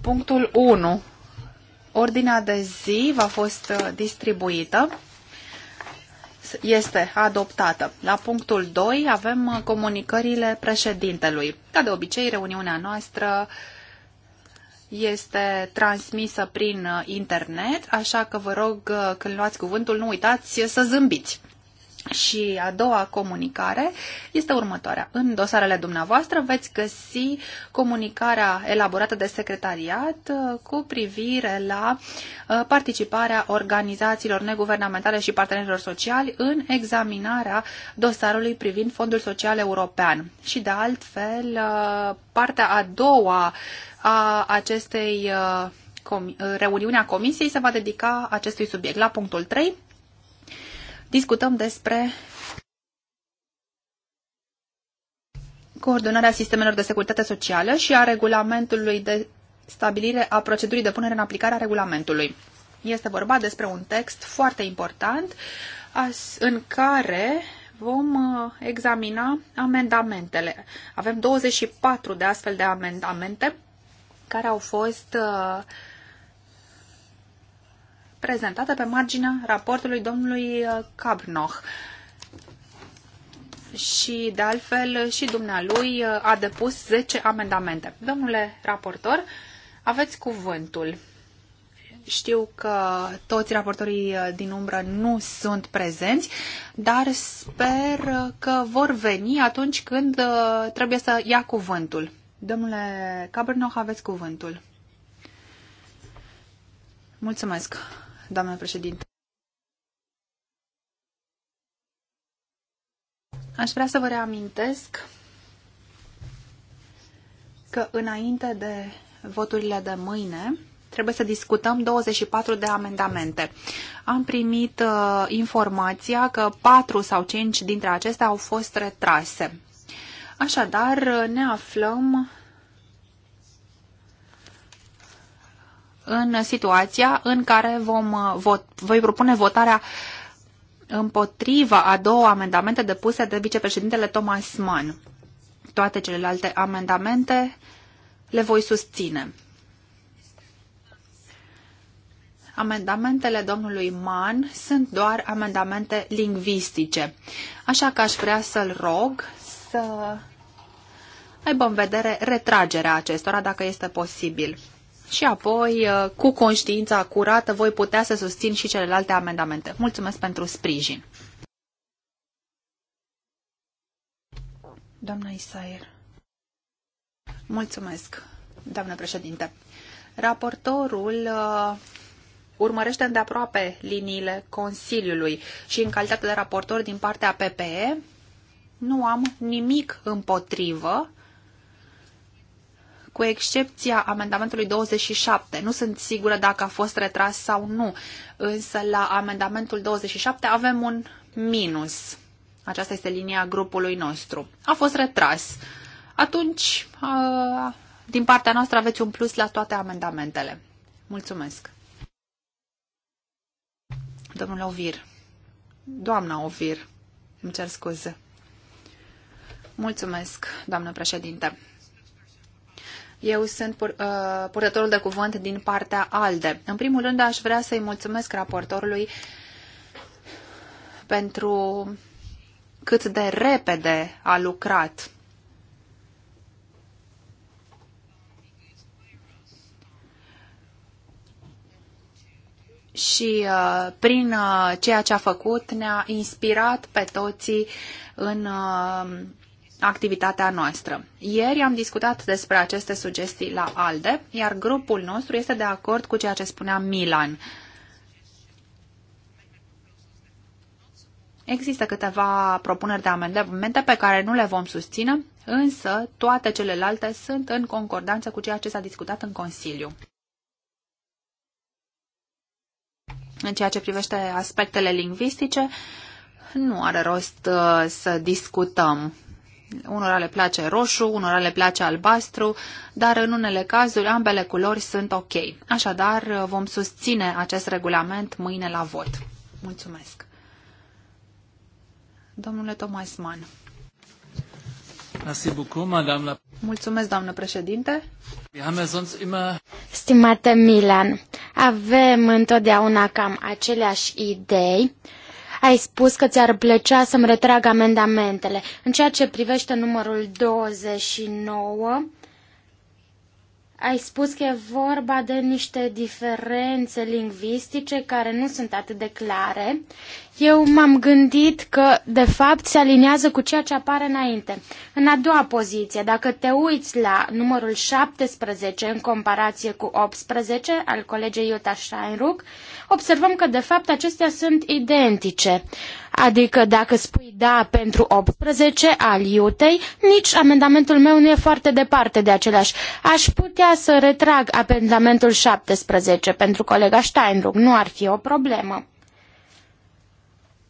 Punctul 1. Ordinea de zi va fost uh, distribuită. Este adoptată. La punctul 2 avem uh, comunicările președintelui. Ca de obicei, reuniunea noastră este transmisă prin uh, internet, așa că vă rog când luați cuvântul, nu uitați să zâmbiți. Și a doua comunicare este următoarea. În dosarele dumneavoastră veți găsi comunicarea elaborată de secretariat uh, cu privire la uh, participarea organizațiilor neguvernamentale și partenerilor sociali în examinarea dosarului privind Fondul Social European. Și de altfel, uh, partea a doua a acestei reuniunea comisiei se va dedica acestui subiect. La punctul 3, discutăm despre coordonarea sistemelor de securitate socială și a regulamentului de stabilire a procedurii de punere în aplicare a regulamentului. Este vorba despre un text foarte important în care vom uh, examina amendamentele. Avem 24 de astfel de amendamente care au fost uh, prezentată pe marginea raportului domnului Cabrnoch. Uh, și, de altfel, și dumnealui uh, a depus 10 amendamente. Domnule raportor, aveți cuvântul. Știu că toți raportorii uh, din umbră nu sunt prezenți, dar sper că vor veni atunci când trebuie să ia cuvântul. Domnule Cabernoch, aveți cuvântul. Mulțumesc doamnă președinte. Aș vrea să vă reamintesc că înainte de voturile de mâine trebuie să discutăm 24 de amendamente. Am primit uh, informația că 4 sau 5 dintre acestea au fost retrase. Așadar, ne aflăm în situația în care vom uh, vot, voi propune votarea împotriva a două amendamente depuse de vicepreședintele Thomas Mann. Toate celelalte amendamente le voi susține. Amendamentele domnului Mann sunt doar amendamente lingvistice, așa că aș vrea să-l rog să aibă în vedere retragerea acestora dacă este posibil și apoi, uh, cu conștiința curată, voi putea să susțin și celelalte amendamente. Mulțumesc pentru sprijin. Doamna Isair. Mulțumesc, doamnă președinte. Raportorul uh, urmărește îndeaproape liniile Consiliului și în calitate de raportor din partea PPE nu am nimic împotrivă cu excepția amendamentului 27. Nu sunt sigură dacă a fost retras sau nu, însă la amendamentul 27 avem un minus. Aceasta este linia grupului nostru. A fost retras. Atunci, din partea noastră aveți un plus la toate amendamentele. Mulțumesc. Domnul Ovir. Doamna Ovir. Îmi cer scuze. Mulțumesc, doamnă președinte. Eu sunt pur, uh, purtătorul de cuvânt din partea ALDE. În primul rând, aș vrea să-i mulțumesc raportorului pentru cât de repede a lucrat. Și uh, prin uh, ceea ce a făcut ne-a inspirat pe toții în uh, activitatea noastră. Ieri am discutat despre aceste sugestii la ALDE, iar grupul nostru este de acord cu ceea ce spunea Milan. Există câteva propuneri de amendamente pe care nu le vom susține, însă toate celelalte sunt în concordanță cu ceea ce s-a discutat în Consiliu. În ceea ce privește aspectele lingvistice, nu are rost uh, să discutăm Unora le place roșu, unora le place albastru, dar în unele cazuri ambele culori sunt ok. Așadar, vom susține acest regulament mâine la vot. Mulțumesc. Domnule Thomas Mann. Mulțumesc, doamnă președinte. Stimate Milan, avem întotdeauna cam aceleași idei ai spus că ți-ar plăcea să-mi retrag amendamentele. În ceea ce privește numărul 29, ai spus că e vorba de niște diferențe lingvistice care nu sunt atât de clare. Eu m-am gândit că, de fapt, se aliniază cu ceea ce apare înainte. În a doua poziție, dacă te uiți la numărul 17 în comparație cu 18 al colegei Iuta Steinruck, observăm că, de fapt, acestea sunt identice. Adică, dacă spui da pentru 18 al Iutei, nici amendamentul meu nu e foarte departe de același. Aș putea să retrag amendamentul 17 pentru colega Steinruck, nu ar fi o problemă.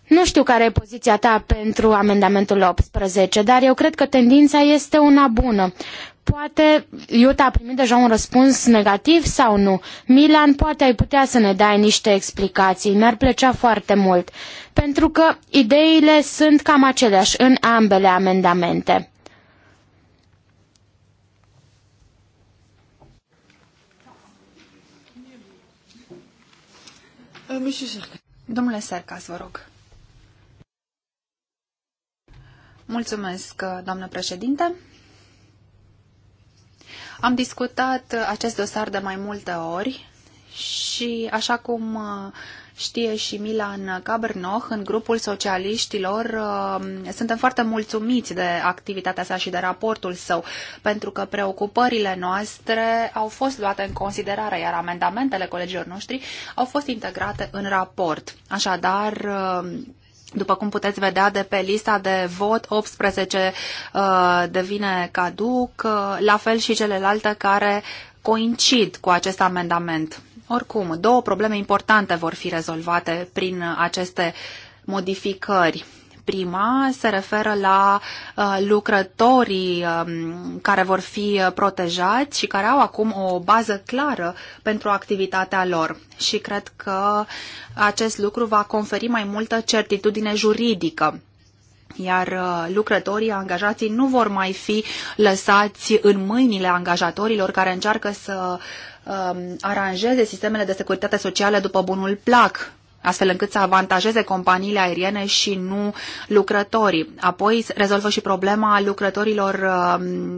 Nu știu care e poziția ta pentru amendamentul 18, dar eu cred că tendința este una bună. Poate Iuta a primit deja un răspuns negativ sau nu. Milan, poate ai putea să ne dai niște explicații. Mi-ar plăcea foarte mult. Pentru că ideile sunt cam aceleași în ambele amendamente. Domnule Sercas, vă rog. Mulțumesc, doamnă președinte. Am discutat acest dosar de mai multe ori și, așa cum știe și Milan Cabernoch, în grupul socialiștilor suntem foarte mulțumiți de activitatea sa și de raportul său, pentru că preocupările noastre au fost luate în considerare, iar amendamentele colegilor noștri au fost integrate în raport. Așadar, după cum puteți vedea de pe lista de vot, 18 uh, devine caduc, uh, la fel și celelalte care coincid cu acest amendament. Oricum, două probleme importante vor fi rezolvate prin aceste modificări. Prima se referă la uh, lucrătorii um, care vor fi uh, protejați și care au acum o bază clară pentru activitatea lor. Și cred că acest lucru va conferi mai multă certitudine juridică iar uh, lucrătorii angajații nu vor mai fi lăsați în mâinile angajatorilor care încearcă să um, aranjeze sistemele de securitate socială după bunul plac astfel încât să avantajeze companiile aeriene și nu lucrătorii. Apoi rezolvă și problema lucrătorilor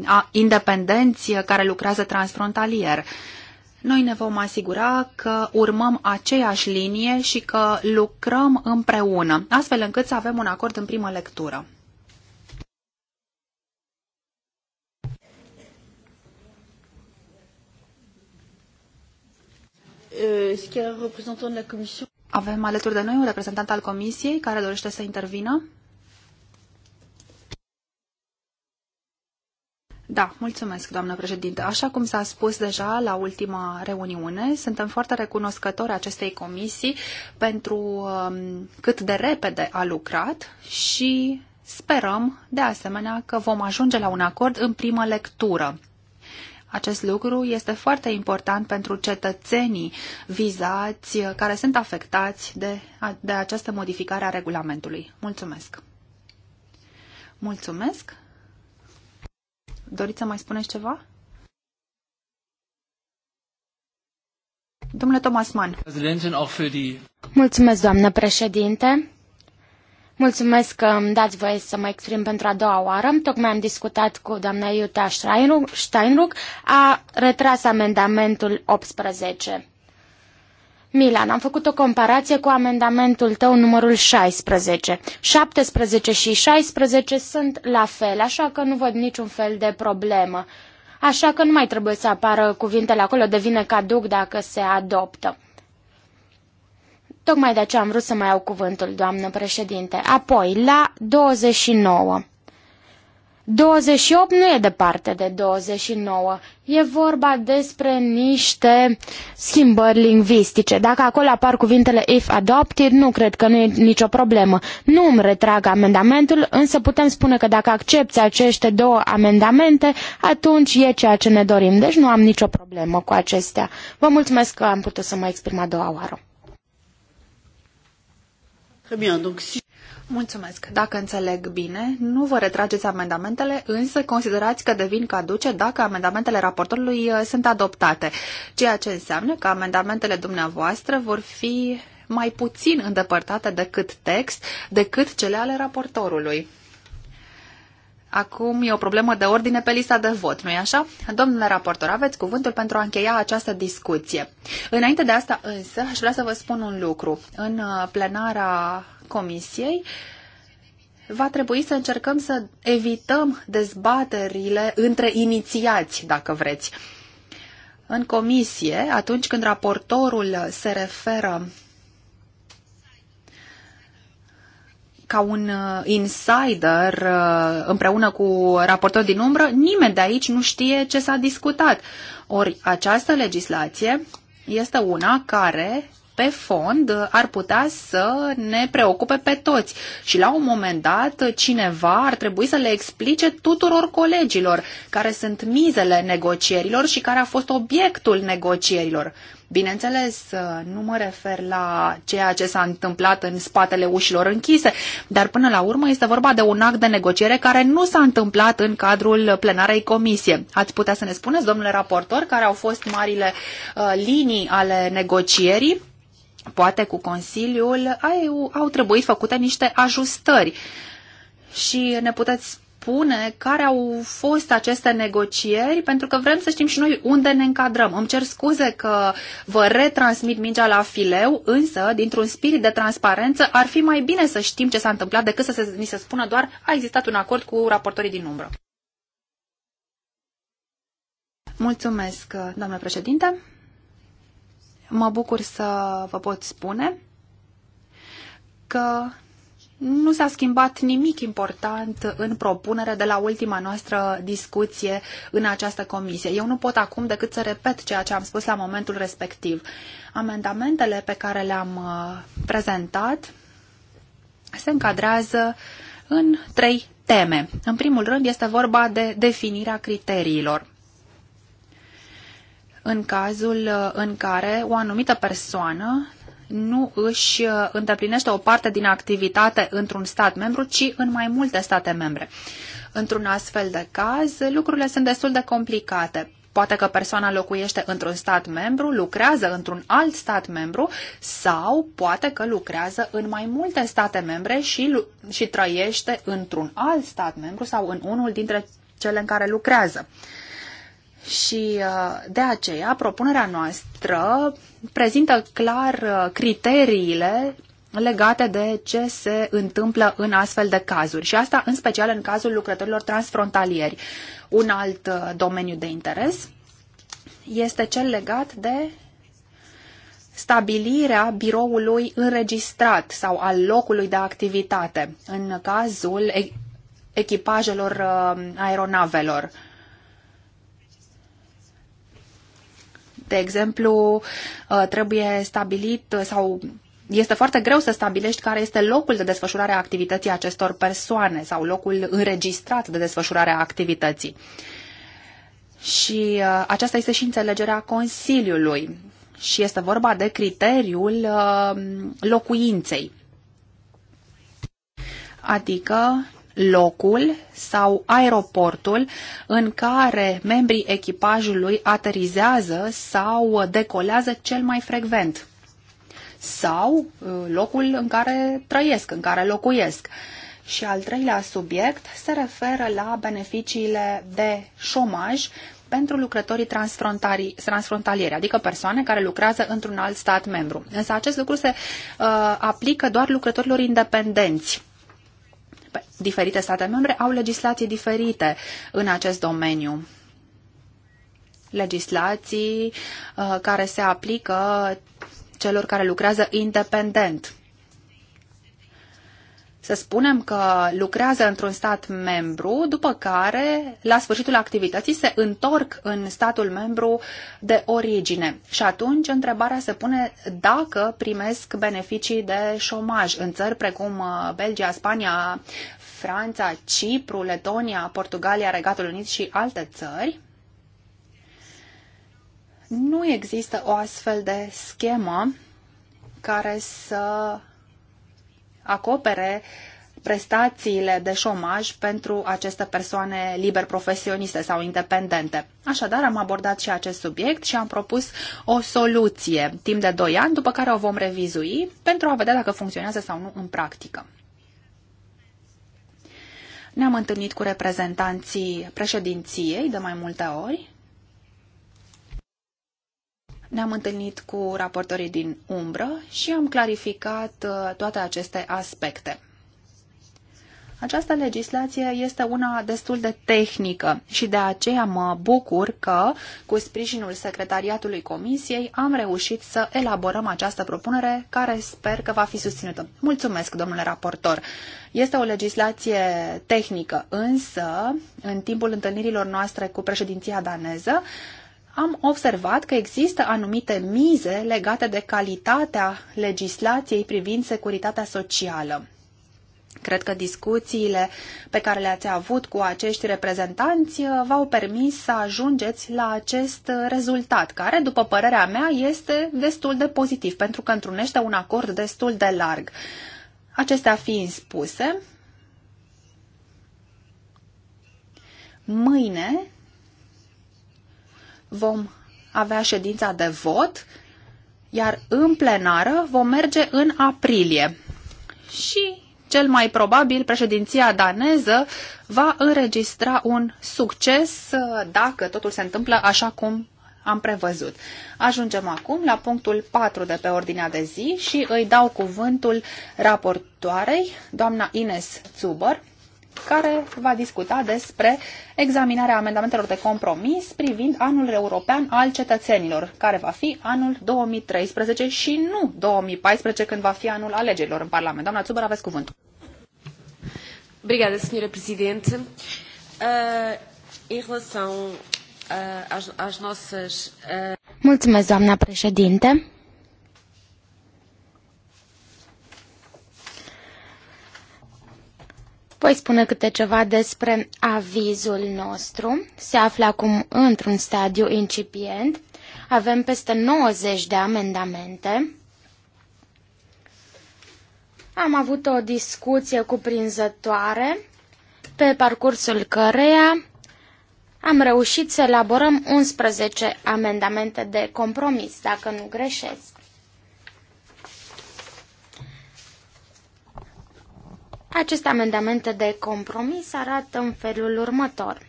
uh, independenți care lucrează transfrontalier. Noi ne vom asigura că urmăm aceeași linie și că lucrăm împreună, astfel încât să avem un acord în primă lectură. Uh, ce de la Comisie avem alături de noi un reprezentant al Comisiei care dorește să intervină. Da, mulțumesc, doamnă președinte. Așa cum s-a spus deja la ultima reuniune, suntem foarte recunoscători acestei comisii pentru um, cât de repede a lucrat și sperăm, de asemenea, că vom ajunge la un acord în primă lectură. Acest lucru este foarte important pentru cetățenii vizați uh, care sunt afectați de, de această modificare a regulamentului. Mulțumesc! Mulțumesc! Doriți să mai spuneți ceva? Domnule Thomas Mann. Mulțumesc, doamnă președinte. Mulțumesc că îmi dați voie să mă exprim pentru a doua oară. Tocmai am discutat cu doamna Iuta Steinruck. A retras amendamentul 18. Milan, am făcut o comparație cu amendamentul tău numărul 16. 17 și 16 sunt la fel, așa că nu văd niciun fel de problemă. Așa că nu mai trebuie să apară cuvintele acolo, devine caduc dacă se adoptă. Tocmai de aceea am vrut să mai iau cuvântul, doamnă președinte. Apoi, la 29. 28 nu e departe de 29. E vorba despre niște schimbări lingvistice. Dacă acolo apar cuvintele if adopted, nu cred că nu e nicio problemă. Nu îmi retrag amendamentul, însă putem spune că dacă accepti aceste două amendamente, atunci e ceea ce ne dorim. Deci nu am nicio problemă cu acestea. Vă mulțumesc că am putut să mă exprim a doua oară. Mulțumesc. Dacă înțeleg bine, nu vă retrageți amendamentele, însă considerați că devin caduce dacă amendamentele raportorului uh, sunt adoptate, ceea ce înseamnă că amendamentele dumneavoastră vor fi mai puțin îndepărtate decât text, decât cele ale raportorului. Acum e o problemă de ordine pe lista de vot, nu-i așa? Domnule raportor, aveți cuvântul pentru a încheia această discuție. Înainte de asta însă, aș vrea să vă spun un lucru. În uh, plenara comisiei va trebui să încercăm să evităm dezbaterile între inițiați, dacă vreți. În comisie, atunci când raportorul se referă ca un uh, insider uh, împreună cu raportor din umbră, nimeni de aici nu știe ce s-a discutat. Ori această legislație este una care pe fond ar putea să ne preocupe pe toți. Și la un moment dat cineva ar trebui să le explice tuturor colegilor care sunt mizele negocierilor și care a fost obiectul negocierilor. Bineînțeles, nu mă refer la ceea ce s-a întâmplat în spatele ușilor închise, dar până la urmă este vorba de un act de negociere care nu s-a întâmplat în cadrul plenarei comisie. Ați putea să ne spuneți, domnule raportor, care au fost marile uh, linii ale negocierii? Poate cu Consiliul au, au trebuit făcute niște ajustări. Și ne puteți spune care au fost aceste negocieri, pentru că vrem să știm și noi unde ne încadrăm. Îmi cer scuze că vă retransmit mingea la fileu, însă, dintr-un spirit de transparență, ar fi mai bine să știm ce s-a întâmplat decât să se, ni se spună doar a existat un acord cu raportorii din umbră. Mulțumesc, doamnă președinte. Mă bucur să vă pot spune că nu s-a schimbat nimic important în propunere de la ultima noastră discuție în această comisie. Eu nu pot acum decât să repet ceea ce am spus la momentul respectiv. Amendamentele pe care le-am uh, prezentat se încadrează în trei teme. În primul rând este vorba de definirea criteriilor în cazul uh, în care o anumită persoană nu își uh, îndeplinește o parte din activitate într-un stat membru, ci în mai multe state membre. Într-un astfel de caz, lucrurile sunt destul de complicate. Poate că persoana locuiește într-un stat membru, lucrează într-un alt stat membru sau poate că lucrează în mai multe state membre și, și trăiește într-un alt stat membru sau în unul dintre cele în care lucrează. Uh, și uh, de aceea, propunerea noastră prezintă clar uh, criteriile legate de ce se întâmplă în astfel de cazuri și asta în special în cazul lucrătorilor transfrontalieri. Un alt uh, domeniu de interes este cel legat de stabilirea biroului înregistrat sau al locului de activitate în cazul echipajelor aeronavelor. De exemplu, uh, trebuie stabilit sau este foarte greu să stabilești care este locul de desfășurare a activității acestor persoane sau locul înregistrat de desfășurare a activității. Și uh, aceasta este și înțelegerea Consiliului și este vorba de criteriul uh, locuinței adică locul sau aeroportul în care membrii echipajului aterizează sau decolează cel mai frecvent sau uh, locul în care trăiesc, în care locuiesc. Și al treilea subiect se referă la beneficiile de șomaj pentru lucrătorii transfrontalieri, adică persoane care lucrează într-un alt stat membru. Însă acest lucru se uh, aplică doar lucrătorilor independenți diferite state membre au legislații diferite în acest domeniu legislații uh, care se aplică celor care lucrează independent să spunem că lucrează într-un stat membru, după care, la sfârșitul activității, se întorc în statul membru de origine. Și atunci întrebarea se pune dacă primesc beneficii de șomaj în țări precum uh, Belgia, Spania, Franța, Cipru, Letonia, Portugalia, Regatul Unit și alte țări. Nu există o astfel de schemă care să acopere prestațiile de șomaj pentru aceste persoane liber profesioniste sau independente. Așadar, am abordat și acest subiect și am propus o soluție timp de 2 ani, după care o vom revizui pentru a vedea dacă funcționează sau nu în practică. Ne-am întâlnit cu reprezentanții președinției de mai multe ori ne-am întâlnit cu raportorii din umbră și am clarificat uh, toate aceste aspecte. Această legislație este una destul de tehnică și de aceea mă bucur că, cu sprijinul Secretariatului Comisiei, am reușit să elaborăm această propunere care sper că va fi susținută. Mulțumesc, domnule raportor! Este o legislație tehnică, însă, în timpul întâlnirilor noastre cu președinția daneză, am observat că există anumite mize legate de calitatea legislației privind securitatea socială. Cred că discuțiile pe care le-ați avut cu acești reprezentanți uh, v-au permis să ajungeți la acest uh, rezultat, care, după părerea mea, este destul de pozitiv, pentru că întrunește un acord destul de larg. Acestea fiind spuse, mâine vom avea ședința de vot, iar în plenară vom merge în aprilie. Și cel mai probabil președinția daneză va înregistra un succes dacă totul se întâmplă așa cum am prevăzut. Ajungem acum la punctul 4 de pe ordinea de zi și îi dau cuvântul raportoarei, doamna Ines Zuber, care va discuta despre examinarea amendamentelor de compromis privind anul european al cetățenilor, care va fi anul 2013 și nu 2014, când va fi anul alegerilor în Parlament. Doamna Țubăr, aveți cuvântul. Obrigada, senhora Presidente. Uh, em relação uh, às, às nossas... Uh... Mulțumesc, doamna președinte. Voi spune câte ceva despre avizul nostru. Se află acum într-un stadiu incipient. Avem peste 90 de amendamente. Am avut o discuție cuprinzătoare pe parcursul căreia am reușit să elaborăm 11 amendamente de compromis, dacă nu greșesc. Acest amendament de compromis arată în felul următor.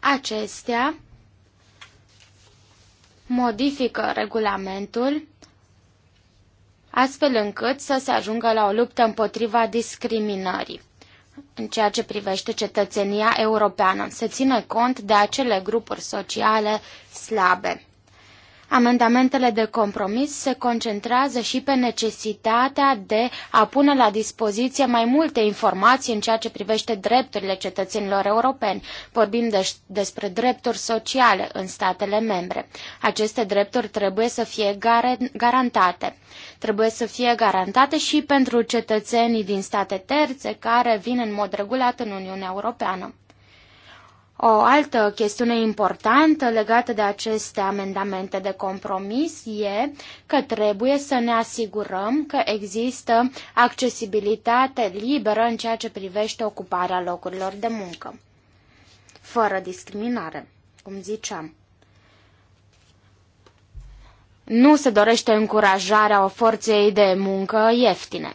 Acestea modifică regulamentul astfel încât să se ajungă la o luptă împotriva discriminării în ceea ce privește cetățenia europeană, să țină cont de acele grupuri sociale slabe. Amendamentele de compromis se concentrează și pe necesitatea de a pune la dispoziție mai multe informații în ceea ce privește drepturile cetățenilor europeni. Vorbim de, despre drepturi sociale în statele membre. Aceste drepturi trebuie să fie gar garantate. Trebuie să fie garantate și pentru cetățenii din state terțe care vin în mod regulat în Uniunea Europeană. O altă chestiune importantă legată de aceste amendamente de compromis e că trebuie să ne asigurăm că există accesibilitate liberă în ceea ce privește ocuparea locurilor de muncă, fără discriminare, cum ziceam. Nu se dorește încurajarea o forței de muncă ieftine.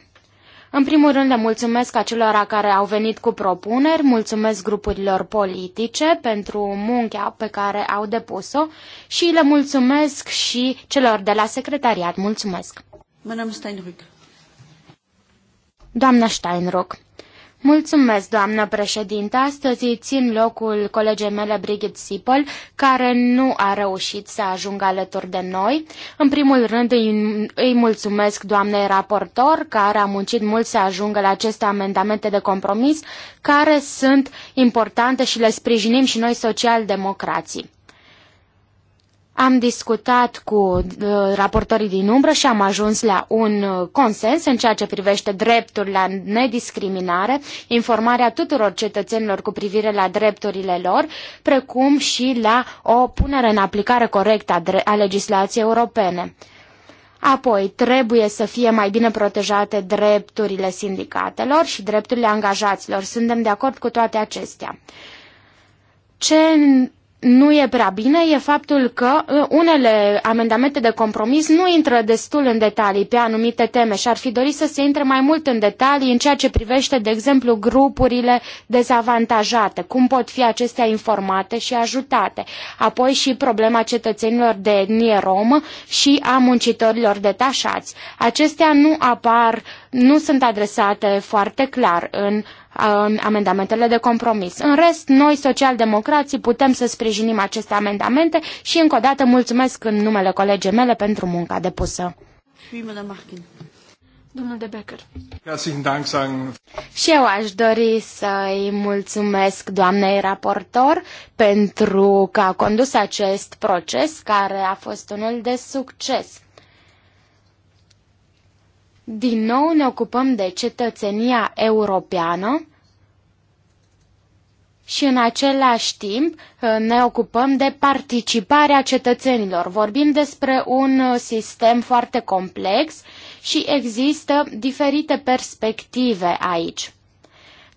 În primul rând le mulțumesc acelora care au venit cu propuneri, mulțumesc grupurilor politice pentru munca pe care au depus-o și le mulțumesc și celor de la secretariat. Mulțumesc! Doamnă Steinrück. Doamna Mulțumesc, doamnă președinte. Astăzi țin locul colegei mele Brigitte Sipol, care nu a reușit să ajungă alături de noi. În primul rând îi, îi mulțumesc doamnei raportor, care a muncit mult să ajungă la aceste amendamente de compromis, care sunt importante și le sprijinim și noi socialdemocrații. Am discutat cu uh, raportorii din umbră și am ajuns la un uh, consens în ceea ce privește dreptul la nediscriminare, informarea tuturor cetățenilor cu privire la drepturile lor, precum și la o punere în aplicare corectă a legislației europene. Apoi, trebuie să fie mai bine protejate drepturile sindicatelor și drepturile angajaților. Suntem de acord cu toate acestea. Ce nu e prea bine e faptul că uh, unele amendamente de compromis nu intră destul în detalii pe anumite teme și ar fi dorit să se intre mai mult în detalii în ceea ce privește, de exemplu, grupurile dezavantajate, cum pot fi acestea informate și ajutate, apoi și problema cetățenilor de etnie romă și a muncitorilor detașați. Acestea nu apar, nu sunt adresate foarte clar în în amendamentele de compromis. În rest, noi, socialdemocrații, putem să sprijinim aceste amendamente și încă o dată mulțumesc în numele colegii mele pentru munca depusă. Domnul de Becker. Și eu aș dori să-i mulțumesc doamnei raportor pentru că a condus acest proces care a fost unul de succes. Din nou ne ocupăm de cetățenia europeană și în același timp uh, ne ocupăm de participarea cetățenilor. Vorbim despre un uh, sistem foarte complex și există diferite perspective aici.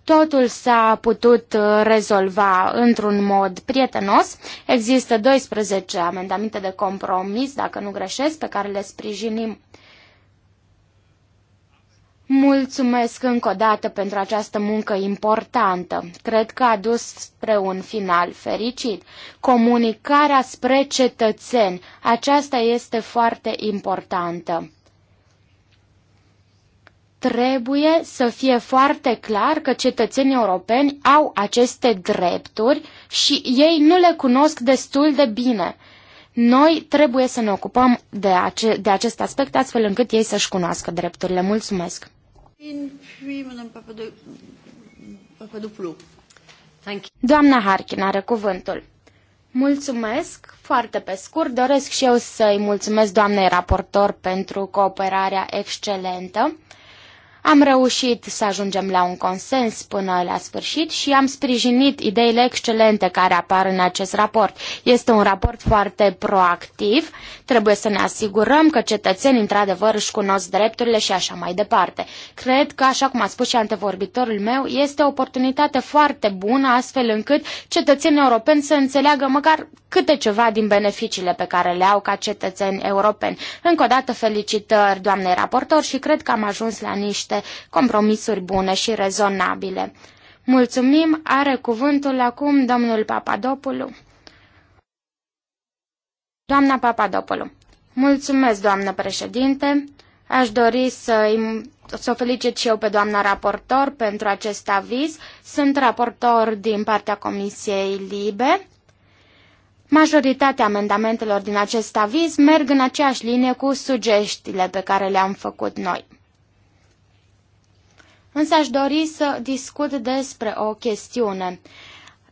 Totul s-a putut uh, rezolva într-un mod prietenos. Există 12 amendamente de compromis, dacă nu greșesc, pe care le sprijinim Mulțumesc încă o dată pentru această muncă importantă. Cred că a dus spre un final fericit. Comunicarea spre cetățeni, aceasta este foarte importantă. Trebuie să fie foarte clar că cetățenii europeni au aceste drepturi și ei nu le cunosc destul de bine. Noi trebuie să ne ocupăm de, ace- de acest aspect astfel încât ei să-și cunoască drepturile. Mulțumesc! Doamna Harkin are cuvântul. Mulțumesc, foarte pe scurt, doresc și eu să-i mulțumesc doamnei raportor pentru cooperarea excelentă. Am reușit să ajungem la un consens până la sfârșit și am sprijinit ideile excelente care apar în acest raport. Este un raport foarte proactiv, trebuie să ne asigurăm că cetățenii într-adevăr își cunosc drepturile și așa mai departe. Cred că, așa cum a spus și antevorbitorul meu, este o oportunitate foarte bună astfel încât cetățenii europeni să înțeleagă măcar câte ceva din beneficiile pe care le au ca cetățeni europeni. Încă o dată felicitări doamnei raportor și cred că am ajuns la niște compromisuri bune și rezonabile. Mulțumim, are cuvântul acum domnul Papadopoulou. Doamna Papadopoulou. Mulțumesc, doamnă președinte. Aș dori să, să o felicit și eu pe doamna raportor pentru acest aviz. Sunt raportor din partea Comisiei Libe. Majoritatea amendamentelor din acest aviz merg în aceeași linie cu sugestiile pe care le-am făcut noi. Însă aș dori să discut despre o chestiune.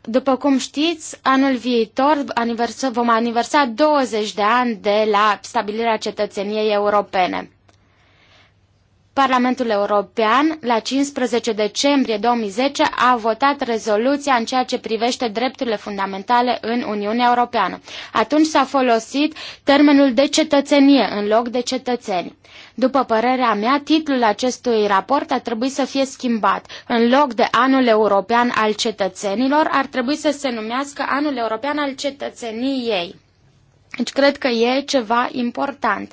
După cum știți, anul viitor aniversă, vom aniversa 20 de ani de la stabilirea cetățeniei europene. Parlamentul European, la 15 decembrie 2010, a votat rezoluția în ceea ce privește drepturile fundamentale în Uniunea Europeană. Atunci s-a folosit termenul de cetățenie în loc de cetățeni. După părerea mea, titlul acestui raport ar trebui să fie schimbat. În loc de Anul European al Cetățenilor, ar trebui să se numească Anul European al Cetățeniei. Deci cred că e ceva important.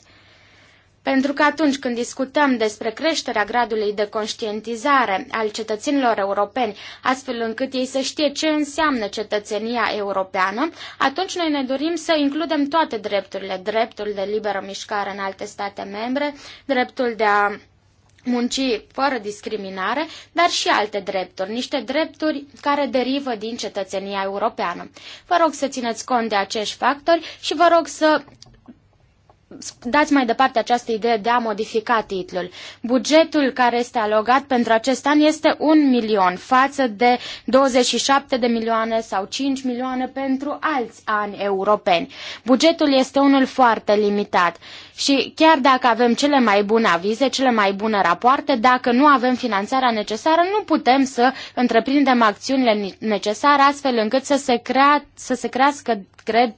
Pentru că atunci când discutăm despre creșterea gradului de conștientizare al cetățenilor europeni, astfel încât ei să știe ce înseamnă cetățenia europeană, atunci noi ne dorim să includem toate drepturile, dreptul de liberă mișcare în alte state membre, dreptul de a muncii fără discriminare, dar și alte drepturi, niște drepturi care derivă din cetățenia europeană. Vă rog să țineți cont de acești factori și vă rog să dați mai departe această idee de a modifica titlul. Bugetul care este alocat pentru acest an este un milion față de 27 de milioane sau 5 milioane pentru alți ani europeni. Bugetul este unul foarte limitat și chiar dacă avem cele mai bune avize, cele mai bune rapoarte, dacă nu avem finanțarea necesară, nu putem să întreprindem acțiunile necesare astfel încât să se, crea, să se crească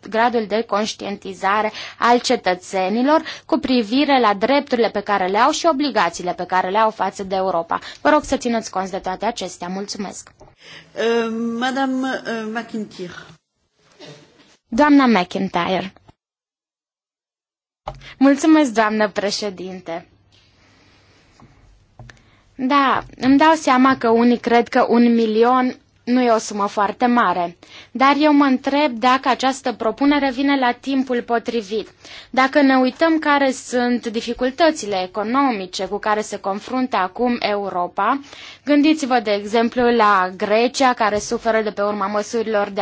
gradul de conștientizare al cetățenilor cu privire la drepturile pe care le au și obligațiile pe care le au față de Europa. Vă rog să țineți cont de toate acestea. Mulțumesc. Uh, Madame uh, McIntyre. Doamna McIntyre. Mulțumesc, doamnă președinte. Da, îmi dau seama că unii cred că un milion nu e o sumă foarte mare. Dar eu mă întreb dacă această propunere vine la timpul potrivit. Dacă ne uităm care sunt dificultățile economice cu care se confruntă acum Europa, gândiți-vă de exemplu la Grecia care suferă de pe urma măsurilor de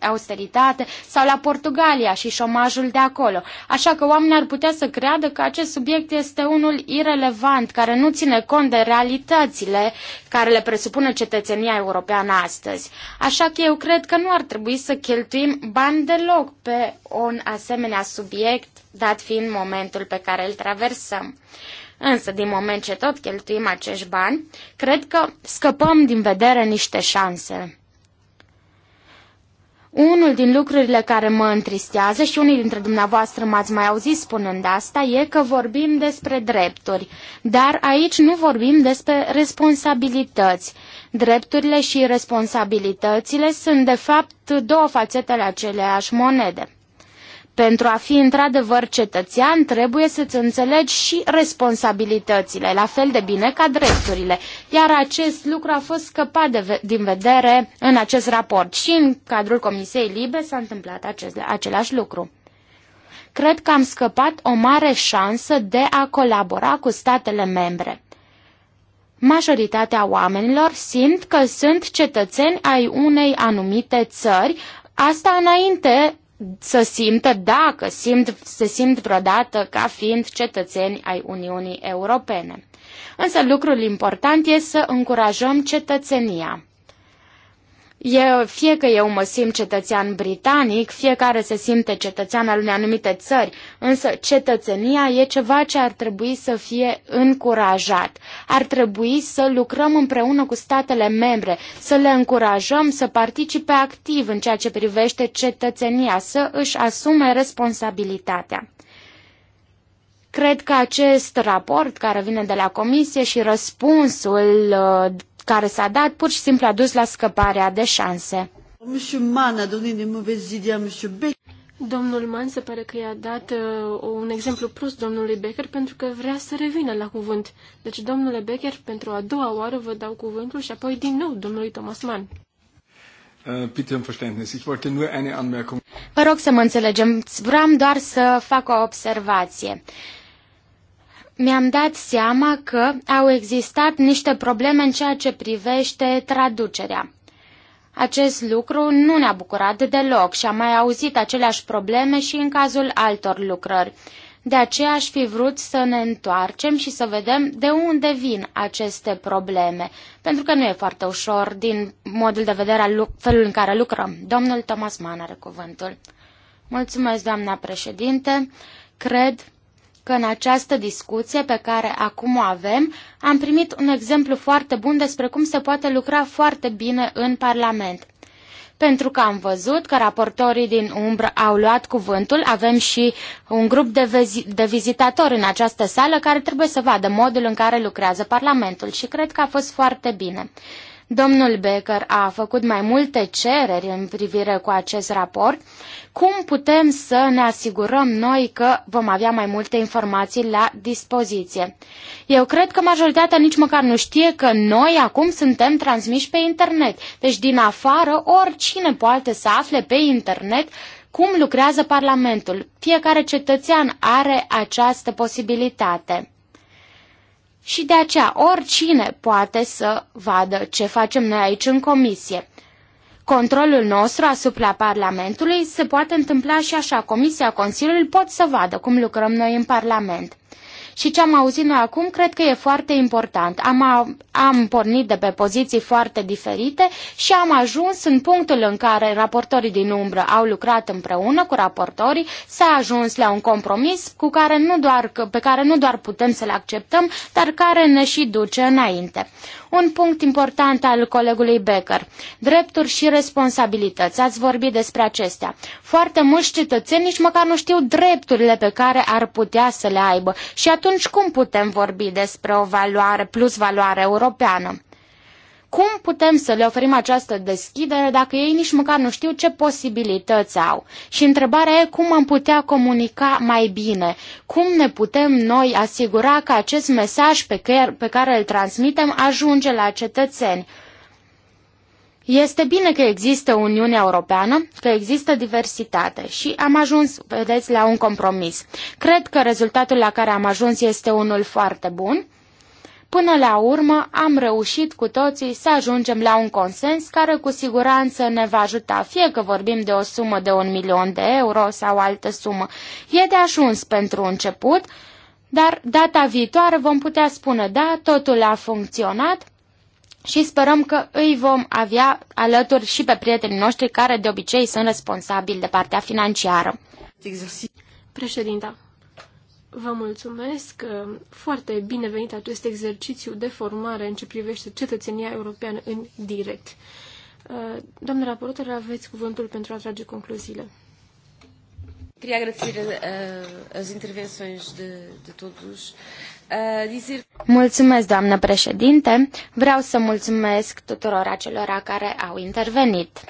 austeritate sau la Portugalia și șomajul de acolo. Așa că oamenii ar putea să creadă că acest subiect este unul irelevant, care nu ține cont de realitățile care le presupune cetățenia europeană astăzi astăzi. Așa că eu cred că nu ar trebui să cheltuim bani deloc pe un asemenea subiect, dat fiind momentul pe care îl traversăm. Însă, din moment ce tot cheltuim acești bani, cred că scăpăm din vedere niște șanse. Unul din lucrurile care mă întristează și unii dintre dumneavoastră m-ați mai auzit spunând asta e că vorbim despre drepturi, dar aici nu vorbim despre responsabilități. Drepturile și responsabilitățile sunt de fapt două fațete ale aceleași monede. Pentru a fi într-adevăr cetățean, trebuie să-ți înțelegi și responsabilitățile, la fel de bine ca drepturile. Iar acest lucru a fost scăpat de, din vedere în acest raport și în cadrul Comisiei Libe s-a întâmplat acest, același lucru. Cred că am scăpat o mare șansă de a colabora cu statele membre. Majoritatea oamenilor simt că sunt cetățeni ai unei anumite țări, asta înainte să simtă, dacă simt, se simt vreodată ca fiind cetățeni ai Uniunii Europene. Însă lucrul important este să încurajăm cetățenia. E, fie că eu mă simt cetățean britanic, fiecare se simte cetățean al unei anumite țări, însă cetățenia e ceva ce ar trebui să fie încurajat. Ar trebui să lucrăm împreună cu statele membre, să le încurajăm să participe activ în ceea ce privește cetățenia, să își asume responsabilitatea. Cred că acest raport care vine de la Comisie și răspunsul uh, care s-a dat pur și simplu a dus la scăparea de șanse. Domnul Mann se pare că i-a dat uh, un exemplu prost domnului Becker pentru că vrea să revină la cuvânt. Deci, domnule Becker, pentru a doua oară vă dau cuvântul și apoi din nou domnului Thomas Mann. Uh, um vă rog să mă înțelegem. Vreau doar să fac o observație. Uh, mi-am dat seama că au existat niște probleme în ceea ce privește traducerea. Acest lucru nu ne-a bucurat deloc și am mai auzit aceleași probleme și în cazul altor lucrări. De aceea aș fi vrut să ne întoarcem și să vedem de unde vin aceste probleme, pentru că nu e foarte ușor din modul de vedere al felul în care lucrăm. Domnul Thomas Mann are cuvântul. Mulțumesc, doamna președinte. Cred că în această discuție pe care acum o avem, am primit un exemplu foarte bun despre cum se poate lucra foarte bine în Parlament pentru că am văzut că raportorii din umbră au luat cuvântul. Avem și un grup de, vizi- de vizitatori în această sală care trebuie să vadă modul în care lucrează Parlamentul și cred că a fost foarte bine. Domnul Becker a făcut mai multe cereri în privire cu acest raport. Cum putem să ne asigurăm noi că vom avea mai multe informații la dispoziție? Eu cred că majoritatea nici măcar nu știe că noi acum suntem transmiși pe internet. Deci din afară oricine poate să afle pe internet cum lucrează Parlamentul. Fiecare cetățean are această posibilitate. Și de aceea oricine poate să vadă ce facem noi aici în comisie. Controlul nostru asupra Parlamentului se poate întâmpla și așa. Comisia, Consiliul pot să vadă cum lucrăm noi în Parlament. Și ce am auzit noi acum cred că e foarte important. Am, am pornit de pe poziții foarte diferite și am ajuns în punctul în care raportorii din umbră au lucrat împreună cu raportorii, s-a ajuns la un compromis cu care nu doar, pe care nu doar putem să-l acceptăm, dar care ne și duce înainte. Un punct important al colegului Becker. Drepturi și responsabilități. Ați vorbit despre acestea. Foarte mulți cetățeni nici măcar nu știu drepturile pe care ar putea să le aibă și atunci atunci cum putem vorbi despre o valoare plus valoare europeană? Cum putem să le oferim această deschidere dacă ei nici măcar nu știu ce posibilități au? Și întrebarea e cum am putea comunica mai bine? Cum ne putem noi asigura că acest mesaj pe care, pe care îl transmitem ajunge la cetățeni? Este bine că există Uniunea Europeană, că există diversitate și am ajuns, vedeți, la un compromis. Cred că rezultatul la care am ajuns este unul foarte bun. Până la urmă am reușit cu toții să ajungem la un consens care cu siguranță ne va ajuta, fie că vorbim de o sumă de un milion de euro sau altă sumă. E de ajuns pentru început, dar data viitoare vom putea spune da, totul a funcționat, și sperăm că îi vom avea alături și pe prietenii noștri care de obicei sunt responsabili de partea financiară. Președinta, vă mulțumesc. Uh, foarte venit acest exercițiu de formare în ce privește cetățenia europeană în direct. Uh, Doamne raportor, aveți cuvântul pentru a trage concluziile. Queria agradecer uh, as intervenções de, de todos. Mulțumesc, doamnă președinte. Vreau să mulțumesc tuturor acelora care au intervenit.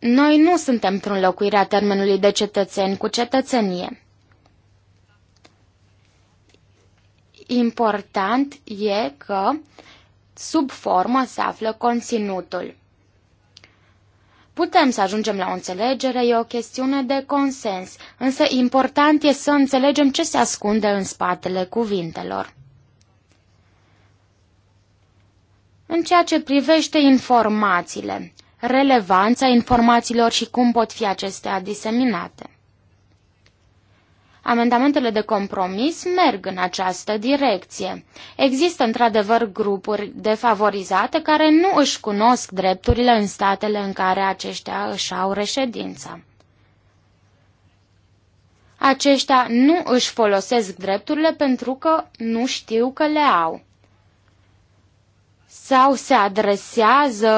Noi nu suntem într-un pentru înlocuirea termenului de cetățeni cu cetățenie. Important e că sub formă se află conținutul. Putem să ajungem la o înțelegere, e o chestiune de consens, însă important e să înțelegem ce se ascunde în spatele cuvintelor. În ceea ce privește informațiile, relevanța informațiilor și cum pot fi acestea diseminate. Amendamentele de compromis merg în această direcție. Există într-adevăr grupuri defavorizate care nu își cunosc drepturile în statele în care aceștia își au reședința. Aceștia nu își folosesc drepturile pentru că nu știu că le au sau se adresează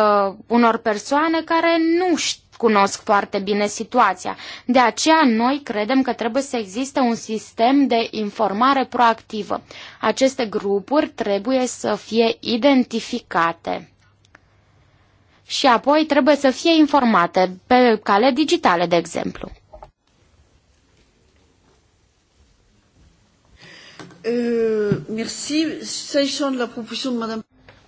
unor persoane care nu cunosc foarte bine situația. De aceea noi credem că trebuie să existe un sistem de informare proactivă. Aceste grupuri trebuie să fie identificate și apoi trebuie să fie informate pe cale digitale, de exemplu. Uh, merci. S'agissant la proposition Madame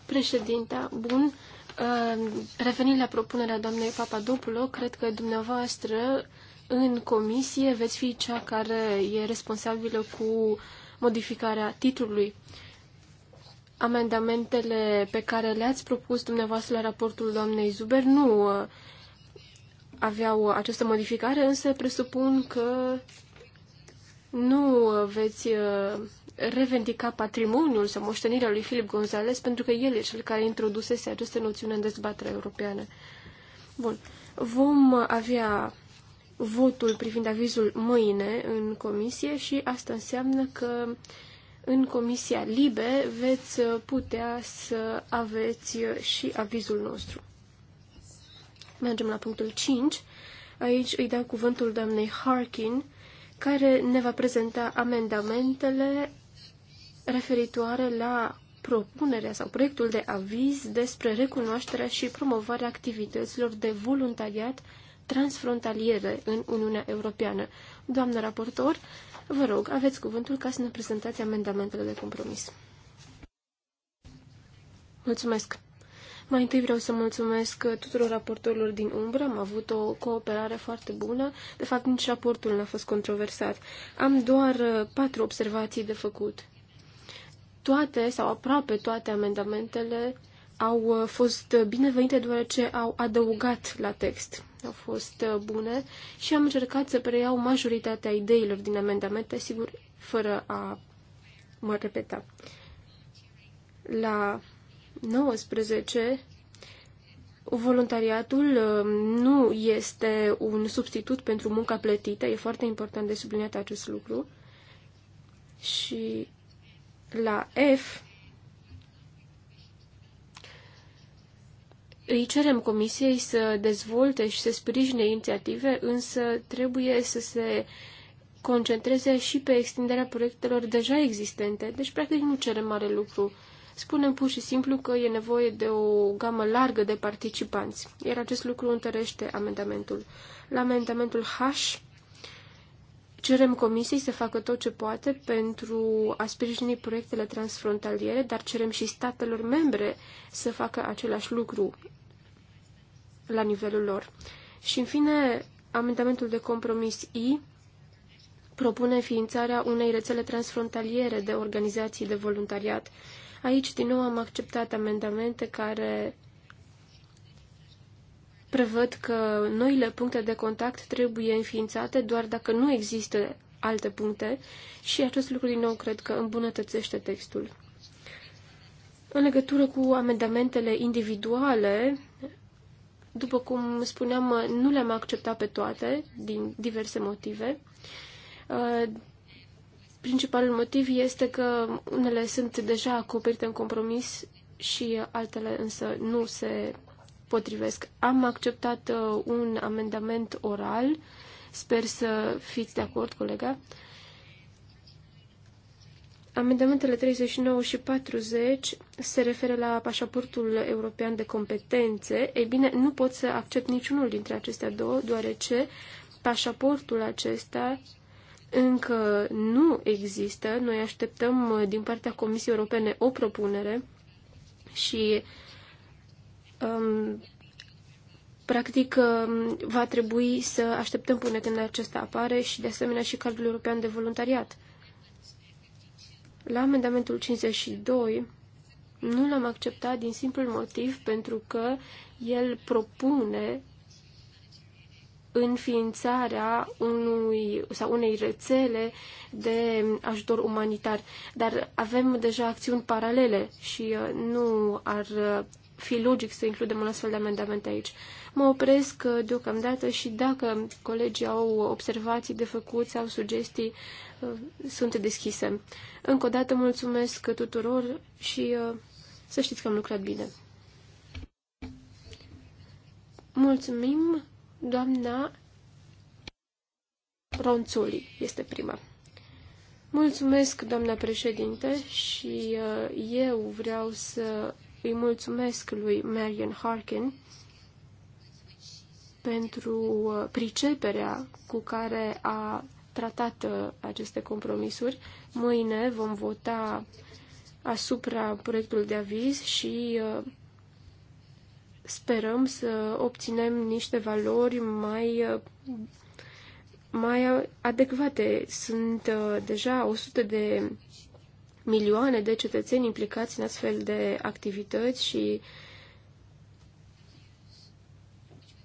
președinte, bun. Uh, revenind la propunerea doamnei Papadopulo, cred că dumneavoastră în comisie veți fi cea care e responsabilă cu modificarea titlului. Amendamentele pe care le-ați propus dumneavoastră la raportul doamnei Zuber nu uh, aveau această modificare, însă presupun că nu veți uh, revendica patrimoniul sau moștenirea lui Filip Gonzales, pentru că el e cel care introdusese această noțiune în dezbaterea europeană. Bun. Vom avea votul privind avizul mâine în comisie și asta înseamnă că în comisia LIBE veți putea să aveți și avizul nostru. Mergem la punctul 5. Aici îi dau cuvântul doamnei Harkin, care ne va prezenta amendamentele referitoare la propunerea sau proiectul de aviz despre recunoașterea și promovarea activităților de voluntariat transfrontaliere în Uniunea Europeană. Doamnă raportor, vă rog, aveți cuvântul ca să ne prezentați amendamentele de compromis. Mulțumesc! Mai întâi vreau să mulțumesc tuturor raportorilor din umbră, am avut o cooperare foarte bună, de fapt nici raportul n-a fost controversat. Am doar uh, patru observații de făcut. Toate sau aproape toate amendamentele au uh, fost binevenite deoarece au adăugat la text. Au fost uh, bune și am încercat să preiau majoritatea ideilor din amendamente, sigur, fără a mă repeta. La 19 Voluntariatul uh, nu este un substitut pentru munca plătită, e foarte important de subliniat acest lucru. Și la F, Îi cerem Comisiei să dezvolte și să sprijine inițiative, însă trebuie să se concentreze și pe extinderea proiectelor deja existente, deci practic nu cerem mare lucru. Spunem pur și simplu că e nevoie de o gamă largă de participanți, iar acest lucru întărește amendamentul. La amendamentul H Cerem Comisiei să facă tot ce poate pentru a sprijini proiectele transfrontaliere, dar cerem și statelor membre să facă același lucru la nivelul lor. Și, în fine, amendamentul de compromis I propune înființarea unei rețele transfrontaliere de organizații de voluntariat. Aici, din nou, am acceptat amendamente care prevăd că noile puncte de contact trebuie înființate doar dacă nu există alte puncte și acest lucru din nou cred că îmbunătățește textul. În legătură cu amendamentele individuale, după cum spuneam, nu le-am acceptat pe toate, din diverse motive. Uh, principalul motiv este că unele sunt deja acoperite în compromis și altele însă nu se potrivesc. Am acceptat uh, un amendament oral. Sper să fiți de acord, colega. Amendamentele 39 și 40 se referă la pașaportul european de competențe. Ei bine, nu pot să accept niciunul dintre acestea două, deoarece pașaportul acesta încă nu există. Noi așteptăm uh, din partea Comisiei Europene o propunere și uh, Um, practic um, va trebui să așteptăm până când acesta apare și de asemenea și cardul european de voluntariat. La amendamentul 52 nu l-am acceptat din simplul motiv pentru că el propune înființarea unui, sau unei rețele de ajutor umanitar. Dar avem deja acțiuni paralele și uh, nu ar fi logic să includem un astfel de amendament aici. Mă opresc uh, deocamdată și dacă colegii au observații de făcut sau sugestii, uh, sunt deschise. Încă o dată mulțumesc tuturor și uh, să știți că am lucrat bine. Mulțumim, doamna Ronțuli este prima. Mulțumesc, doamna președinte, și eu vreau să îi mulțumesc lui Marion Harkin pentru uh, priceperea cu care a tratat uh, aceste compromisuri. Mâine vom vota asupra proiectului de aviz și uh, sperăm să obținem niște valori mai, mai adecvate. Sunt deja 100 de milioane de cetățeni implicați în astfel de activități și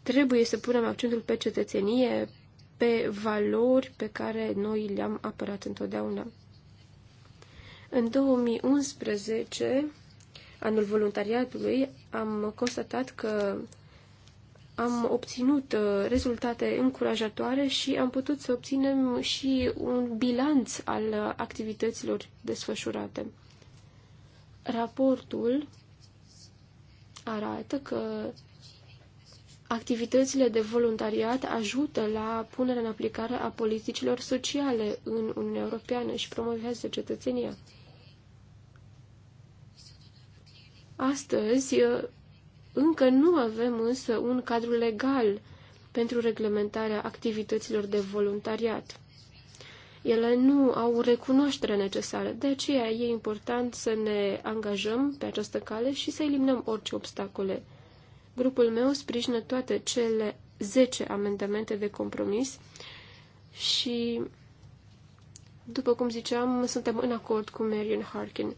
trebuie să punem accentul pe cetățenie, pe valori pe care noi le-am apărat întotdeauna. În 2011, anul voluntariatului, am constatat că am obținut uh, rezultate încurajatoare și am putut să obținem și un bilanț al uh, activităților desfășurate. Raportul arată că activitățile de voluntariat ajută la punerea în aplicare a politicilor sociale în Uniunea Europeană și promovează cetățenia. Astăzi, uh, încă nu avem însă un cadru legal pentru reglementarea activităților de voluntariat. Ele nu au recunoaștere necesară, de aceea e important să ne angajăm pe această cale și să eliminăm orice obstacole. Grupul meu sprijină toate cele 10 amendamente de compromis și, după cum ziceam, suntem în acord cu Marion Harkin.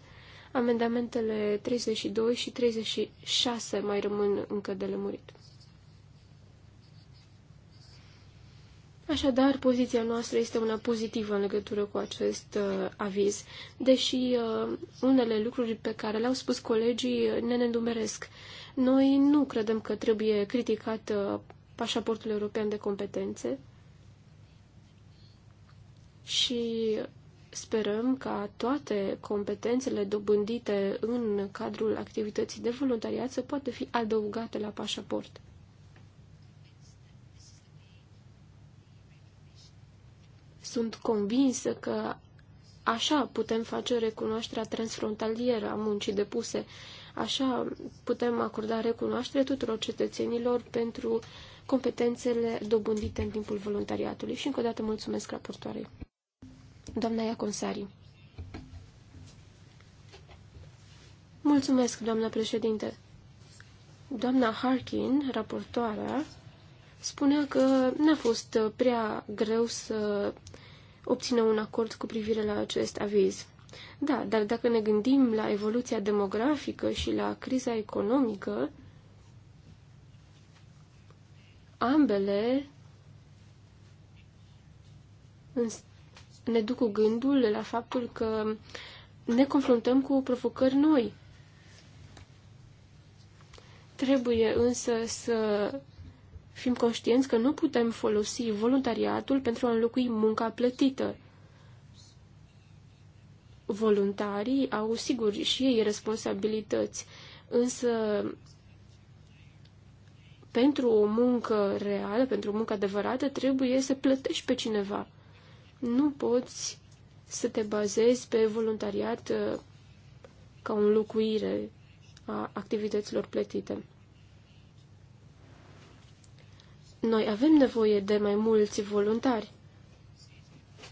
Amendamentele 32 și 36 mai rămân încă de lămurit. Așadar, poziția noastră este una pozitivă în legătură cu acest uh, aviz, deși uh, unele lucruri pe care le-au spus colegii uh, ne nedumeresc. Noi nu credem că trebuie criticat uh, pașaportul european de competențe și Sperăm ca toate competențele dobândite în cadrul activității de voluntariat să poată fi adăugate la pașaport. Sunt convinsă că așa putem face recunoașterea transfrontalieră a muncii depuse, așa putem acorda recunoaștere tuturor cetățenilor pentru competențele dobândite în timpul voluntariatului. Și încă o dată mulțumesc raportoarei. Doamna Iaconsari. Mulțumesc, doamnă președinte. Doamna Harkin, raportoarea, spunea că n-a fost prea greu să obțină un acord cu privire la acest aviz. Da, dar dacă ne gândim la evoluția demografică și la criza economică, ambele ne duc cu gândul la faptul că ne confruntăm cu provocări noi. Trebuie însă să fim conștienți că nu putem folosi voluntariatul pentru a înlocui munca plătită. Voluntarii au, sigur, și ei responsabilități, însă pentru o muncă reală, pentru o muncă adevărată, trebuie să plătești pe cineva nu poți să te bazezi pe voluntariat uh, ca o înlocuire a activităților plătite. Noi avem nevoie de mai mulți voluntari.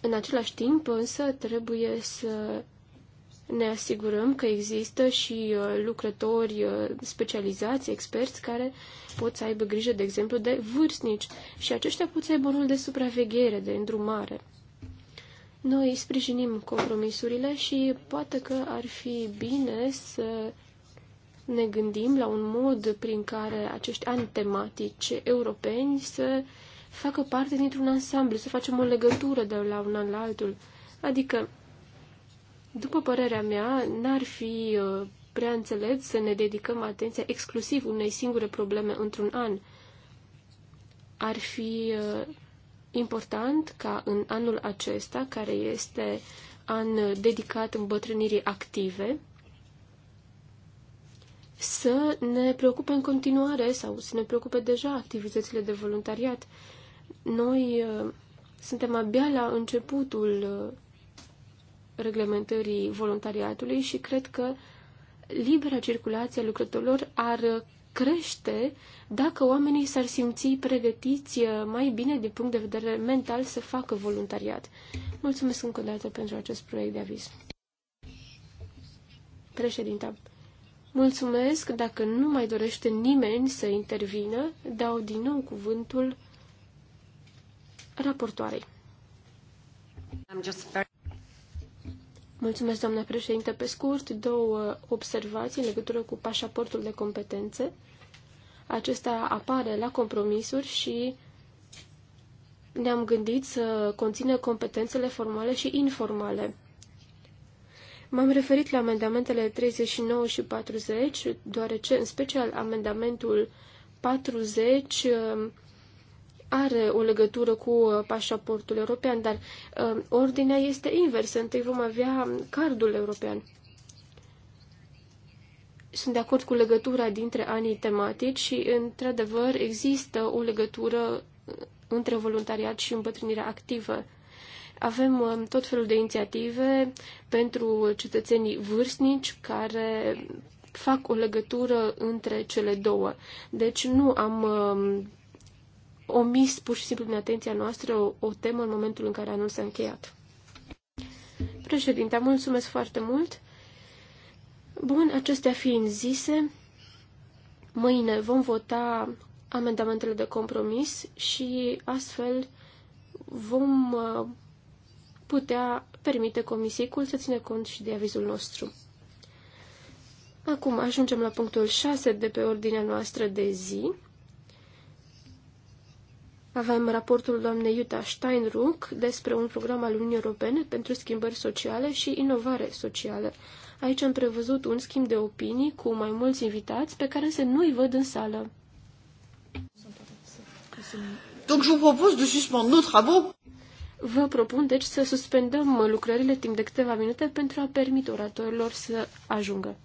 În același timp, însă, trebuie să ne asigurăm că există și uh, lucrători uh, specializați, experți, care pot să aibă grijă, de exemplu, de vârstnici și aceștia pot să aibă rol de supraveghere, de îndrumare. Noi sprijinim compromisurile și poate că ar fi bine să ne gândim la un mod prin care acești ani tematici europeni să facă parte dintr-un ansamblu, să facem o legătură de la un an la altul. Adică, după părerea mea, n-ar fi uh, prea înțelept să ne dedicăm atenția exclusiv unei singure probleme într-un an. Ar fi uh, important ca în anul acesta, care este an dedicat îmbătrânirii active, să ne preocupe în continuare sau să ne preocupe deja activitățile de voluntariat. Noi uh, suntem abia la începutul uh, reglementării voluntariatului și cred că libera circulație a lucrătorilor ar crește dacă oamenii s-ar simți pregătiți eh, mai bine din punct de vedere mental să facă voluntariat. Mulțumesc încă o dată pentru acest proiect de aviz. Președinta, mulțumesc. Dacă nu mai dorește nimeni să intervină, dau din nou cuvântul raportoarei. Mulțumesc, doamna președinte. Pe scurt, două observații în legătură cu pașaportul de competențe acesta apare la compromisuri și ne-am gândit să conțină competențele formale și informale. M-am referit la amendamentele 39 și 40, deoarece, în special, amendamentul 40 um, are o legătură cu uh, pașaportul european, dar um, ordinea este inversă. Întâi vom avea cardul european sunt de acord cu legătura dintre anii tematici și, într-adevăr, există o legătură între voluntariat și îmbătrânirea activă. Avem um, tot felul de inițiative pentru cetățenii vârstnici care fac o legătură între cele două. Deci nu am um, omis pur și simplu din atenția noastră o, o temă în momentul în care anul s-a încheiat. Președinte, mulțumesc foarte mult! Bun, acestea fiind zise, mâine vom vota amendamentele de compromis și astfel vom uh, putea permite Comisiei Cult să ține cont și de avizul nostru. Acum ajungem la punctul 6 de pe ordinea noastră de zi. Avem raportul doamnei Iuta Steinruck despre un program al Uniunii Europene pentru schimbări sociale și inovare socială. Aici am prevăzut un schimb de opinii cu mai mulți invitați pe care să nu-i văd în sală. Donc je vous propose de suspendre nos travaux. Vă propun deci să suspendăm lucrările timp de câteva minute pentru a permite oratorilor să ajungă.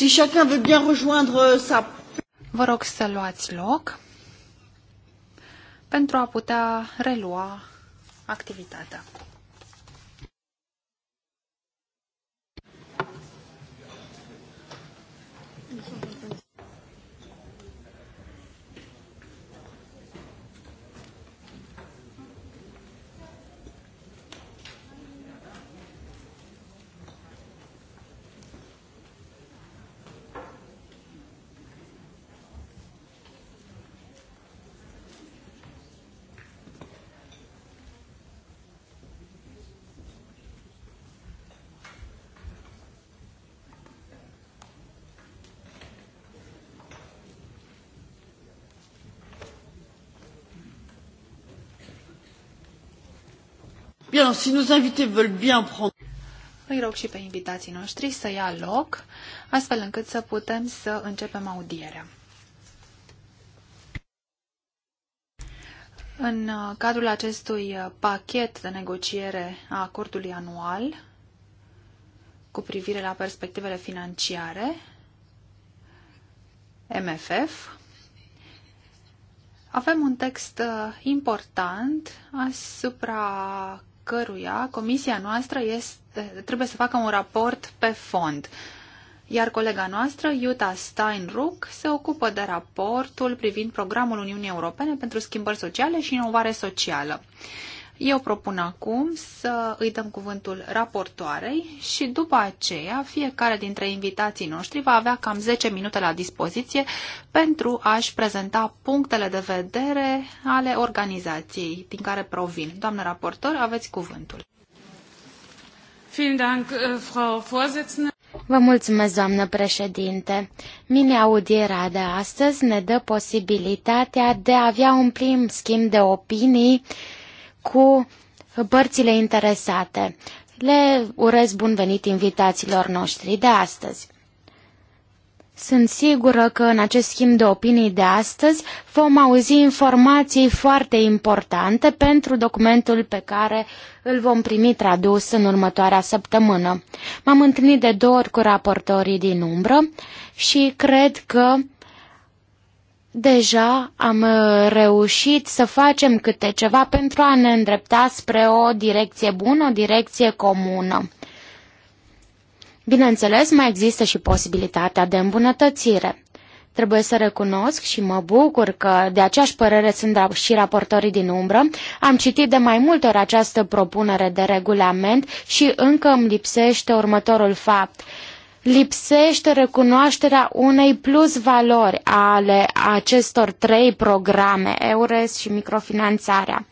Si chacun veut bien rejoindre euh, sa... Vă rog să luați loc pentru a putea relua activitatea. Bien, si nos invités veulent bien prendre... Îi rog și pe invitații noștri să ia loc, astfel încât să putem să începem audierea. În uh, cadrul acestui uh, pachet de negociere a acordului anual cu privire la perspectivele financiare, MFF, avem un text uh, important asupra căruia comisia noastră este, trebuie să facă un raport pe fond. Iar colega noastră, Iuta Steinruck, se ocupă de raportul privind programul Uniunii Europene pentru schimbări sociale și inovare socială. Eu propun acum să îi dăm cuvântul raportoarei și după aceea fiecare dintre invitații noștri va avea cam 10 minute la dispoziție pentru a-și prezenta punctele de vedere ale organizației din care provin. Doamnă raportor, aveți cuvântul. Äh, Vă mulțumesc, doamnă președinte. Mini-audierea de astăzi ne dă posibilitatea de a avea un prim schimb de opinii cu părțile interesate. Le urez bun venit invitațiilor noștri de astăzi. Sunt sigură că în acest schimb de opinii de astăzi vom auzi informații foarte importante pentru documentul pe care îl vom primi tradus în următoarea săptămână. M-am întâlnit de două ori cu raportorii din umbră și cred că Deja am uh, reușit să facem câte ceva pentru a ne îndrepta spre o direcție bună, o direcție comună. Bineînțeles, mai există și posibilitatea de îmbunătățire. Trebuie să recunosc și mă bucur că de aceeași părere sunt și raportorii din umbră. Am citit de mai multe ori această propunere de regulament și încă îmi lipsește următorul fapt lipsește recunoașterea unei plus valori ale acestor trei programe, EURES și microfinanțarea.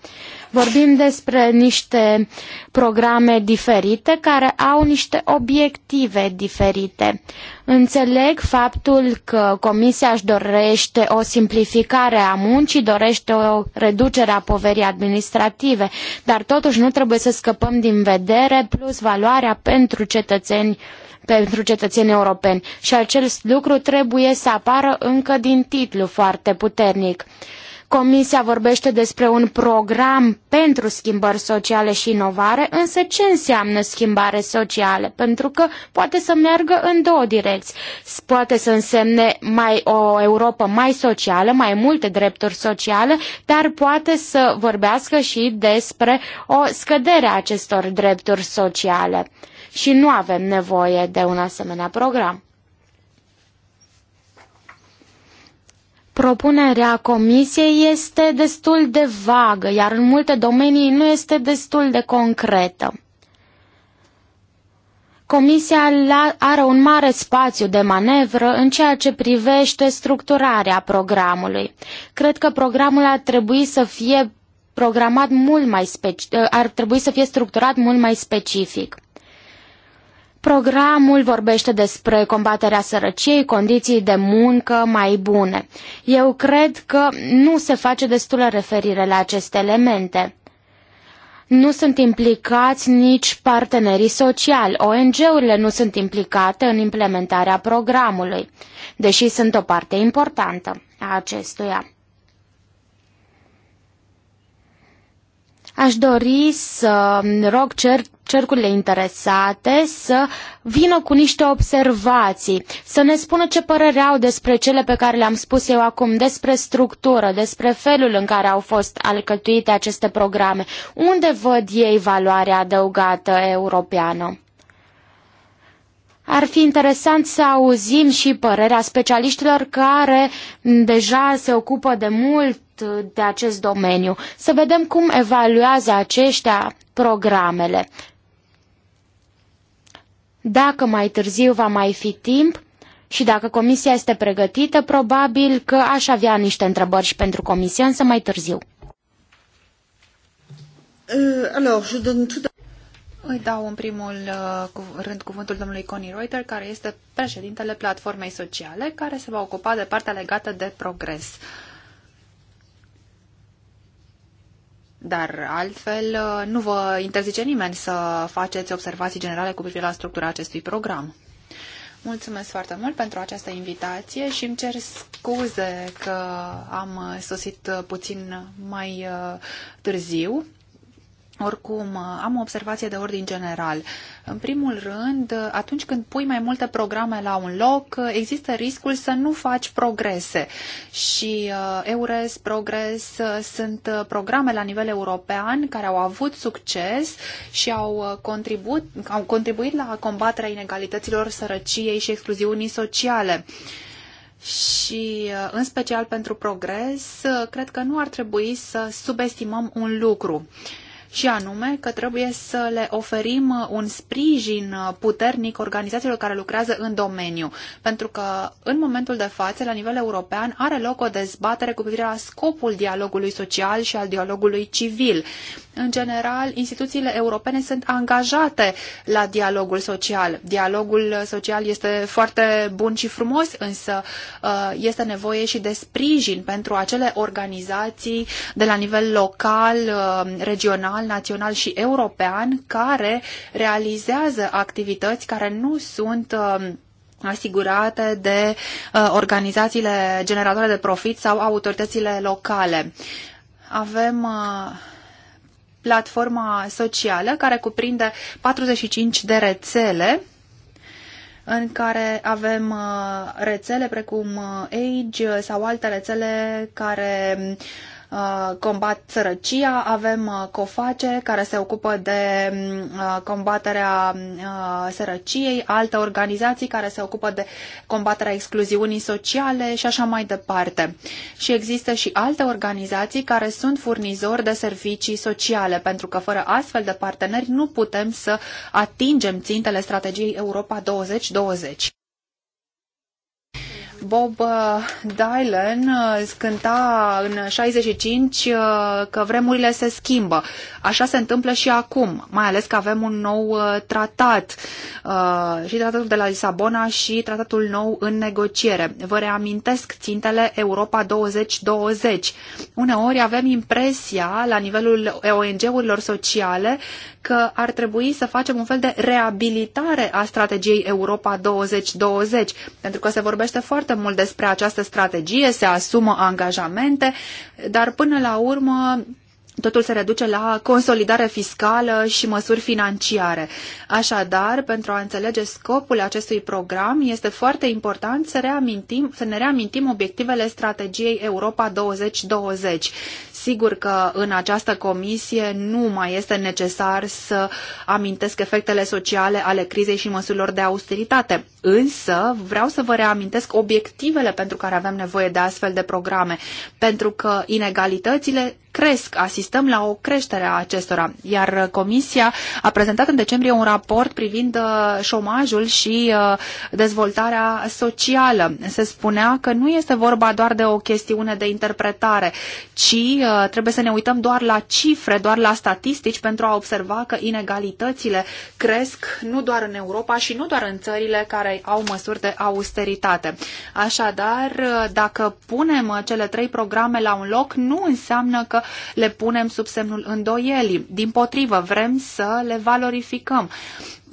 Vorbim despre niște programe diferite care au niște obiective diferite. Înțeleg faptul că Comisia își dorește o simplificare a muncii, dorește o reducere a poverii administrative, dar totuși nu trebuie să scăpăm din vedere plus valoarea pentru cetățeni pentru cetățenii europeni și acest lucru trebuie să apară încă din titlu foarte puternic. Comisia vorbește despre un program pentru schimbări sociale și inovare, însă ce înseamnă schimbare socială? Pentru că poate să meargă în două direcții. Poate să însemne mai o Europa mai socială, mai multe drepturi sociale, dar poate să vorbească și despre o scădere a acestor drepturi sociale și nu avem nevoie de un asemenea program. Propunerea comisiei este destul de vagă, iar în multe domenii nu este destul de concretă. Comisia are un mare spațiu de manevră în ceea ce privește structurarea programului. Cred că programul ar trebui să fie programat mult mai speci- ar trebui să fie structurat mult mai specific. Programul vorbește despre combaterea sărăciei, condiții de muncă mai bune. Eu cred că nu se face destulă referire la aceste elemente. Nu sunt implicați nici partenerii sociali. ONG-urile nu sunt implicate în implementarea programului, deși sunt o parte importantă a acestuia. Aș dori să rog cer, cercurile interesate să vină cu niște observații, să ne spună ce părere au despre cele pe care le-am spus eu acum, despre structură, despre felul în care au fost alcătuite aceste programe, unde văd ei valoarea adăugată europeană. Ar fi interesant să auzim și părerea specialiștilor care deja se ocupă de mult de acest domeniu, să vedem cum evaluează aceștia programele. Dacă mai târziu va mai fi timp și dacă comisia este pregătită, probabil că aș avea niște întrebări și pentru comisie, însă mai târziu. Uh, alors, je donne tout îi dau în primul uh, rând cuvântul domnului Connie Reuter, care este președintele platformei sociale, care se va ocupa de partea legată de progres. Dar altfel uh, nu vă interzice nimeni să faceți observații generale cu privire la structura acestui program. Mulțumesc foarte mult pentru această invitație și îmi cer scuze că am sosit puțin mai uh, târziu. Oricum, am o observație de ordin general. În primul rând, atunci când pui mai multe programe la un loc, există riscul să nu faci progrese. Și uh, EURES, Progres uh, sunt uh, programe la nivel european care au avut succes și au, contribuit, au contribuit la combaterea inegalităților, sărăciei și excluziunii sociale și în special pentru progres, cred că nu ar trebui să subestimăm un lucru. Uh, și anume că trebuie să le oferim un sprijin puternic organizațiilor care lucrează în domeniu, pentru că în momentul de față, la nivel european, are loc o dezbatere cu privire la scopul dialogului social și al dialogului civil. În general, instituțiile europene sunt angajate la dialogul social. Dialogul social este foarte bun și frumos, însă uh, este nevoie și de sprijin pentru acele organizații de la nivel local, uh, regional, regional, național și european care realizează activități care nu sunt um, asigurate de uh, organizațiile generatoare de profit sau autoritățile locale. Avem uh, platforma socială care cuprinde 45 de rețele în care avem uh, rețele precum Age sau alte rețele care Uh, combat sărăcia, avem uh, COFACE care se ocupă de mm, uh, combaterea mm, sărăciei, alte organizații care se ocupă de combaterea excluziunii sociale și așa mai departe. Și există și alte organizații care sunt furnizori de servicii sociale, pentru că fără astfel de parteneri nu putem să atingem țintele strategiei Europa 2020. Bob uh, Dylan scânta uh, în 65 uh, că vremurile se schimbă. Așa se întâmplă și acum, mai ales că avem un nou tratat și tratatul de la Lisabona și tratatul nou în negociere. Vă reamintesc țintele Europa 2020. Uneori avem impresia, la nivelul ONG-urilor sociale, că ar trebui să facem un fel de reabilitare a strategiei Europa 2020, pentru că se vorbește foarte mult despre această strategie, se asumă angajamente, dar până la urmă Totul se reduce la consolidare fiscală și măsuri financiare. Așadar, pentru a înțelege scopul acestui program, este foarte important să, reamintim, să ne reamintim obiectivele strategiei Europa 2020 Sigur că în această comisie nu mai este necesar să amintesc efectele sociale ale crizei și măsurilor de austeritate, însă vreau să vă reamintesc obiectivele pentru care avem nevoie de astfel de programe, pentru că inegalitățile cresc, asistăm la o creștere a acestora, iar uh, Comisia a prezentat în decembrie un raport privind uh, șomajul și uh, dezvoltarea socială. Se spunea că nu este vorba doar de o chestiune de interpretare, ci trebuie să ne uităm doar la cifre, doar la statistici pentru a observa că inegalitățile cresc nu doar în Europa și nu doar în țările care au măsuri de austeritate. Așadar, dacă punem cele trei programe la un loc, nu înseamnă că le punem sub semnul îndoielii. Din potrivă, vrem să le valorificăm.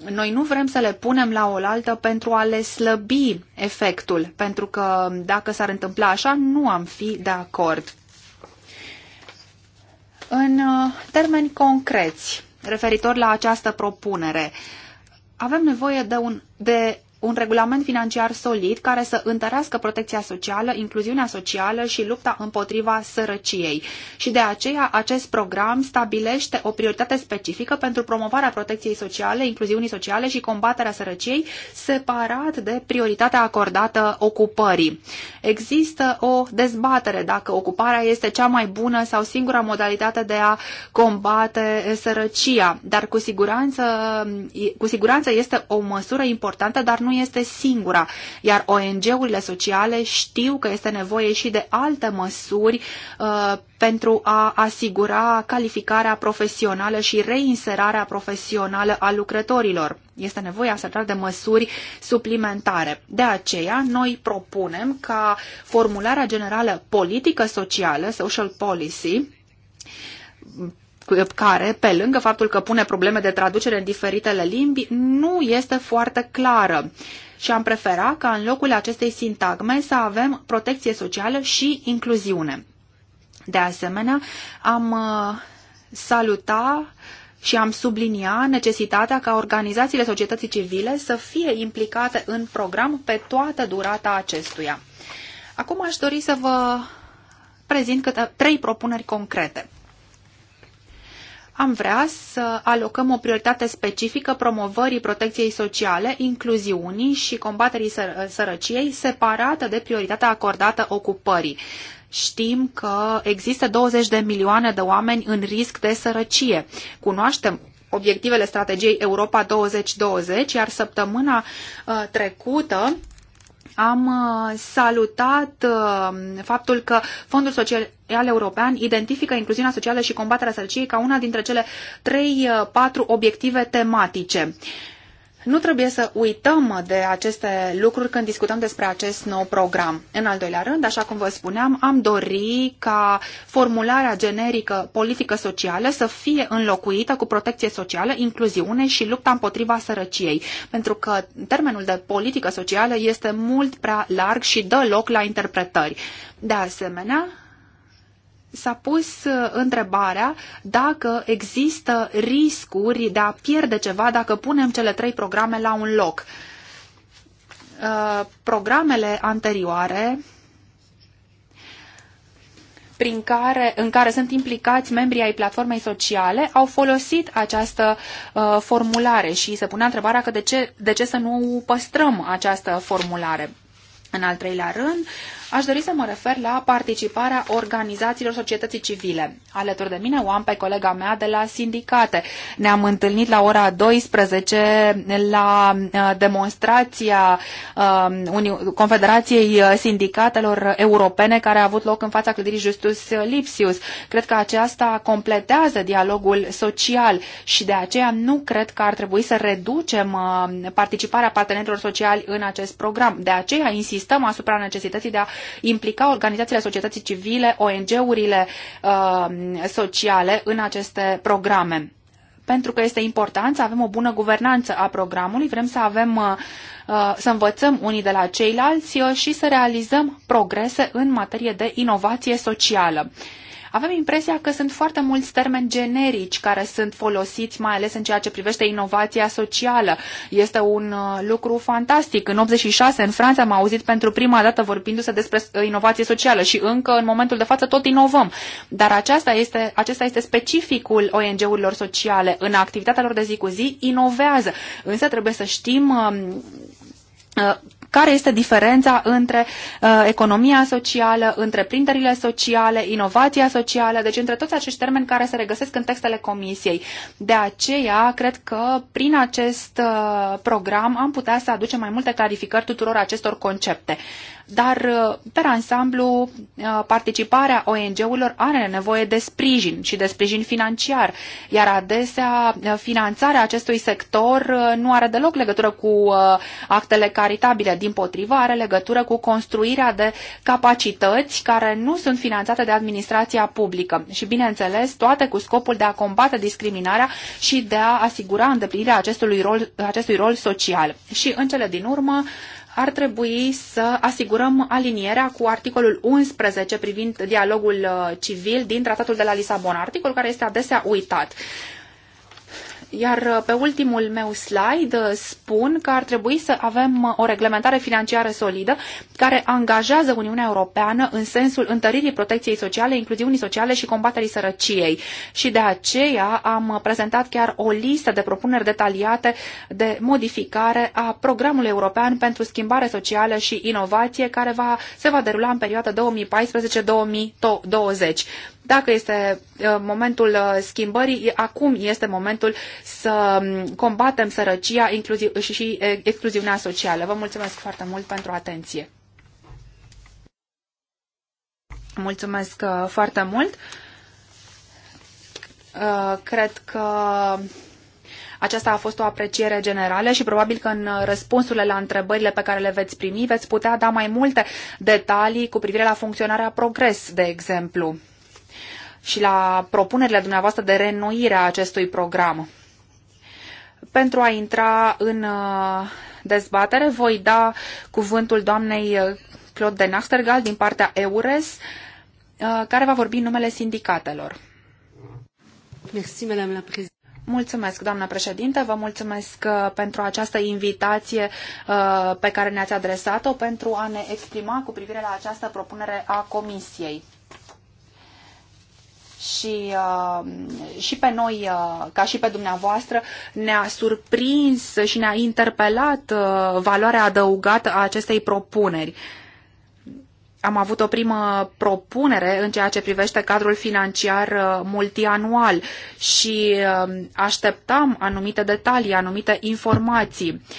Noi nu vrem să le punem la oaltă pentru a le slăbi efectul, pentru că dacă s-ar întâmpla așa, nu am fi de acord. În uh, termeni concreți, referitor la această propunere, avem nevoie de, un, de un regulament financiar solid care să întărească protecția socială, incluziunea socială și lupta împotriva sărăciei. Și de aceea acest program stabilește o prioritate specifică pentru promovarea protecției sociale, incluziunii sociale și combaterea sărăciei, separat de prioritatea acordată ocupării. Există o dezbatere dacă ocuparea este cea mai bună sau singura modalitate de a combate sărăcia, dar cu siguranță, cu siguranță este o măsură importantă, dar nu este singura, iar ONG-urile sociale știu că este nevoie și de alte măsuri uh, pentru a asigura calificarea profesională și reinserarea profesională a lucrătorilor. Este nevoie așadar de măsuri suplimentare. De aceea, noi propunem ca formularea generală politică socială, social policy, care, pe lângă faptul că pune probleme de traducere în diferitele limbi, nu este foarte clară. Și am prefera ca în locul acestei sintagme să avem protecție socială și incluziune. De asemenea, am uh, saluta și am sublinia necesitatea ca organizațiile societății civile să fie implicate în program pe toată durata acestuia. Acum aș dori să vă prezint câte trei propuneri concrete am vrea să alocăm o prioritate specifică promovării protecției sociale, incluziunii și combaterii săr- sărăciei, separată de prioritatea acordată ocupării. Știm că există 20 de milioane de oameni în risc de sărăcie. Cunoaștem obiectivele strategiei Europa 2020, iar săptămâna uh, trecută am uh, salutat uh, faptul că Fondul Social European identifică incluziunea socială și combaterea sărăciei ca una dintre cele 3-4 uh, obiective tematice. Nu trebuie să uităm de aceste lucruri când discutăm despre acest nou program. În al doilea rând, așa cum vă spuneam, am dori ca formularea generică politică socială să fie înlocuită cu protecție socială, incluziune și lupta împotriva sărăciei, pentru că termenul de politică socială este mult prea larg și dă loc la interpretări. De asemenea, s-a pus uh, întrebarea dacă există riscuri de a pierde ceva dacă punem cele trei programe la un loc. Uh, programele anterioare prin care, în care sunt implicați membrii ai platformei sociale au folosit această uh, formulare și se punea întrebarea că de ce, de ce să nu păstrăm această formulare. În al treilea rând, uh, Aș dori să mă refer la participarea organizațiilor societății civile. Alături de mine o am pe colega mea de la sindicate. Ne-am întâlnit la ora 12 la uh, demonstrația uh, Confederației Sindicatelor Europene care a avut loc în fața clădirii Justus Lipsius. Cred că aceasta completează dialogul social și de aceea nu cred că ar trebui să reducem uh, participarea partenerilor sociali în acest program. De aceea insistăm asupra necesității de a implica organizațiile societății civile, ONG-urile uh, sociale în aceste programe pentru că este important să avem o bună guvernanță a programului, vrem să avem uh, uh, să învățăm unii de la ceilalți uh, și să realizăm progrese în materie de inovație socială. Avem impresia că sunt foarte mulți termeni generici care sunt folosiți, mai ales în ceea ce privește inovația socială. Este un uh, lucru fantastic. În 86, în Franța, am auzit pentru prima dată vorbindu-se despre uh, inovație socială și încă în momentul de față tot inovăm. Dar aceasta este, acesta este specificul ONG-urilor sociale. În activitatea lor de zi cu zi inovează. Însă trebuie să știm um, uh, care este diferența între uh, economia socială, întreprinderile sociale, inovația socială, deci între toți acești termeni care se regăsesc în textele comisiei. De aceea, cred că prin acest uh, program am putea să aducem mai multe clarificări tuturor acestor concepte dar uh, per ansamblu uh, participarea ONG-urilor are nevoie de sprijin și de sprijin financiar, iar adesea uh, finanțarea acestui sector nu are deloc legătură cu actele caritabile, din potriva are legătură cu construirea de capacități care nu sunt finanțate de administrația publică și, bineînțeles, toate cu scopul de a combate discriminarea și de a asigura îndeplinirea acestui rol, acestui rol social. Și, în cele din urmă, ar trebui să asigurăm alinierea cu articolul 11 privind dialogul uh, civil din Tratatul de la Lisabona, articol care este adesea uitat. Iar uh, pe ultimul meu slide uh, spun că ar trebui să avem uh, o reglementare financiară solidă care angajează Uniunea Europeană în sensul întăririi protecției sociale, incluziunii sociale și combaterii sărăciei. Și de aceea am prezentat chiar o listă de propuneri detaliate de modificare a programului european pentru schimbare socială și inovație care va, se va derula în perioada 2014-2020. Dacă este uh, momentul uh, schimbării, acum este momentul să um, combatem sărăcia inclusiv, și uh, excluziunea socială. Vă mulțumesc foarte mult pentru atenție. Mulțumesc foarte mult. Cred că aceasta a fost o apreciere generală și probabil că în răspunsurile la întrebările pe care le veți primi veți putea da mai multe detalii cu privire la funcționarea progres, de exemplu și la propunerile dumneavoastră de reînnoire a acestui program. Pentru a intra în uh, dezbatere, voi da cuvântul doamnei uh, Claude de Nastergal din partea EURES, uh, care va vorbi în numele sindicatelor. Merci, Madame la Mulțumesc, doamna președinte, vă mulțumesc pentru această invitație pe care ne-ați adresat-o pentru a ne exprima cu privire la această propunere a Comisiei și, uh, și pe noi, uh, ca și pe dumneavoastră, ne-a surprins și ne-a interpelat uh, valoarea adăugată a acestei propuneri. Am avut o primă propunere în ceea ce privește cadrul financiar uh, multianual și uh, așteptam anumite detalii, anumite informații. Uh,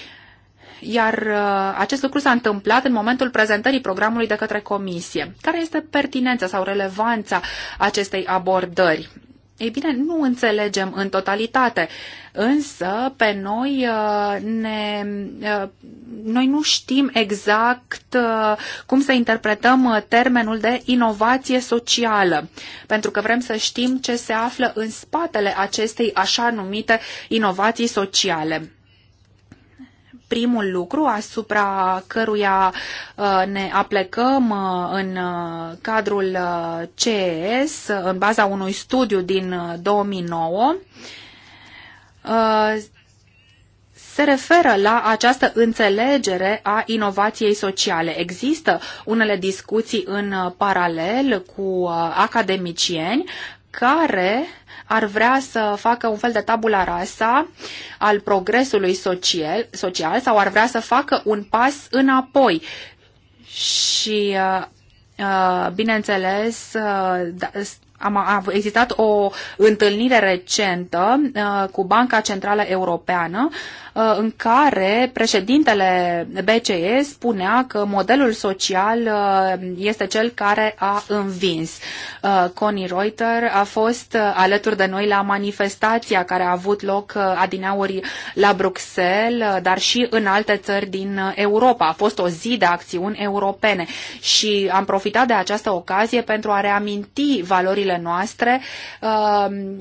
iar uh, acest lucru s-a întâmplat în momentul prezentării programului de către comisie. Care este pertinența sau relevanța acestei abordări? Ei bine, nu înțelegem în totalitate, însă pe noi uh, ne, uh, noi nu știm exact cum să interpretăm termenul de inovație socială, pentru că vrem să știm ce se află în spatele acestei așa numite inovații sociale primul lucru asupra căruia uh, ne aplecăm uh, în uh, cadrul CES, în baza unui studiu din 2009, se referă la această înțelegere a inovației sociale. Există unele discuții în paralel cu academicieni care ar vrea să facă un fel de tabula rasa al progresului social, social sau ar vrea să facă un pas înapoi. Și, uh, uh, bineînțeles, uh, da, am, a existat o întâlnire recentă uh, cu Banca Centrală Europeană Uh, în care președintele BCE spunea că modelul social uh, este cel care a învins. Uh, Connie Reuter a fost alături de noi la manifestația care a avut loc adineauri la Bruxelles, dar și în alte țări din Europa. A fost o zi de acțiuni europene și am profitat de această ocazie pentru a reaminti valorile noastre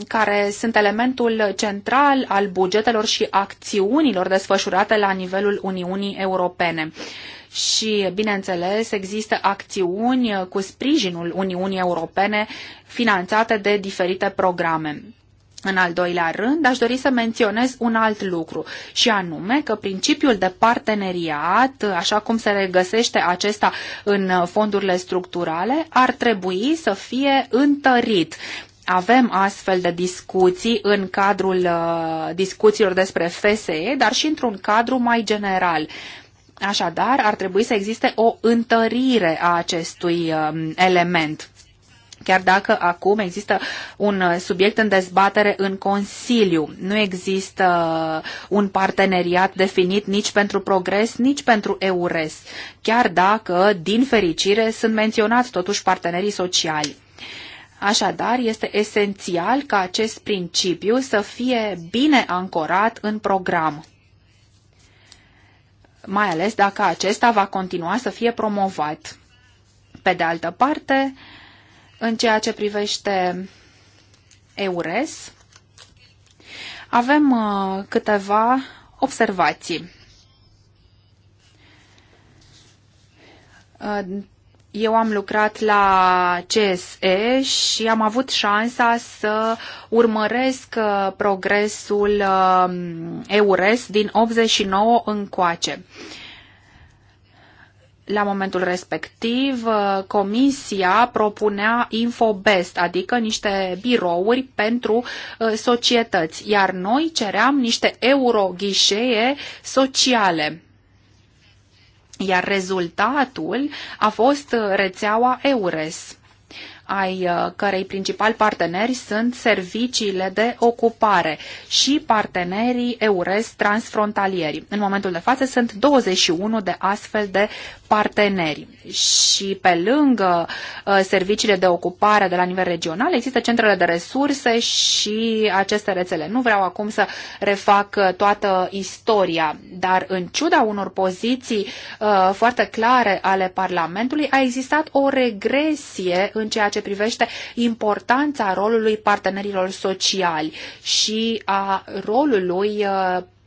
care sunt elementul central al bugetelor și acțiunilor acțiunilor desfășurate la nivelul Uniunii Europene. Și, bineînțeles, există acțiuni cu sprijinul Uniunii Europene finanțate de diferite programe. În al doilea rând, aș dori să menționez un alt lucru, și anume că principiul de parteneriat, așa cum se regăsește acesta în fondurile structurale, ar trebui să fie întărit avem astfel de discuții în cadrul uh, discuțiilor despre FSE, dar și într-un cadru mai general. Așadar, ar trebui să existe o întărire a acestui um, element chiar dacă acum există un uh, subiect în dezbatere în Consiliu. Nu există uh, un parteneriat definit nici pentru progres, nici pentru EURES, chiar dacă, din fericire, sunt menționați totuși partenerii sociali. Așadar, este esențial ca acest principiu să fie bine ancorat în program, mai ales dacă acesta va continua să fie promovat. Pe de altă parte, în ceea ce privește EURES, avem uh, câteva observații. Uh, eu am lucrat la CSE și am avut șansa să urmăresc uh, progresul um, EURES din 89 încoace. La momentul respectiv, uh, comisia propunea infobest, adică niște birouri pentru uh, societăți, iar noi ceream niște euroghișee sociale iar rezultatul a fost rețeaua EURES ai uh, cărei principal parteneri sunt serviciile de ocupare și partenerii EURES transfrontalieri. În momentul de față sunt 21 de astfel de parteneri. Și pe lângă uh, serviciile de ocupare de la nivel regional, există centrele de resurse și aceste rețele. Nu vreau acum să refac uh, toată istoria, dar în ciuda unor poziții uh, foarte clare ale Parlamentului, a existat o regresie în ceea ce privește importanța rolului partenerilor sociali și a rolului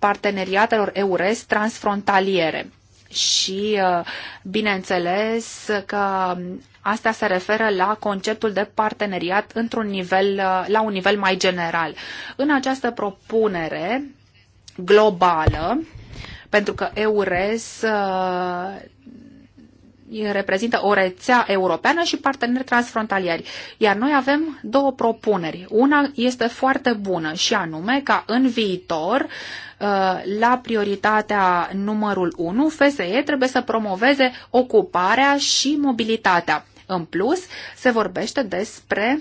parteneriatelor EURES transfrontaliere și, uh, bineînțeles, că asta se referă la conceptul de parteneriat într-un nivel, uh, la un nivel mai general. În această propunere globală, pentru că EURES uh, reprezintă o rețea europeană și parteneri transfrontalieri. Iar noi avem două propuneri. Una este foarte bună și anume ca în viitor uh, Uh, la prioritatea numărul 1, FSE trebuie să promoveze ocuparea și mobilitatea. În plus, se vorbește despre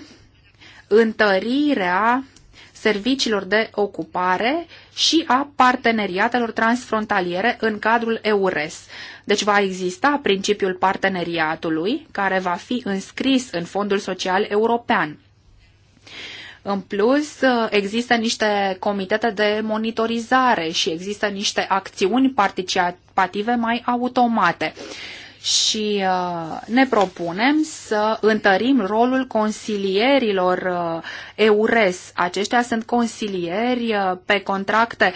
întărirea serviciilor de ocupare și a parteneriatelor transfrontaliere în cadrul EURES. Deci va exista principiul parteneriatului, care va fi înscris în Fondul Social European. În plus, uh, există niște comitete de monitorizare și există niște acțiuni participative mai automate și uh, ne propunem să întărim rolul consilierilor uh, EURES. Aceștia sunt consilieri uh, pe contracte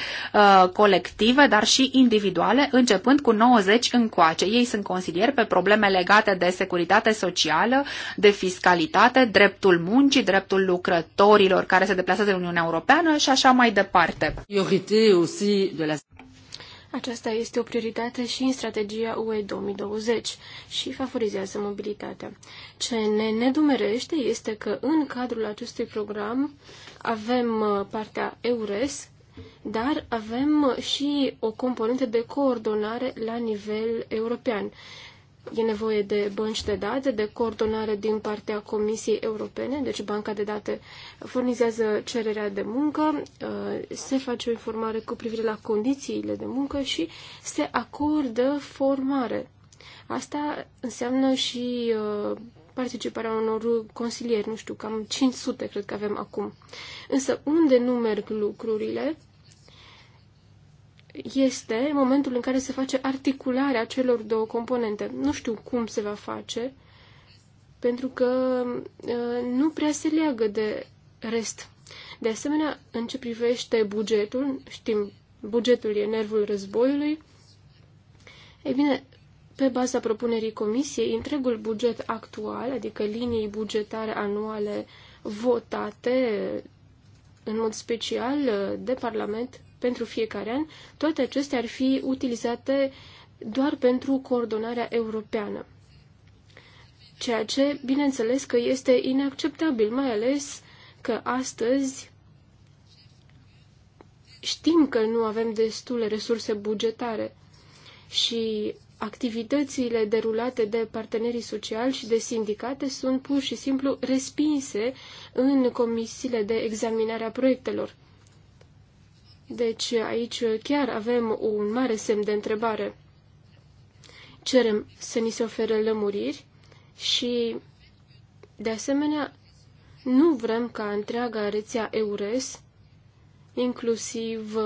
colective, dar și individuale, începând cu 90 încoace. Ei sunt consilieri pe probleme legate de securitate socială, de fiscalitate, dreptul muncii, dreptul lucrătorilor care se deplasează în Uniunea Europeană și așa mai departe. Aceasta este o prioritate și în strategia UE 2020 și favorizează mobilitatea. Ce ne nedumerește este că în cadrul acestui program avem uh, partea EURES, dar avem uh, și o componentă de coordonare la nivel european. E nevoie de bănci de date, de coordonare din partea Comisiei Europene, deci banca de date furnizează cererea de muncă, uh, se face o informare cu privire la condițiile de muncă și se acordă formare. Asta înseamnă și uh, participarea unor consilieri, nu știu, cam 500 cred că avem acum. Însă unde nu merg lucrurile, este momentul în care se face articularea celor două componente. Nu știu cum se va face, pentru că uh, nu prea se leagă de rest. De asemenea, în ce privește bugetul, știm, bugetul e nervul războiului, ei bine, pe baza propunerii comisiei, întregul buget actual, adică linii bugetare anuale votate în mod special de Parlament pentru fiecare an, toate acestea ar fi utilizate doar pentru coordonarea europeană. Ceea ce, bineînțeles, că este inacceptabil, mai ales că astăzi știm că nu avem destule resurse bugetare și activitățile derulate de partenerii sociali și de sindicate sunt pur și simplu respinse în comisiile de examinare a proiectelor. Deci aici chiar avem un mare semn de întrebare. Cerem să ni se ofere lămuriri și, de asemenea, nu vrem ca întreaga rețea EURES, inclusiv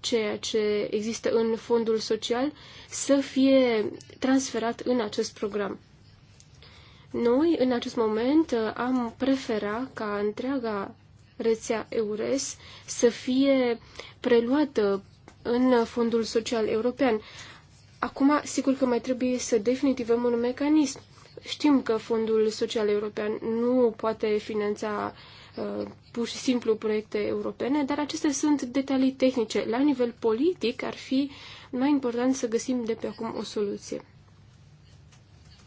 ceea ce există în fondul social, să fie transferat în acest program. Noi, în acest moment, am prefera ca întreaga rețea EURES să fie preluată în Fondul Social European. Acum, sigur că mai trebuie să definitivăm un mecanism. Știm că Fondul Social European nu poate finanța uh, pur și simplu proiecte europene, dar acestea sunt detalii tehnice. La nivel politic ar fi mai important să găsim de pe acum o soluție.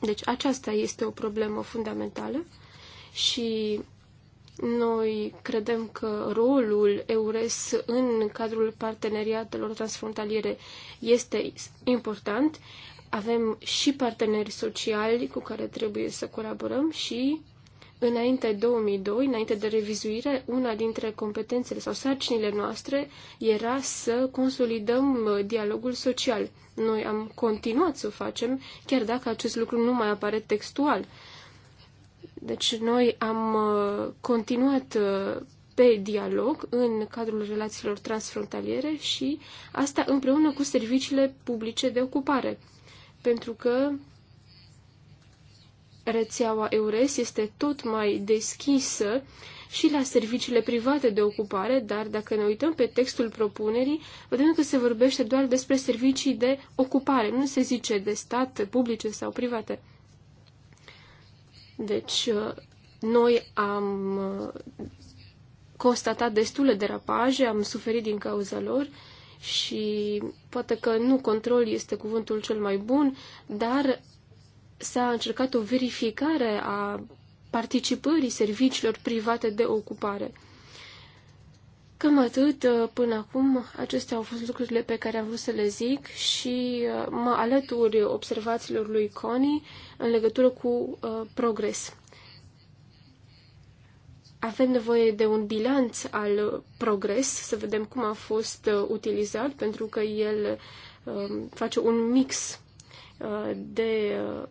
Deci aceasta este o problemă fundamentală și noi credem că rolul EURES în cadrul parteneriatelor transfrontaliere este important. Avem și parteneri sociali cu care trebuie să colaborăm și Înainte 2002, înainte de revizuire, una dintre competențele sau sarcinile noastre era să consolidăm dialogul social. Noi am continuat să o facem, chiar dacă acest lucru nu mai apare textual. Deci noi am uh, continuat uh, pe dialog în cadrul relațiilor transfrontaliere și asta împreună cu serviciile publice de ocupare. Pentru că rețeaua EURES este tot mai deschisă și la serviciile private de ocupare, dar dacă ne uităm pe textul propunerii, vedem că se vorbește doar despre servicii de ocupare, nu se zice de stat, publice sau private. Deci, uh, noi am uh, constatat destule derapaje, am suferit din cauza lor și poate că nu control este cuvântul cel mai bun, dar s-a încercat o verificare a participării serviciilor private de ocupare. Cam atât. Uh, până acum, acestea au fost lucrurile pe care am vrut să le zic și uh, mă alătur observațiilor lui Connie în legătură cu uh, progres. Avem nevoie de un bilanț al uh, progres, să vedem cum a fost uh, utilizat, pentru că el uh, face un mix uh, de uh,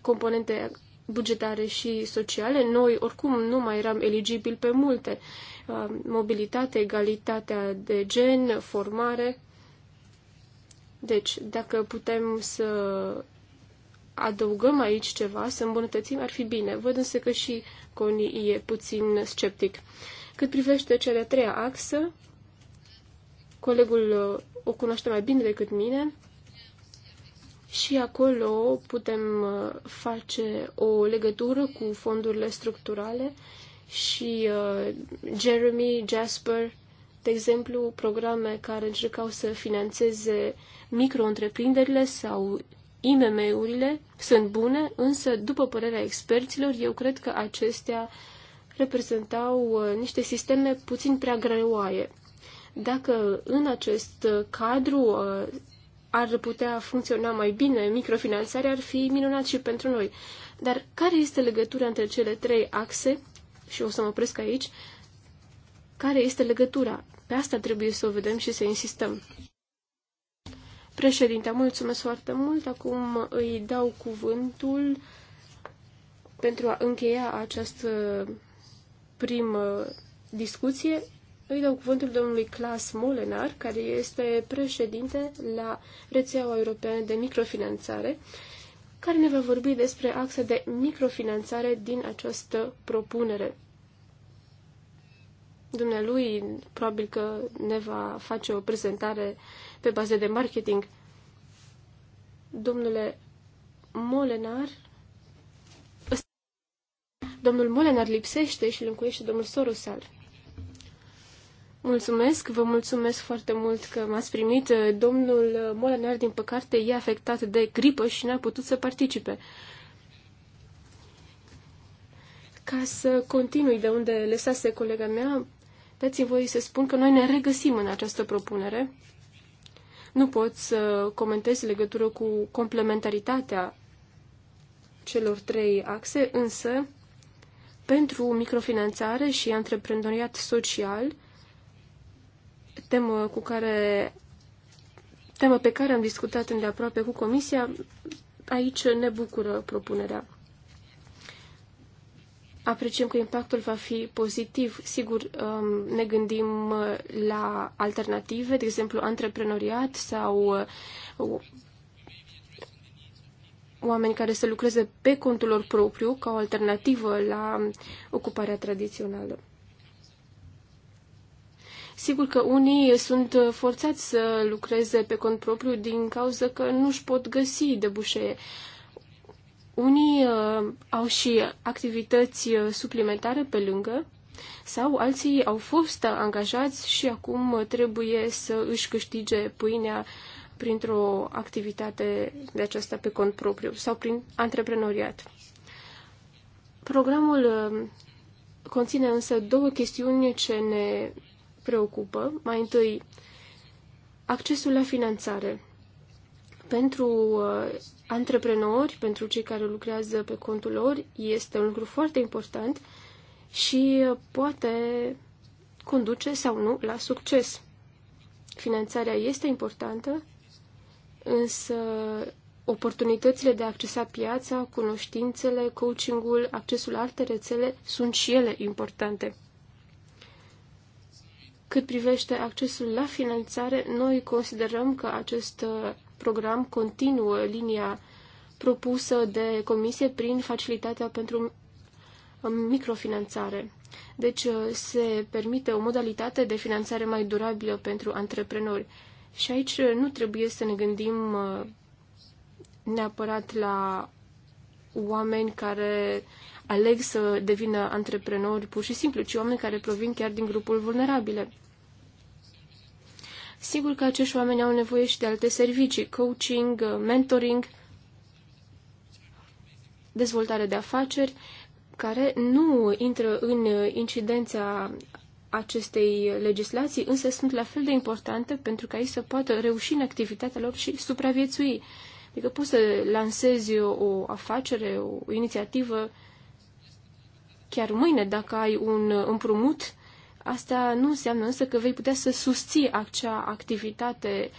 componente bugetare și sociale. Noi, oricum, nu mai eram eligibili pe multe. Uh, Uh, mobilitate, egalitatea de gen, formare. Deci, dacă putem să adăugăm aici ceva, să îmbunătățim, ar fi bine. Văd însă că și Coni e puțin sceptic. Cât privește cea de-a treia axă, colegul uh, o cunoaște mai bine decât mine și acolo putem uh, face o legătură cu fondurile structurale și uh, Jeremy, Jasper, de exemplu, programe care încercau să financeze micro-întreprinderile sau IMM-urile sunt bune, însă, după părerea experților, eu cred că acestea reprezentau uh, niște sisteme puțin prea greoaie. Dacă în acest cadru uh, ar putea funcționa mai bine microfinanțarea, ar fi minunat și pentru noi. Dar care este legătura între cele trei axe și o să mă opresc aici, care este legătura? Pe asta trebuie să o vedem și să insistăm. Președinte, mulțumesc foarte mult. Acum îi dau cuvântul pentru a încheia această primă discuție. Îi dau cuvântul domnului Clas Molenar, care este președinte la rețeaua europeană de microfinanțare care ne va vorbi despre axa de microfinanțare din această propunere. Dumnealui probabil că ne va face o prezentare pe bază de marketing. Domnule Molenar, domnul Molenar lipsește și îl încuiește domnul Sorosal. Mulțumesc, vă mulțumesc foarte mult că m-ați primit. Domnul Molinar, din păcate, e afectat de gripă și n-a putut să participe. Ca să continui de unde lăsase colega mea, dați-mi voi să spun că noi ne regăsim în această propunere. Nu pot să comentez legătură cu complementaritatea celor trei axe, însă pentru microfinanțare și antreprenoriat social, temă cu care temă pe care am discutat îndeaproape cu Comisia, aici ne bucură propunerea. Apreciem că impactul va fi pozitiv. Sigur, um, ne gândim uh, la alternative, de exemplu, antreprenoriat sau uh, oameni care să lucreze pe contul lor propriu ca o alternativă la ocuparea tradițională. Sigur că unii sunt forțați să lucreze pe cont propriu din cauza că nu își pot găsi de debușee. Unii uh, au și activități uh, suplimentare pe lângă sau alții au fost angajați și acum trebuie să își câștige pâinea printr-o activitate de aceasta pe cont propriu sau prin antreprenoriat. Programul uh, conține însă două chestiuni ce ne preocupă. Mai întâi, accesul la finanțare. Pentru uh, antreprenori, pentru cei care lucrează pe contul lor, este un lucru foarte important și uh, poate conduce sau nu la succes. Finanțarea este importantă, însă oportunitățile de a accesa piața, cunoștințele, coachingul, accesul la alte rețele sunt și ele importante. Cât privește accesul la finanțare, noi considerăm că acest uh, program continuă linia propusă de comisie prin facilitatea pentru um, microfinanțare. Deci uh, se permite o modalitate de finanțare mai durabilă pentru antreprenori. Și aici uh, nu trebuie să ne gândim neapărat la oameni care aleg să devină antreprenori pur și simplu, ci oameni care provin chiar din grupul vulnerabile. Sigur că acești oameni au nevoie și de alte servicii, coaching, mentoring, dezvoltare de afaceri, care nu intră în incidența acestei legislații, însă sunt la fel de importante pentru ca ei să poată reuși în activitatea lor și supraviețui. Adică poți să lansezi o afacere, o inițiativă chiar mâine, dacă ai un împrumut Asta nu înseamnă însă că vei putea să susții acea activitate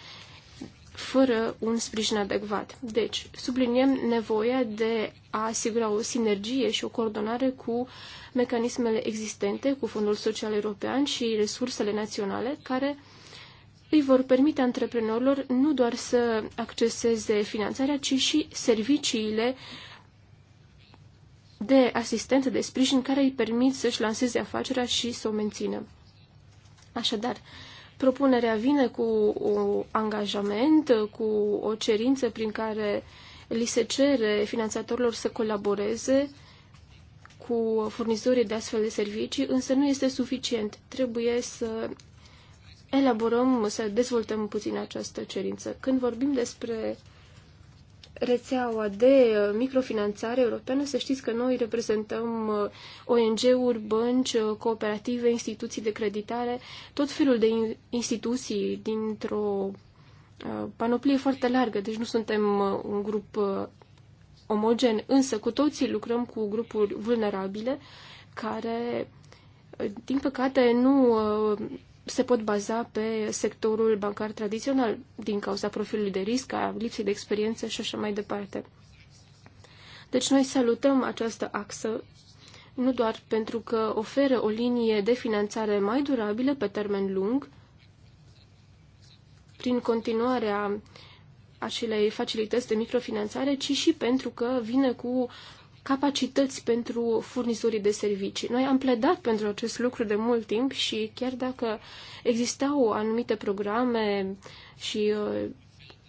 fără un sprijin adecvat. Deci, subliniem nevoia de a asigura o sinergie și o coordonare cu mecanismele existente, cu Fondul Social European și resursele naționale, care îi vor permite antreprenorilor nu doar să acceseze finanțarea, ci și serviciile de asistență, de sprijin care îi permit să-și lanseze afacerea și să o mențină. Așadar, propunerea vine cu un angajament, cu o cerință prin care li se cere finanțatorilor să colaboreze cu furnizorii de astfel de servicii, însă nu este suficient. Trebuie să elaborăm, să dezvoltăm puțin această cerință. Când vorbim despre rețeaua de microfinanțare europeană, să știți că noi reprezentăm uh, ONG-uri, bănci, uh, cooperative, instituții de creditare, tot felul de instituții dintr-o uh, panoplie foarte largă, deci nu suntem un grup omogen, însă cu toții lucrăm cu grupuri vulnerabile care, din păcate, nu se pot baza pe sectorul bancar tradițional, din cauza profilului de risc, a lipsei de experiență și așa mai departe. Deci noi salutăm această axă nu doar pentru că oferă o linie de finanțare mai durabilă pe termen lung, prin continuarea acelei facilități de microfinanțare, ci și pentru că vine cu capacități pentru furnizorii de servicii. Noi am pledat pentru acest lucru de mult timp și chiar dacă existau anumite programe și uh,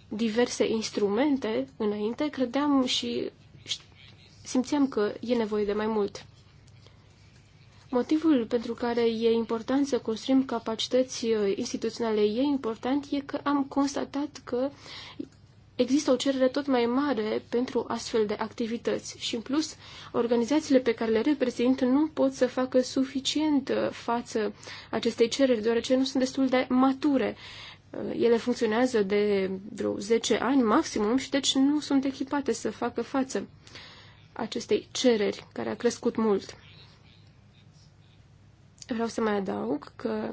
diverse instrumente înainte, credeam și simțeam că e nevoie de mai mult. Motivul pentru care e important să construim capacități uh, instituționale e important e că am constatat că există o cerere tot mai mare pentru astfel de activități și, în plus, organizațiile pe care le reprezint nu pot să facă suficient uh, față acestei cereri, deoarece nu sunt destul de mature. Uh, ele funcționează de vreo 10 ani maximum și deci nu sunt echipate să facă față acestei cereri care a crescut mult. Vreau să mai adaug că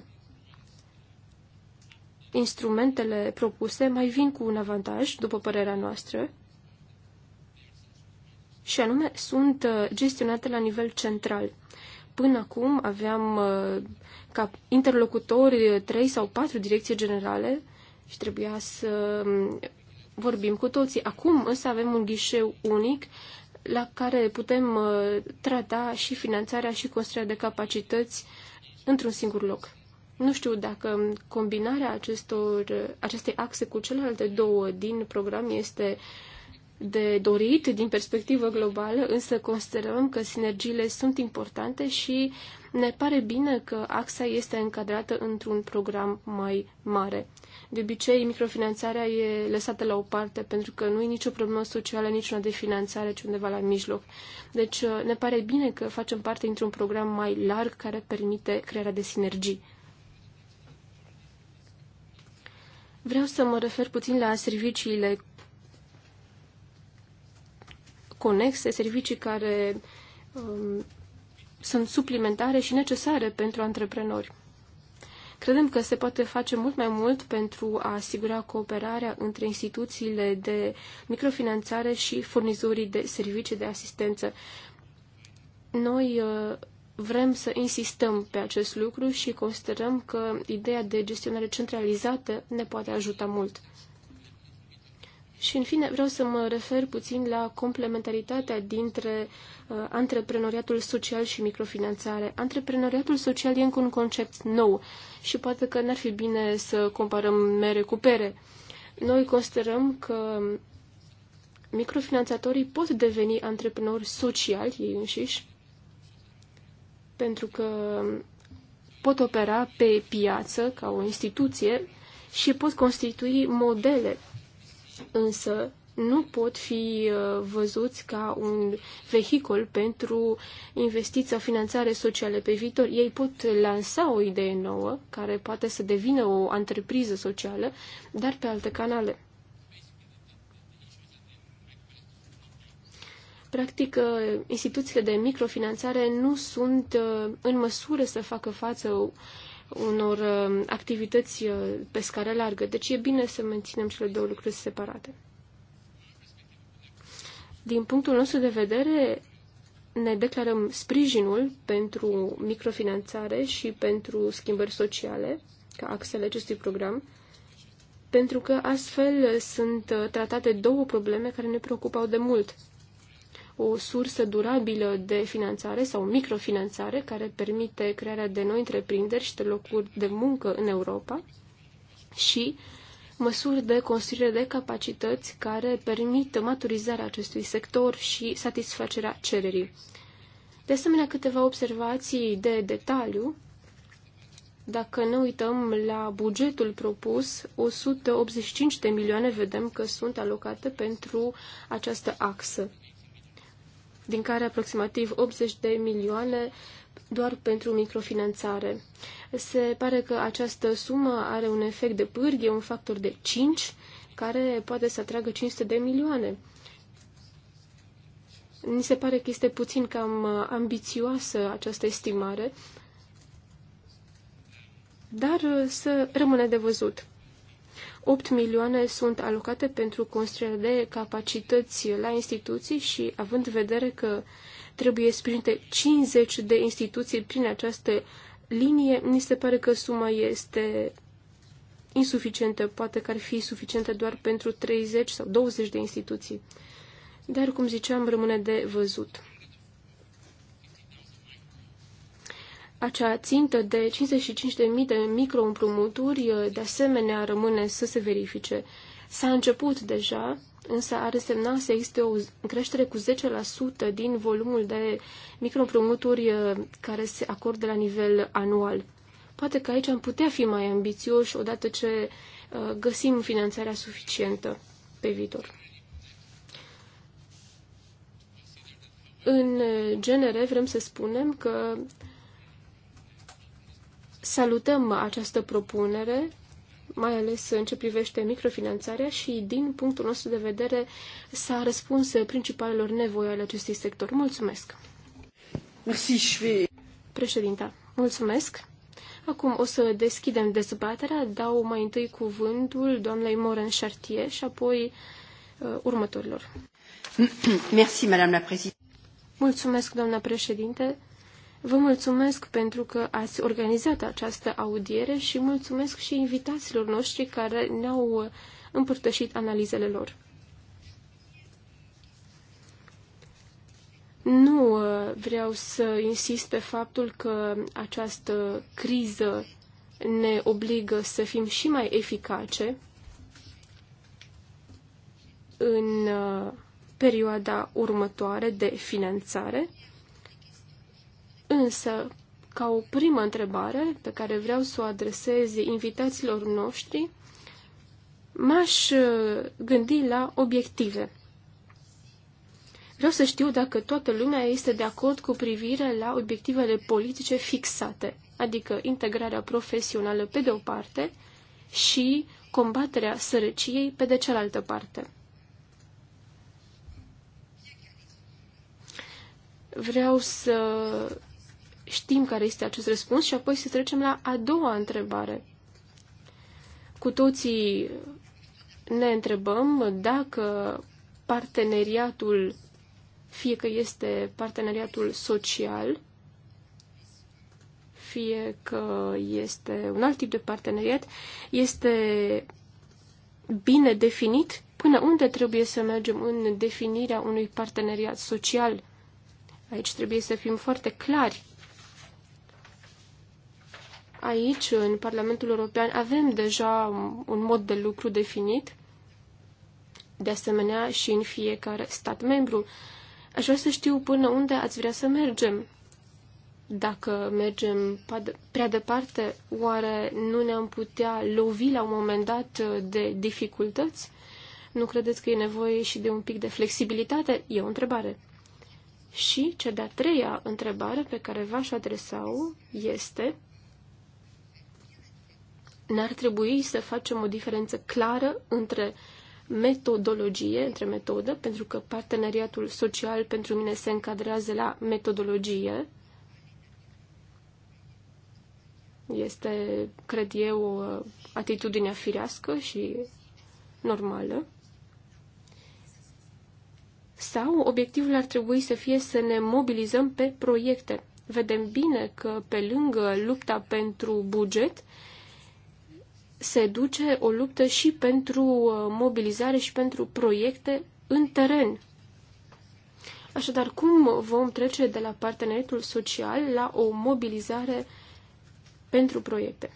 instrumentele propuse mai vin cu un avantaj, după părerea noastră, și anume sunt uh, gestionate la nivel central. Până acum aveam uh, ca interlocutori uh, trei sau patru direcții generale și trebuia să um, vorbim cu toții. Acum însă avem un ghișeu unic la care putem trata și finanțarea și construirea de capacități într-un singur loc. Nu știu dacă combinarea acestor, acestei axe cu celelalte două din program este de dorit din perspectivă globală, însă considerăm că sinergiile sunt importante și ne pare bine că axa este încadrată într-un program mai mare. De obicei, microfinanțarea e lăsată la o parte pentru că nu e nicio problemă socială, nici una de finanțare, ci undeva la mijloc. Deci ne pare bine că facem parte într un program mai larg care permite crearea de sinergii. Vreau să mă refer puțin la serviciile conexe, servicii care um, sunt suplimentare și necesare pentru antreprenori. Credem că se poate face mult mai mult pentru a asigura cooperarea între instituțiile de microfinanțare și furnizorii de servicii de asistență. Noi uh, vrem să insistăm pe acest lucru și considerăm că ideea de gestionare centralizată ne poate ajuta mult. Și, în fine, vreau să mă refer puțin la complementaritatea dintre uh, antreprenoriatul social și microfinanțare. Antreprenoriatul social e încă un concept nou și poate că n-ar fi bine să comparăm mere cu pere. Noi considerăm că microfinanțatorii pot deveni antreprenori sociali ei înșiși, pentru că pot opera pe piață ca o instituție și pot constitui modele, însă nu pot fi uh, văzuți ca un vehicul pentru investiții sau finanțare sociale pe viitor. Ei pot lansa o idee nouă, care poate să devină o întreprindere socială, dar pe alte canale. Practic, uh, instituțiile de microfinanțare nu sunt uh, în măsură să facă față unor uh, activități pe scară largă. Deci e bine să menținem cele două lucruri separate. Din punctul nostru de vedere, ne declarăm sprijinul pentru microfinanțare și pentru schimbări sociale, ca axele acestui program, pentru că astfel sunt tratate două probleme care ne preocupau de mult o sursă durabilă de finanțare sau microfinanțare care permite crearea de noi întreprinderi și de locuri de muncă în Europa și măsuri de construire de capacități care permită maturizarea acestui sector și satisfacerea cererii. De asemenea, câteva observații de detaliu. Dacă ne uităm la bugetul propus, 185 de milioane vedem că sunt alocate pentru această axă din care aproximativ 80 de milioane doar pentru microfinanțare. Se pare că această sumă are un efect de pârghie, un factor de 5, care poate să atragă 500 de milioane. Ni se pare că este puțin cam uh, ambițioasă această estimare, dar uh, să rămâne de văzut. 8 milioane sunt alocate pentru construirea de capacități la instituții și având în vedere că trebuie sprijinite 50 de instituții prin această linie, mi se pare că suma este insuficientă, poate că ar fi suficientă doar pentru 30 sau 20 de instituții. Dar, cum ziceam, rămâne de văzut. Acea țintă de 55.000 de microîmprumuturi, uh, de asemenea, rămâne să se verifice. S-a început deja, însă ar însemna să existe o creștere cu 10% din volumul de microîmprumuturi uh, care se acordă la nivel anual. Poate că aici am putea fi mai ambițioși odată ce uh, găsim finanțarea suficientă pe viitor. În genere, vrem să spunem că Salutăm această propunere, mai ales în ce privește microfinanțarea și, din punctul nostru de vedere, s-a răspuns principalelor nevoi ale acestui sector. Mulțumesc! Merci, Președinta, mulțumesc! Acum o să deschidem dezbaterea, dau mai întâi cuvântul doamnei Moren Chartier și apoi uh, următorilor. Merci, Madame la Mulțumesc, doamna președinte. Vă mulțumesc pentru că ați organizat această audiere și mulțumesc și invitaților noștri care ne-au împărtășit analizele lor. Nu uh, vreau să insist pe faptul că această criză ne obligă să fim și mai eficace în uh, perioada următoare de finanțare Însă, ca o primă întrebare pe care vreau să o adresez invitaților noștri, m-aș uh, gândi la obiective. Vreau să știu dacă toată lumea este de acord cu privire la obiectivele politice fixate, adică integrarea profesională pe de o parte și combaterea sărăciei pe de cealaltă parte. Vreau să știm care este acest răspuns și apoi să trecem la a doua întrebare. Cu toții ne întrebăm dacă parteneriatul, fie că este parteneriatul social, fie că este un alt tip de parteneriat, este bine definit, până unde trebuie să mergem în definirea unui parteneriat social. Aici trebuie să fim foarte clari aici, în Parlamentul European, avem deja un mod de lucru definit, de asemenea și în fiecare stat membru. Aș vrea să știu până unde ați vrea să mergem. Dacă mergem prea departe, oare nu ne-am putea lovi la un moment dat de dificultăți? Nu credeți că e nevoie și de un pic de flexibilitate? E o întrebare. Și cea de-a treia întrebare pe care v-aș adresa-o este n-ar trebui să facem o diferență clară între metodologie, între metodă, pentru că parteneriatul social pentru mine se încadrează la metodologie. Este, cred eu, atitudine firească și normală. Sau obiectivul ar trebui să fie să ne mobilizăm pe proiecte. Vedem bine că pe lângă lupta pentru buget, se duce o luptă și pentru uh, mobilizare și pentru proiecte în teren. Așadar, cum vom trece de la parteneritul social la o mobilizare pentru proiecte?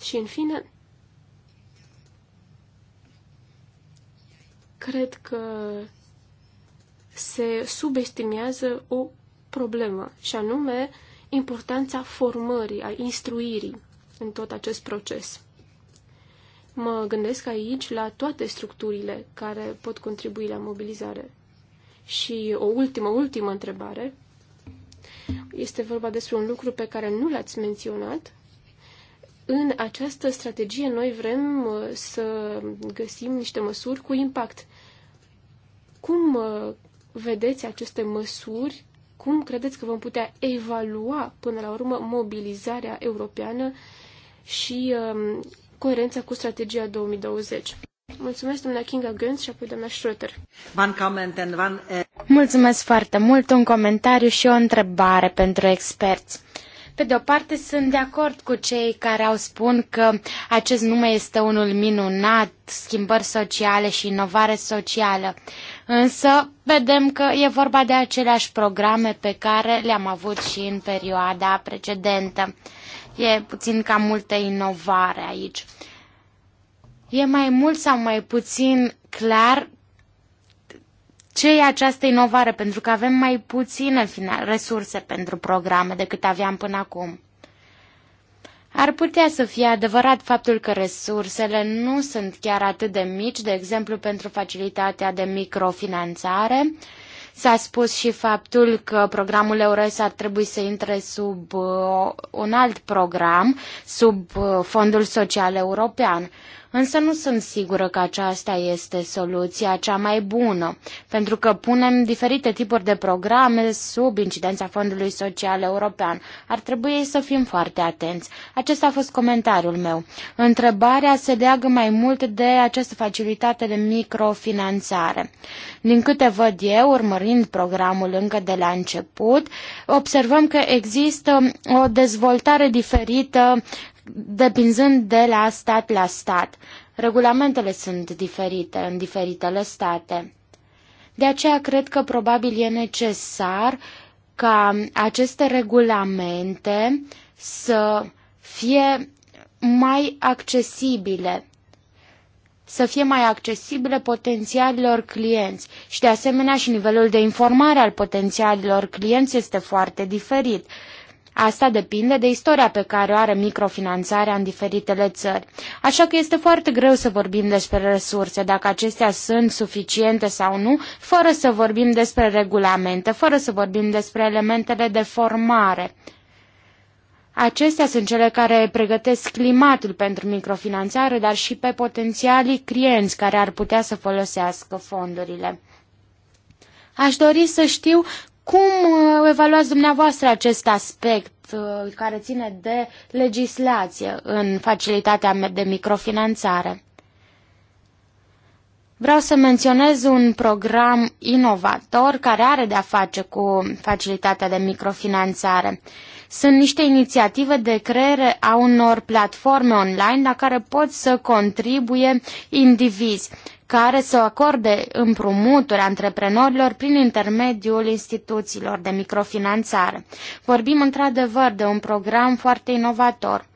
Și, în fine, cred că se subestimează o problemă, și anume importanța formării, a instruirii în tot acest proces. Mă gândesc aici la toate structurile care pot contribui la mobilizare. Și o ultimă, ultimă întrebare. Este vorba despre un lucru pe care nu l-ați menționat. În această strategie noi vrem uh, să găsim niște măsuri cu impact. Cum uh, vedeți aceste măsuri cum credeți că vom putea evalua până la urmă mobilizarea europeană și um, coerența cu strategia 2020? Mulțumesc, doamna Kinga Gönz și apoi doamna Schröter. Eh. Mulțumesc foarte mult, un comentariu și o întrebare pentru experți. Pe de o parte sunt de acord cu cei care au spun că acest nume este unul minunat, schimbări sociale și inovare socială. Însă vedem că e vorba de aceleași programe pe care le-am avut și în perioada precedentă. E puțin ca multă inovare aici. E mai mult sau mai puțin clar ce e această inovare, pentru că avem mai puține resurse pentru programe decât aveam până acum. Ar putea să fie adevărat faptul că resursele nu sunt chiar atât de mici, de exemplu pentru facilitatea de microfinanțare. S-a spus și faptul că programul EURES ar trebui să intre sub uh, un alt program, sub uh, Fondul Social European. Însă nu sunt sigură că aceasta este soluția cea mai bună, pentru că punem diferite tipuri de programe sub incidența Fondului Social European. Ar trebui să fim foarte atenți. Acesta a fost comentariul meu. Întrebarea se leagă mai mult de această facilitate de microfinanțare. Din câte văd eu, urmărind programul încă de la început, observăm că există o dezvoltare diferită depinzând de la stat la stat. Regulamentele sunt diferite în diferitele state. De aceea cred că probabil e necesar ca aceste regulamente să fie mai accesibile să fie mai accesibile potențialilor clienți și de asemenea și nivelul de informare al potențialilor clienți este foarte diferit. Asta depinde de istoria pe care o are microfinanțarea în diferitele țări. Așa că este foarte greu să vorbim despre resurse, dacă acestea sunt suficiente sau nu, fără să vorbim despre regulamente, fără să vorbim despre elementele de formare. Acestea sunt cele care pregătesc climatul pentru microfinanțare, dar și pe potențialii clienți care ar putea să folosească fondurile. Aș dori să știu cum uh, evaluați dumneavoastră acest aspect uh, care ține de legislație în facilitatea de microfinanțare? Vreau să menționez un program inovator care are de-a face cu facilitatea de microfinanțare. Sunt niște inițiative de creere a unor platforme online la care pot să contribuie indivizi care să acorde împrumuturi antreprenorilor prin intermediul instituțiilor de microfinanțare. Vorbim într-adevăr de un program foarte inovator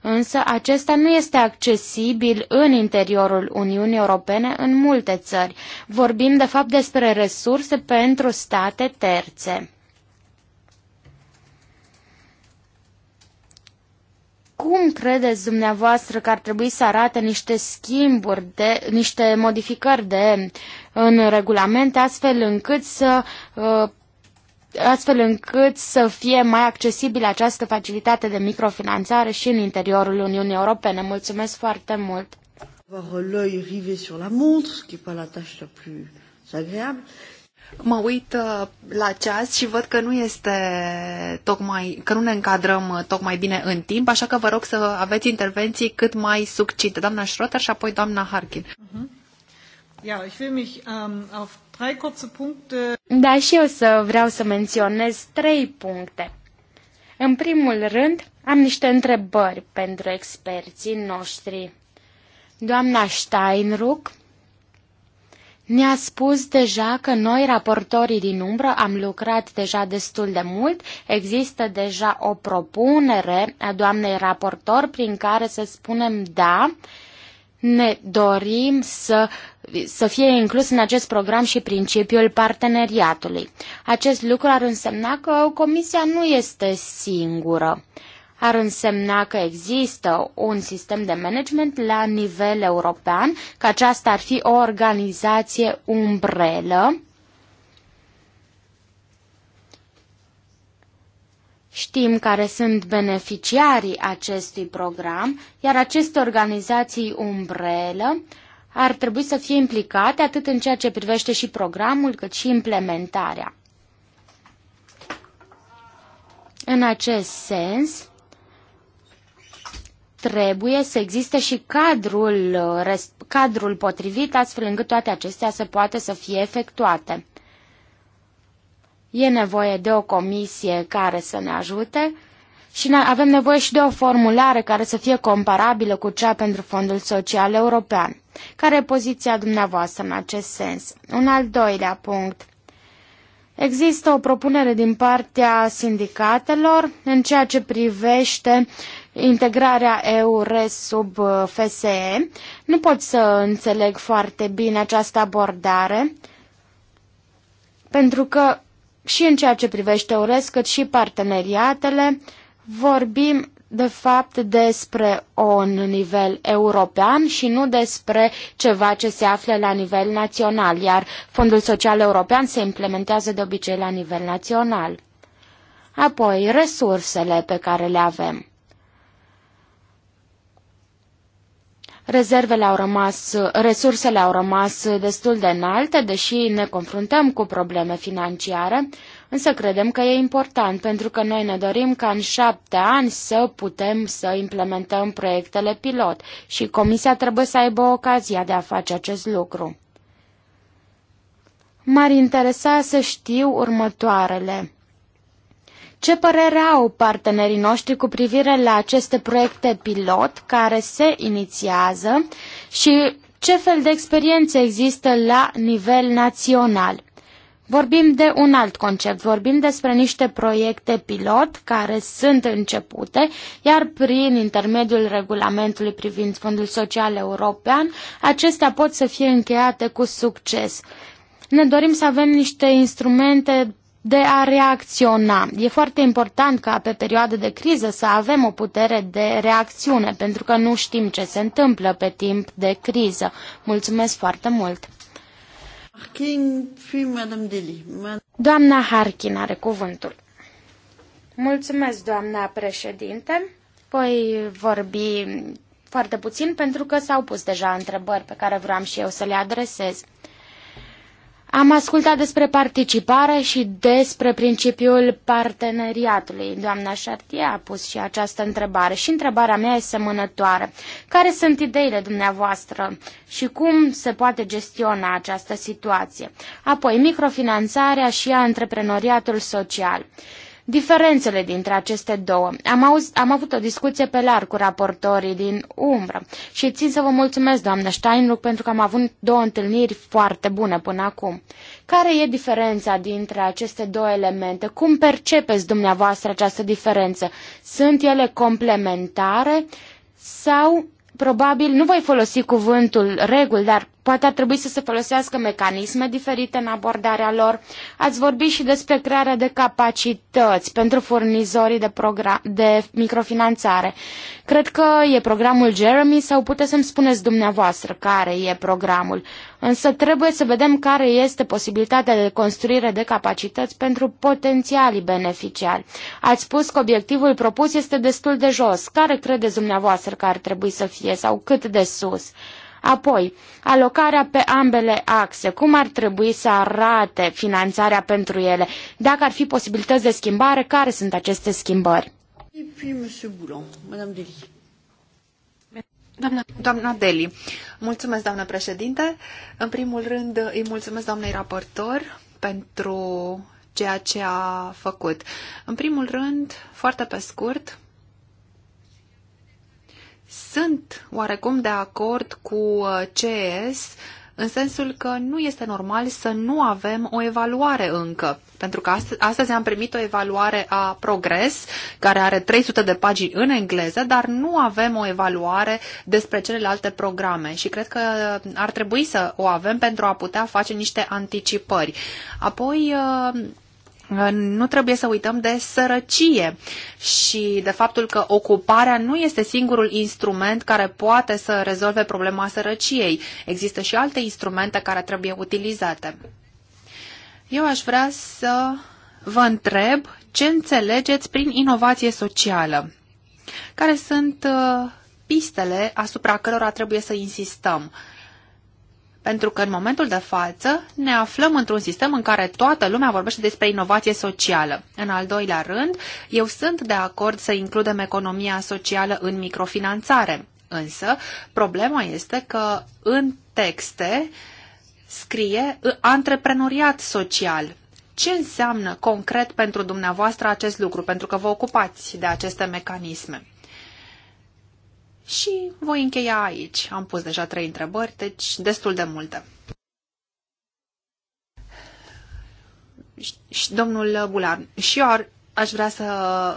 însă acesta nu este accesibil în interiorul Uniunii Europene în multe țări. Vorbim de fapt despre resurse pentru state terțe. Cum credeți dumneavoastră că ar trebui să arate niște schimburi, de, niște modificări de, în regulamente, astfel încât să uh, astfel încât să fie mai accesibilă această facilitate de microfinanțare și în interiorul Uniunii Europene. Mulțumesc foarte mult! avoir l'œil rivé sur la montre, ce qui n'est pas la tâche la plus agréable. Mă uit uh, la ceas și văd că nu este tocmai, că nu ne încadrăm uh, tocmai bine în timp, așa că vă rog să aveți intervenții cât mai succinte. Doamna Schroeter și apoi doamna Harkin. Mhm. Ja, ich will mich um, auf drei kurze Punkte. Da, și eu să vreau să menționez trei puncte. În primul rând, am niște întrebări pentru experții noștri. Doamna Steinruck ne-a spus deja că noi, raportorii din umbră, am lucrat deja destul de mult. Există deja o propunere a doamnei raportor prin care să spunem da, ne dorim să, să fie inclus în acest program și principiul parteneriatului. Acest lucru ar însemna că Comisia nu este singură ar însemna că există un sistem de management la nivel european, că aceasta ar fi o organizație umbrelă. Știm care sunt beneficiarii acestui program, iar aceste organizații umbrelă ar trebui să fie implicate atât în ceea ce privește și programul, cât și implementarea. În acest sens, trebuie să existe și cadrul, cadrul potrivit, astfel încât toate acestea să poată să fie efectuate. E nevoie de o comisie care să ne ajute și avem nevoie și de o formulare care să fie comparabilă cu cea pentru Fondul Social European. Care e poziția dumneavoastră în acest sens? Un al doilea punct. Există o propunere din partea sindicatelor în ceea ce privește integrarea EURES sub uh, FSE. Nu pot să înțeleg foarte bine această abordare, pentru că și în ceea ce privește EURES, cât și parteneriatele, vorbim de fapt despre un nivel european și nu despre ceva ce se află la nivel național, iar Fondul Social European se implementează de obicei la nivel național. Apoi, resursele pe care le avem. Rezervele au rămas, resursele au rămas destul de înalte, deși ne confruntăm cu probleme financiare, însă credem că e important pentru că noi ne dorim ca în șapte ani să putem să implementăm proiectele pilot și Comisia trebuie să aibă ocazia de a face acest lucru. M-ar interesa să știu următoarele. Ce părere au partenerii noștri cu privire la aceste proiecte pilot care se inițiază și ce fel de experiențe există la nivel național? Vorbim de un alt concept, vorbim despre niște proiecte pilot care sunt începute, iar prin intermediul regulamentului privind Fondul Social European, acestea pot să fie încheiate cu succes. Ne dorim să avem niște instrumente de a reacționa. E foarte important ca pe perioade de criză să avem o putere de reacțiune, pentru că nu știm ce se întâmplă pe timp de criză. Mulțumesc foarte mult! Doamna Harkin are cuvântul. Mulțumesc, doamna președinte. Voi vorbi foarte puțin pentru că s-au pus deja întrebări pe care vreau și eu să le adresez. Am ascultat despre participare și despre principiul parteneriatului. Doamna Chartier a pus și această întrebare și întrebarea mea este semănătoare. Care sunt ideile dumneavoastră și cum se poate gestiona această situație? Apoi, microfinanțarea și antreprenoriatul social diferențele dintre aceste două. Am, auz, am avut o discuție pe larg cu raportorii din umbră și țin să vă mulțumesc, doamnă Steinruck, pentru că am avut două întâlniri foarte bune până acum. Care e diferența dintre aceste două elemente? Cum percepeți dumneavoastră această diferență? Sunt ele complementare sau probabil, nu voi folosi cuvântul reguli, dar Poate ar trebui să se folosească mecanisme diferite în abordarea lor. Ați vorbit și despre crearea de capacități pentru furnizorii de, de microfinanțare. Cred că e programul Jeremy sau puteți să-mi spuneți dumneavoastră care e programul. Însă trebuie să vedem care este posibilitatea de construire de capacități pentru potențialii beneficiari. Ați spus că obiectivul propus este destul de jos. Care credeți dumneavoastră că ar trebui să fie sau cât de sus? Apoi, alocarea pe ambele axe, cum ar trebui să arate finanțarea pentru ele, dacă ar fi posibilități de schimbare, care sunt aceste schimbări? Doamna, doamna Deli, mulțumesc, doamnă președinte. În primul rând, îi mulțumesc doamnei raportor pentru ceea ce a făcut. În primul rând, foarte pe scurt, sunt oarecum de acord cu uh, CES în sensul că nu este normal să nu avem o evaluare încă. Pentru că astăzi am primit o evaluare a Progres, care are 300 de pagini în engleză, dar nu avem o evaluare despre celelalte programe și cred că ar trebui să o avem pentru a putea face niște anticipări. Apoi, uh, nu trebuie să uităm de sărăcie și de faptul că ocuparea nu este singurul instrument care poate să rezolve problema sărăciei. Există și alte instrumente care trebuie utilizate. Eu aș vrea să vă întreb ce înțelegeți prin inovație socială. Care sunt uh, pistele asupra cărora trebuie să insistăm? Pentru că în momentul de față ne aflăm într-un sistem în care toată lumea vorbește despre inovație socială. În al doilea rând, eu sunt de acord să includem economia socială în microfinanțare. Însă, problema este că în texte scrie antreprenoriat social. Ce înseamnă concret pentru dumneavoastră acest lucru, pentru că vă ocupați de aceste mecanisme? Și voi încheia aici. Am pus deja trei întrebări, deci destul de multe. Și domnul Bular, și eu ar, aș vrea să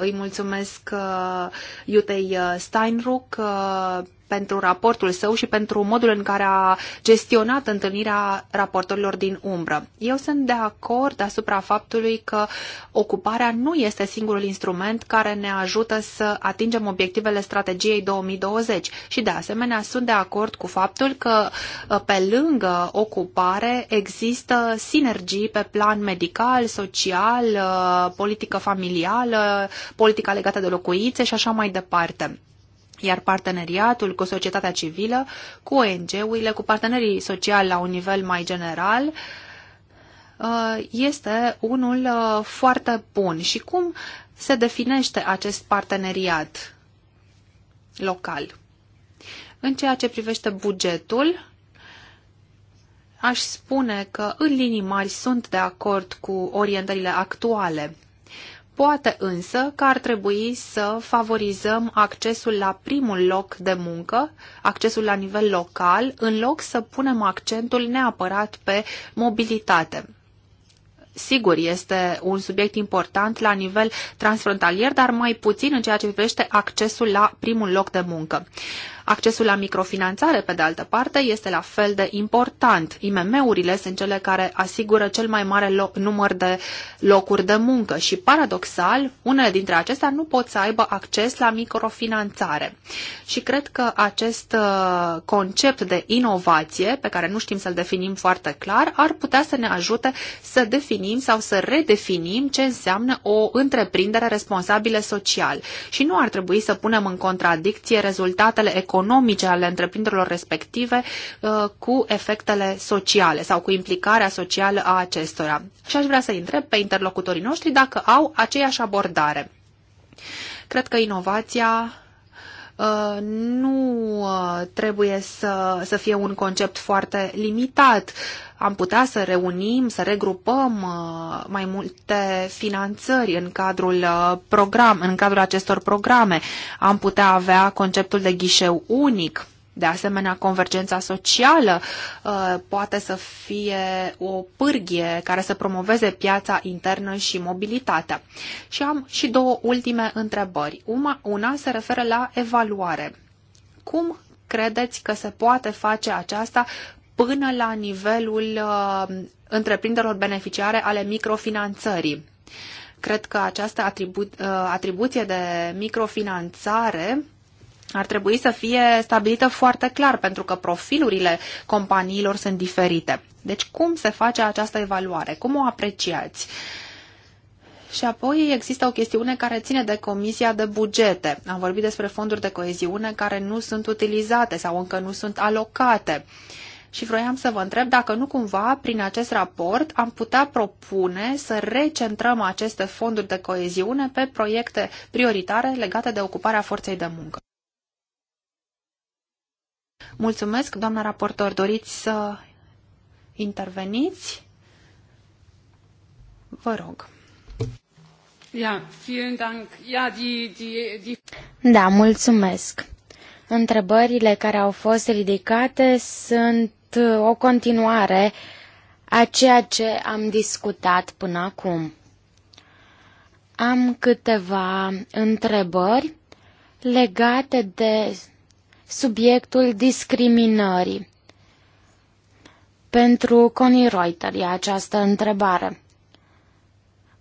îi mulțumesc uh, Iutei uh, Steinruck uh, pentru raportul său și pentru modul în care a gestionat întâlnirea raportorilor din umbră. Eu sunt de acord asupra faptului că ocuparea nu este singurul instrument care ne ajută să atingem obiectivele strategiei 2020 și de asemenea sunt de acord cu faptul că pe lângă ocupare există sinergii pe plan medical, social, politică familială, politica legată de locuințe și așa mai departe iar parteneriatul cu societatea civilă, cu ONG-urile, cu partenerii sociali la un nivel mai general, uh, este unul uh, foarte bun. Și cum se definește acest parteneriat local? În ceea ce privește bugetul, aș spune că în linii mari sunt de acord cu orientările actuale Poate însă că ar trebui să favorizăm accesul la primul loc de muncă, accesul la nivel local, în loc să punem accentul neapărat pe mobilitate. Sigur, este un subiect important la nivel transfrontalier, dar mai puțin în ceea ce privește accesul la primul loc de muncă. Accesul la microfinanțare, pe de altă parte, este la fel de important. IMM-urile sunt cele care asigură cel mai mare număr de locuri de muncă și, paradoxal, unele dintre acestea nu pot să aibă acces la microfinanțare. Și cred că acest uh, concept de inovație, pe care nu știm să-l definim foarte clar, ar putea să ne ajute să definim sau să redefinim ce înseamnă o întreprindere responsabilă social. Și nu ar trebui să punem în contradicție rezultatele economice economice ale întreprinderilor respective uh, cu efectele sociale sau cu implicarea socială a acestora. Și aș vrea să întreb pe interlocutorii noștri dacă au aceeași abordare. Cred că inovația Uh, nu uh, trebuie să, să fie un concept foarte limitat. Am putea să reunim, să regrupăm uh, mai multe finanțări în cadrul, program, în cadrul acestor programe. Am putea avea conceptul de ghișeu unic de asemenea, convergența socială uh, poate să fie o pârghie care să promoveze piața internă și mobilitatea. Și am și două ultime întrebări. Una, una se referă la evaluare. Cum credeți că se poate face aceasta până la nivelul uh, întreprinderilor beneficiare ale microfinanțării? Cred că această atribu- uh, atribuție de microfinanțare ar trebui să fie stabilită foarte clar, pentru că profilurile companiilor sunt diferite. Deci cum se face această evaluare? Cum o apreciați? Și apoi există o chestiune care ține de Comisia de Bugete. Am vorbit despre fonduri de coeziune care nu sunt utilizate sau încă nu sunt alocate. Și vroiam să vă întreb dacă nu cumva, prin acest raport, am putea propune să recentrăm aceste fonduri de coeziune pe proiecte prioritare legate de ocuparea forței de muncă. Mulțumesc, doamna raportor. Doriți să interveniți? Vă rog. Ja, vielen Dank. Ja, die, die, die... Da, mulțumesc. Întrebările care au fost ridicate sunt uh, o continuare a ceea ce am discutat până acum. Am câteva întrebări legate de subiectul discriminării. Pentru Connie Reuter e această întrebare.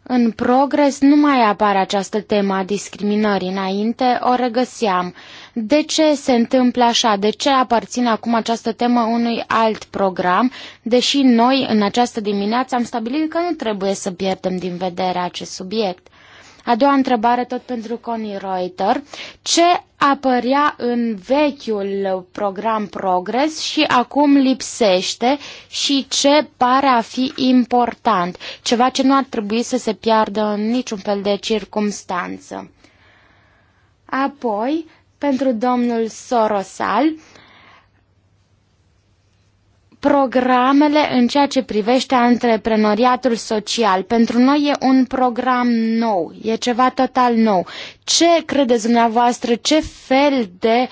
În progres nu mai apare această temă a discriminării. Înainte o regăseam. De ce se întâmplă așa? De ce aparține acum această temă unui alt program, deși noi în această dimineață am stabilit că nu trebuie să pierdem din vedere acest subiect? A doua întrebare, tot pentru Conny Reuter. Ce apărea în vechiul program Progress și acum lipsește și ce pare a fi important? Ceva ce nu ar trebui să se piardă în niciun fel de circumstanță. Apoi, pentru domnul Sorosal, programele în ceea ce privește antreprenoriatul social. Pentru noi e un program nou, e ceva total nou. Ce credeți dumneavoastră, ce fel de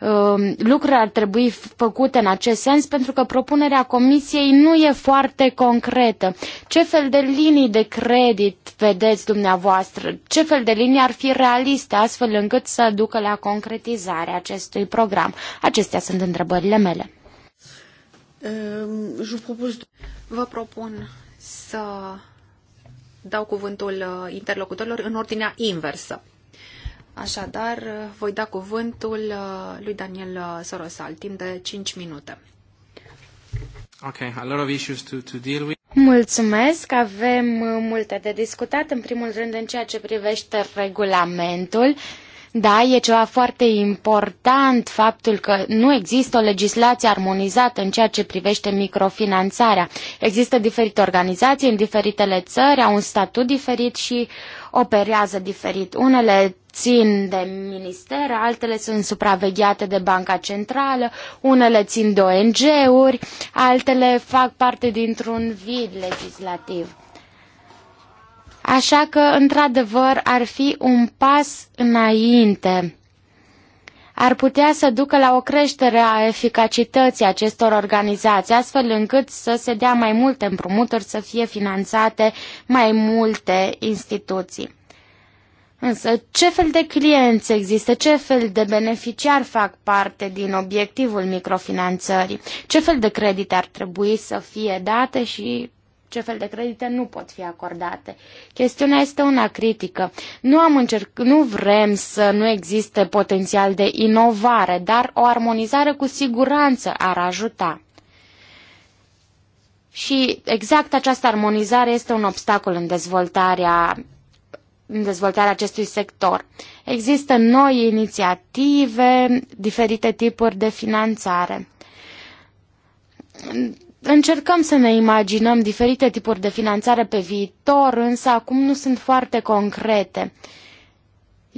uh, lucruri ar trebui făcute în acest sens pentru că propunerea comisiei nu e foarte concretă. Ce fel de linii de credit vedeți dumneavoastră? Ce fel de linii ar fi realiste astfel încât să ducă la concretizarea acestui program? Acestea sunt întrebările mele. Ehm, Vă propun să dau cuvântul uh, interlocutorilor în ordinea inversă. Așadar, uh, voi da cuvântul uh, lui Daniel Sorosal, timp de 5 minute. Okay, a lot of issues to, to deal with. Mulțumesc, avem multe de discutat, în primul rând în ceea ce privește regulamentul. Uh, da, e ceva foarte important faptul că nu există o legislație armonizată în ceea ce privește microfinanțarea. Există diferite organizații în diferitele țări, au un statut diferit și operează diferit. Unele țin de minister, altele sunt supravegheate de Banca Centrală, unele țin de ONG-uri, altele fac parte dintr-un vid legislativ. Așa că, într-adevăr, ar fi un pas înainte. Ar putea să ducă la o creștere a eficacității acestor organizații, astfel încât să se dea mai multe împrumuturi, să fie finanțate mai multe instituții. Însă, ce fel de clienți există? Ce fel de beneficiari fac parte din obiectivul microfinanțării? Ce fel de credite ar trebui să fie date și ce fel de credite nu pot fi acordate. Chestiunea este una critică. Nu, am încerc, nu vrem să nu existe potențial de inovare, dar o armonizare cu siguranță ar ajuta. Și exact această armonizare este un obstacol în dezvoltarea, în dezvoltarea acestui sector. Există noi inițiative, diferite tipuri de finanțare Încercăm să ne imaginăm diferite tipuri de finanțare pe viitor, însă acum nu sunt foarte concrete.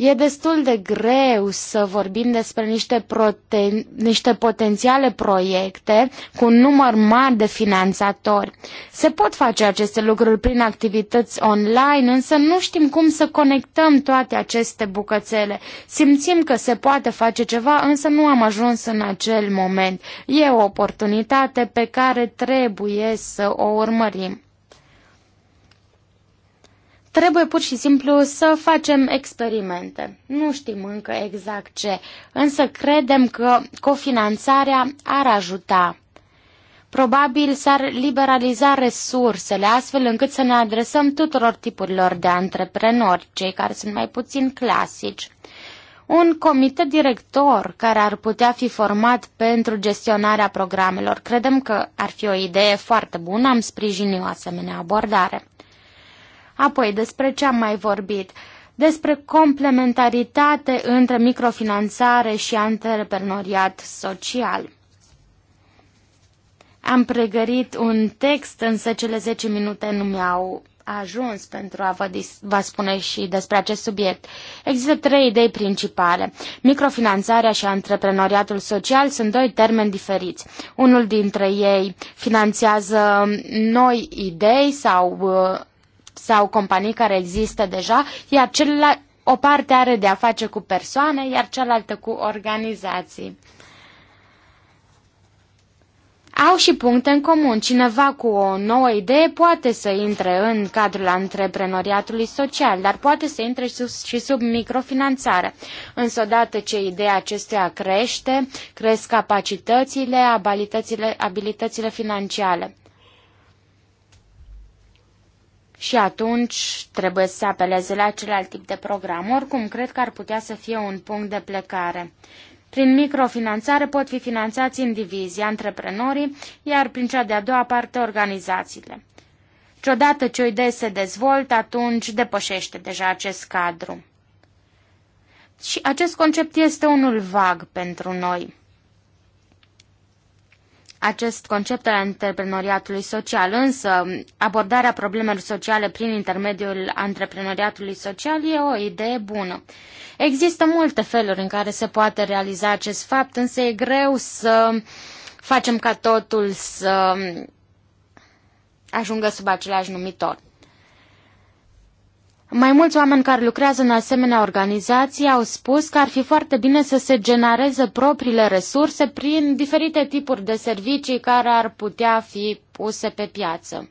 E destul de greu să vorbim despre niște, prote- niște potențiale proiecte cu un număr mare de finanțatori. Se pot face aceste lucruri prin activități online, însă nu știm cum să conectăm toate aceste bucățele. Simțim că se poate face ceva, însă nu am ajuns în acel moment. E o oportunitate pe care trebuie să o urmărim. Trebuie pur și simplu să facem experimente. Nu știm încă exact ce, însă credem că cofinanțarea ar ajuta. Probabil s-ar liberaliza resursele astfel încât să ne adresăm tuturor tipurilor de antreprenori, cei care sunt mai puțin clasici. Un comitet director care ar putea fi format pentru gestionarea programelor. Credem că ar fi o idee foarte bună, am sprijinit o asemenea abordare. Apoi, despre ce am mai vorbit? Despre complementaritate între microfinanțare și antreprenoriat social. Am pregărit un text, însă cele 10 minute nu mi-au ajuns pentru a vă, vă spune și despre acest subiect. Există trei idei principale. Microfinanțarea și antreprenoriatul social sunt doi termeni diferiți. Unul dintre ei finanțează noi idei sau uh, sau companii care există deja, iar celălalt, o parte are de a face cu persoane, iar cealaltă cu organizații. Au și puncte în comun. Cineva cu o nouă idee poate să intre în cadrul antreprenoriatului social, dar poate să intre și sub, și sub microfinanțare. Însă odată ce ideea acestuia crește, cresc capacitățile, abilitățile, abilitățile financiare și atunci trebuie să apeleze la același tip de program. Oricum, cred că ar putea să fie un punct de plecare. Prin microfinanțare pot fi finanțați indivizii, antreprenorii, iar prin cea de-a doua parte organizațiile. Și odată ce o idee se dezvoltă, atunci depășește deja acest cadru. Și acest concept este unul vag pentru noi acest concept al antreprenoriatului social, însă abordarea problemelor sociale prin intermediul antreprenoriatului social e o idee bună. Există multe feluri în care se poate realiza acest fapt, însă e greu să facem ca totul să ajungă sub același numitor. Mai mulți oameni care lucrează în asemenea organizații au spus că ar fi foarte bine să se genereze propriile resurse prin diferite tipuri de servicii care ar putea fi puse pe piață.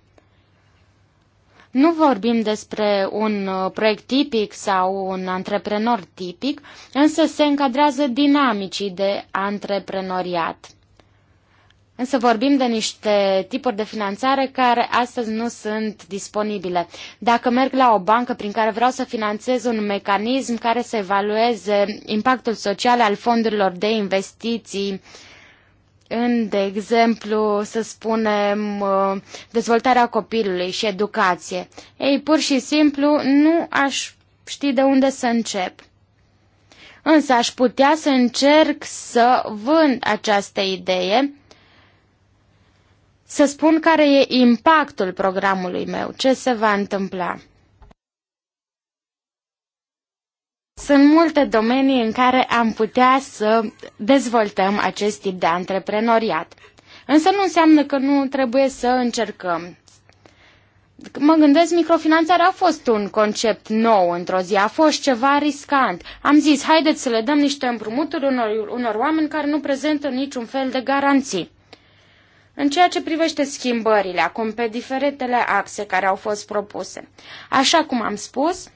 Nu vorbim despre un uh, proiect tipic sau un antreprenor tipic, însă se încadrează dinamicii de antreprenoriat. Însă vorbim de niște tipuri de finanțare care astăzi nu sunt disponibile. Dacă merg la o bancă prin care vreau să finanțez un mecanism care să evalueze impactul social al fondurilor de investiții, în, de exemplu, să spunem, dezvoltarea copilului și educație. Ei, pur și simplu, nu aș ști de unde să încep. Însă aș putea să încerc să vând această idee să spun care e impactul programului meu, ce se va întâmpla. Sunt multe domenii în care am putea să dezvoltăm acest tip de antreprenoriat. Însă nu înseamnă că nu trebuie să încercăm. Mă gândesc, microfinanțarea a fost un concept nou într-o zi, a fost ceva riscant. Am zis, haideți să le dăm niște împrumuturi unor, unor oameni care nu prezentă niciun fel de garanții. În ceea ce privește schimbările acum pe diferitele axe care au fost propuse, așa cum am spus,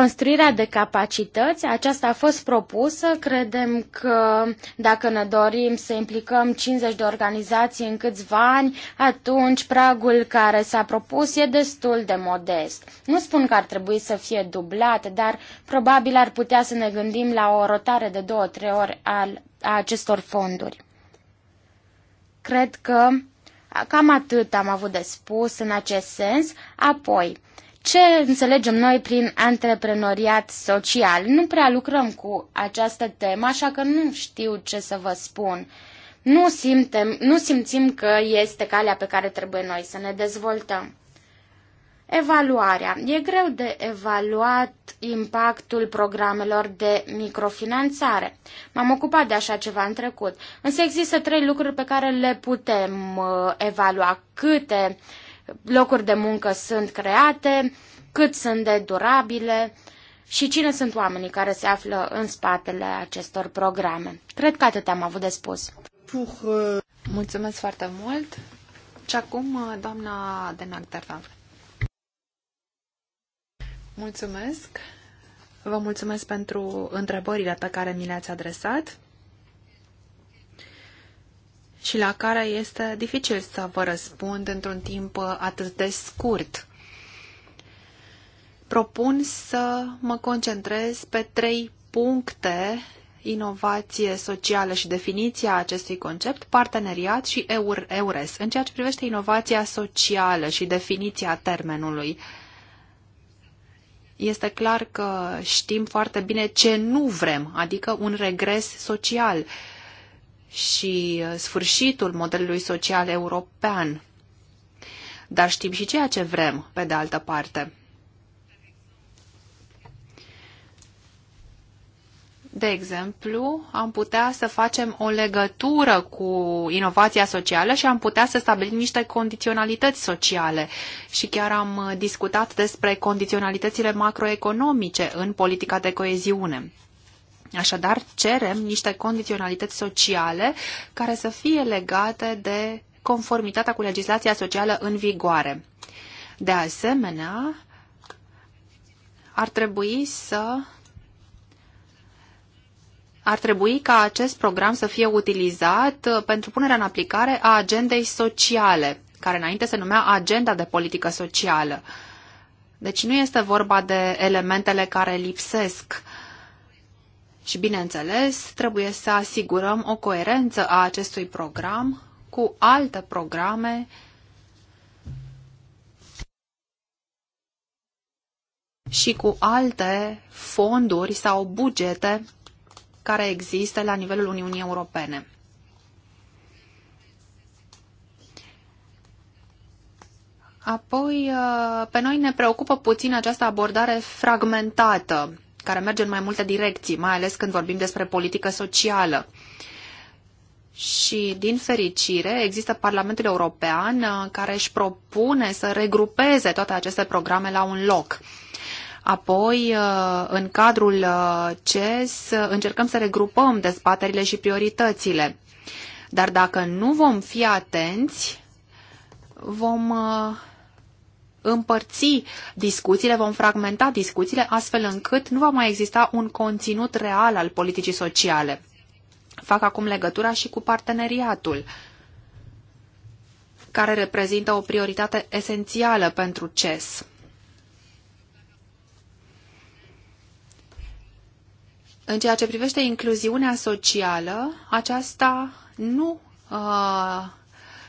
Construirea de capacități, aceasta a fost propusă. Credem că dacă ne dorim să implicăm 50 de organizații în câțiva ani, atunci pragul care s-a propus e destul de modest. Nu spun că ar trebui să fie dublat, dar probabil ar putea să ne gândim la o rotare de două-trei ori al, a acestor fonduri. Cred că cam atât am avut de spus în acest sens. Apoi, ce înțelegem noi prin antreprenoriat social? Nu prea lucrăm cu această temă, așa că nu știu ce să vă spun. Nu, simtem, nu simțim că este calea pe care trebuie noi să ne dezvoltăm. Evaluarea. E greu de evaluat impactul programelor de microfinanțare. M-am ocupat de așa ceva în trecut. Însă există trei lucruri pe care le putem uh, evalua. Câte uh, locuri de muncă sunt create, cât sunt de durabile și cine sunt oamenii care se află în spatele acestor programe. Cred că atât am avut de spus. Uh, mulțumesc foarte mult. Și acum, uh, doamna Denac Dervan. Mulțumesc. Vă mulțumesc pentru întrebările pe care mi le-ați adresat și la care este dificil să vă răspund într-un timp atât de scurt. Propun să mă concentrez pe trei puncte inovație socială și definiția acestui concept, parteneriat și EUR EURES, în ceea ce privește inovația socială și definiția termenului. Este clar că știm foarte bine ce nu vrem, adică un regres social și uh, sfârșitul modelului social european. Dar știm și ceea ce vrem, pe de altă parte. De exemplu, am putea să facem o legătură cu inovația socială și am putea să stabilim niște condiționalități sociale. Și chiar am uh, discutat despre condiționalitățile macroeconomice în politica de coeziune. Așadar, cerem niște condiționalități sociale care să fie legate de conformitatea cu legislația socială în vigoare. De asemenea, ar trebui să ar trebui ca acest program să fie utilizat uh, pentru punerea în aplicare a agendei sociale, care înainte se numea agenda de politică socială. Deci nu este vorba de elementele care lipsesc și, bineînțeles, trebuie să asigurăm o coerență a acestui program cu alte programe și cu alte fonduri sau bugete care există la nivelul Uniunii Europene. Apoi, pe noi ne preocupă puțin această abordare fragmentată care merge în mai multe direcții, mai ales când vorbim despre politică socială. Și, din fericire, există Parlamentul European uh, care își propune să regrupeze toate aceste programe la un loc. Apoi, uh, în cadrul uh, CES, încercăm să regrupăm dezbaterile și prioritățile. Dar dacă nu vom fi atenți, vom împărți discuțiile, vom fragmenta discuțiile astfel încât nu va mai exista un conținut real al politicii sociale. Fac acum legătura și cu parteneriatul, care reprezintă o prioritate esențială pentru CES. În ceea ce privește incluziunea socială, aceasta nu uh,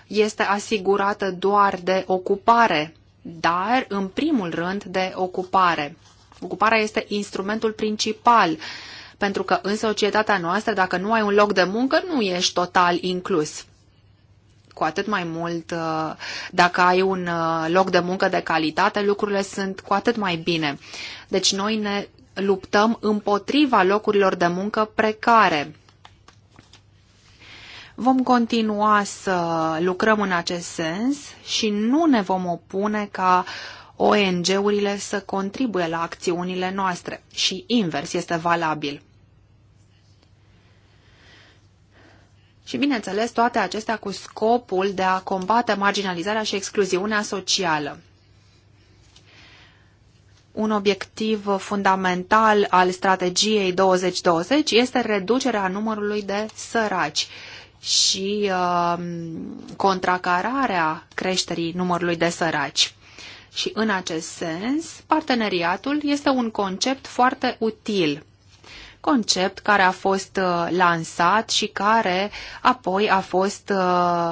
este asigurată doar de ocupare dar în primul rând de ocupare. Ocuparea este instrumentul principal, pentru că în societatea noastră, dacă nu ai un loc de muncă, nu ești total inclus. Cu atât mai mult, uh, dacă ai un uh, loc de muncă de calitate, lucrurile sunt cu atât mai bine. Deci noi ne luptăm împotriva locurilor de muncă precare Vom continua să lucrăm în acest sens și nu ne vom opune ca ONG-urile să contribuie la acțiunile noastre și invers este valabil. Și bineînțeles, toate acestea cu scopul de a combate marginalizarea și excluziunea socială. Un obiectiv fundamental al strategiei 2020 este reducerea numărului de săraci și um, contracararea creșterii numărului de săraci. Și în acest sens, parteneriatul este un concept foarte util concept care a fost uh, lansat și care apoi a fost uh,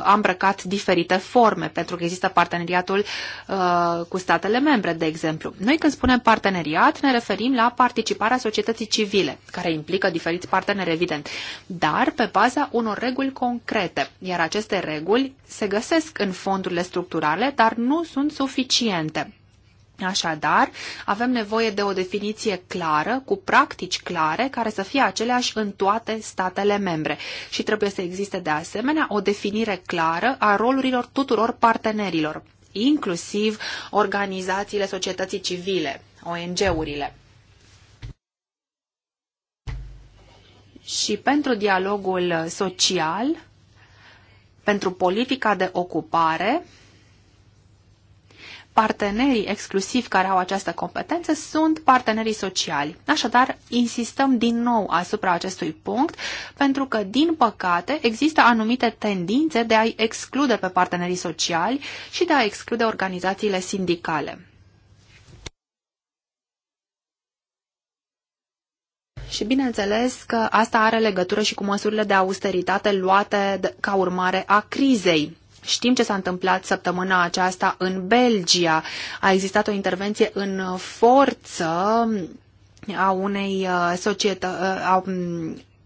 a îmbrăcat diferite forme, pentru că există parteneriatul uh, cu statele membre, de exemplu. Noi când spunem parteneriat, ne referim la participarea societății civile, care implică diferiți parteneri, evident, dar pe baza unor reguli concrete, iar aceste reguli se găsesc în fondurile structurale, dar nu sunt suficiente. Așadar, avem nevoie de o definiție clară, cu practici clare, care să fie aceleași în toate statele membre. Și trebuie să existe de asemenea o definire clară a rolurilor tuturor partenerilor, inclusiv organizațiile societății civile, ONG-urile. Și pentru dialogul social, pentru politica de ocupare, partenerii exclusivi care au această competență sunt partenerii sociali. Așadar, insistăm din nou asupra acestui punct, pentru că, din păcate, există anumite tendințe de a-i exclude pe partenerii sociali și de a exclude organizațiile sindicale. Și bineînțeles că asta are legătură și cu măsurile de austeritate luate ca urmare a crizei Știm ce s-a întâmplat săptămâna aceasta în Belgia. A existat o intervenție în forță a unei uh, societăți, uh,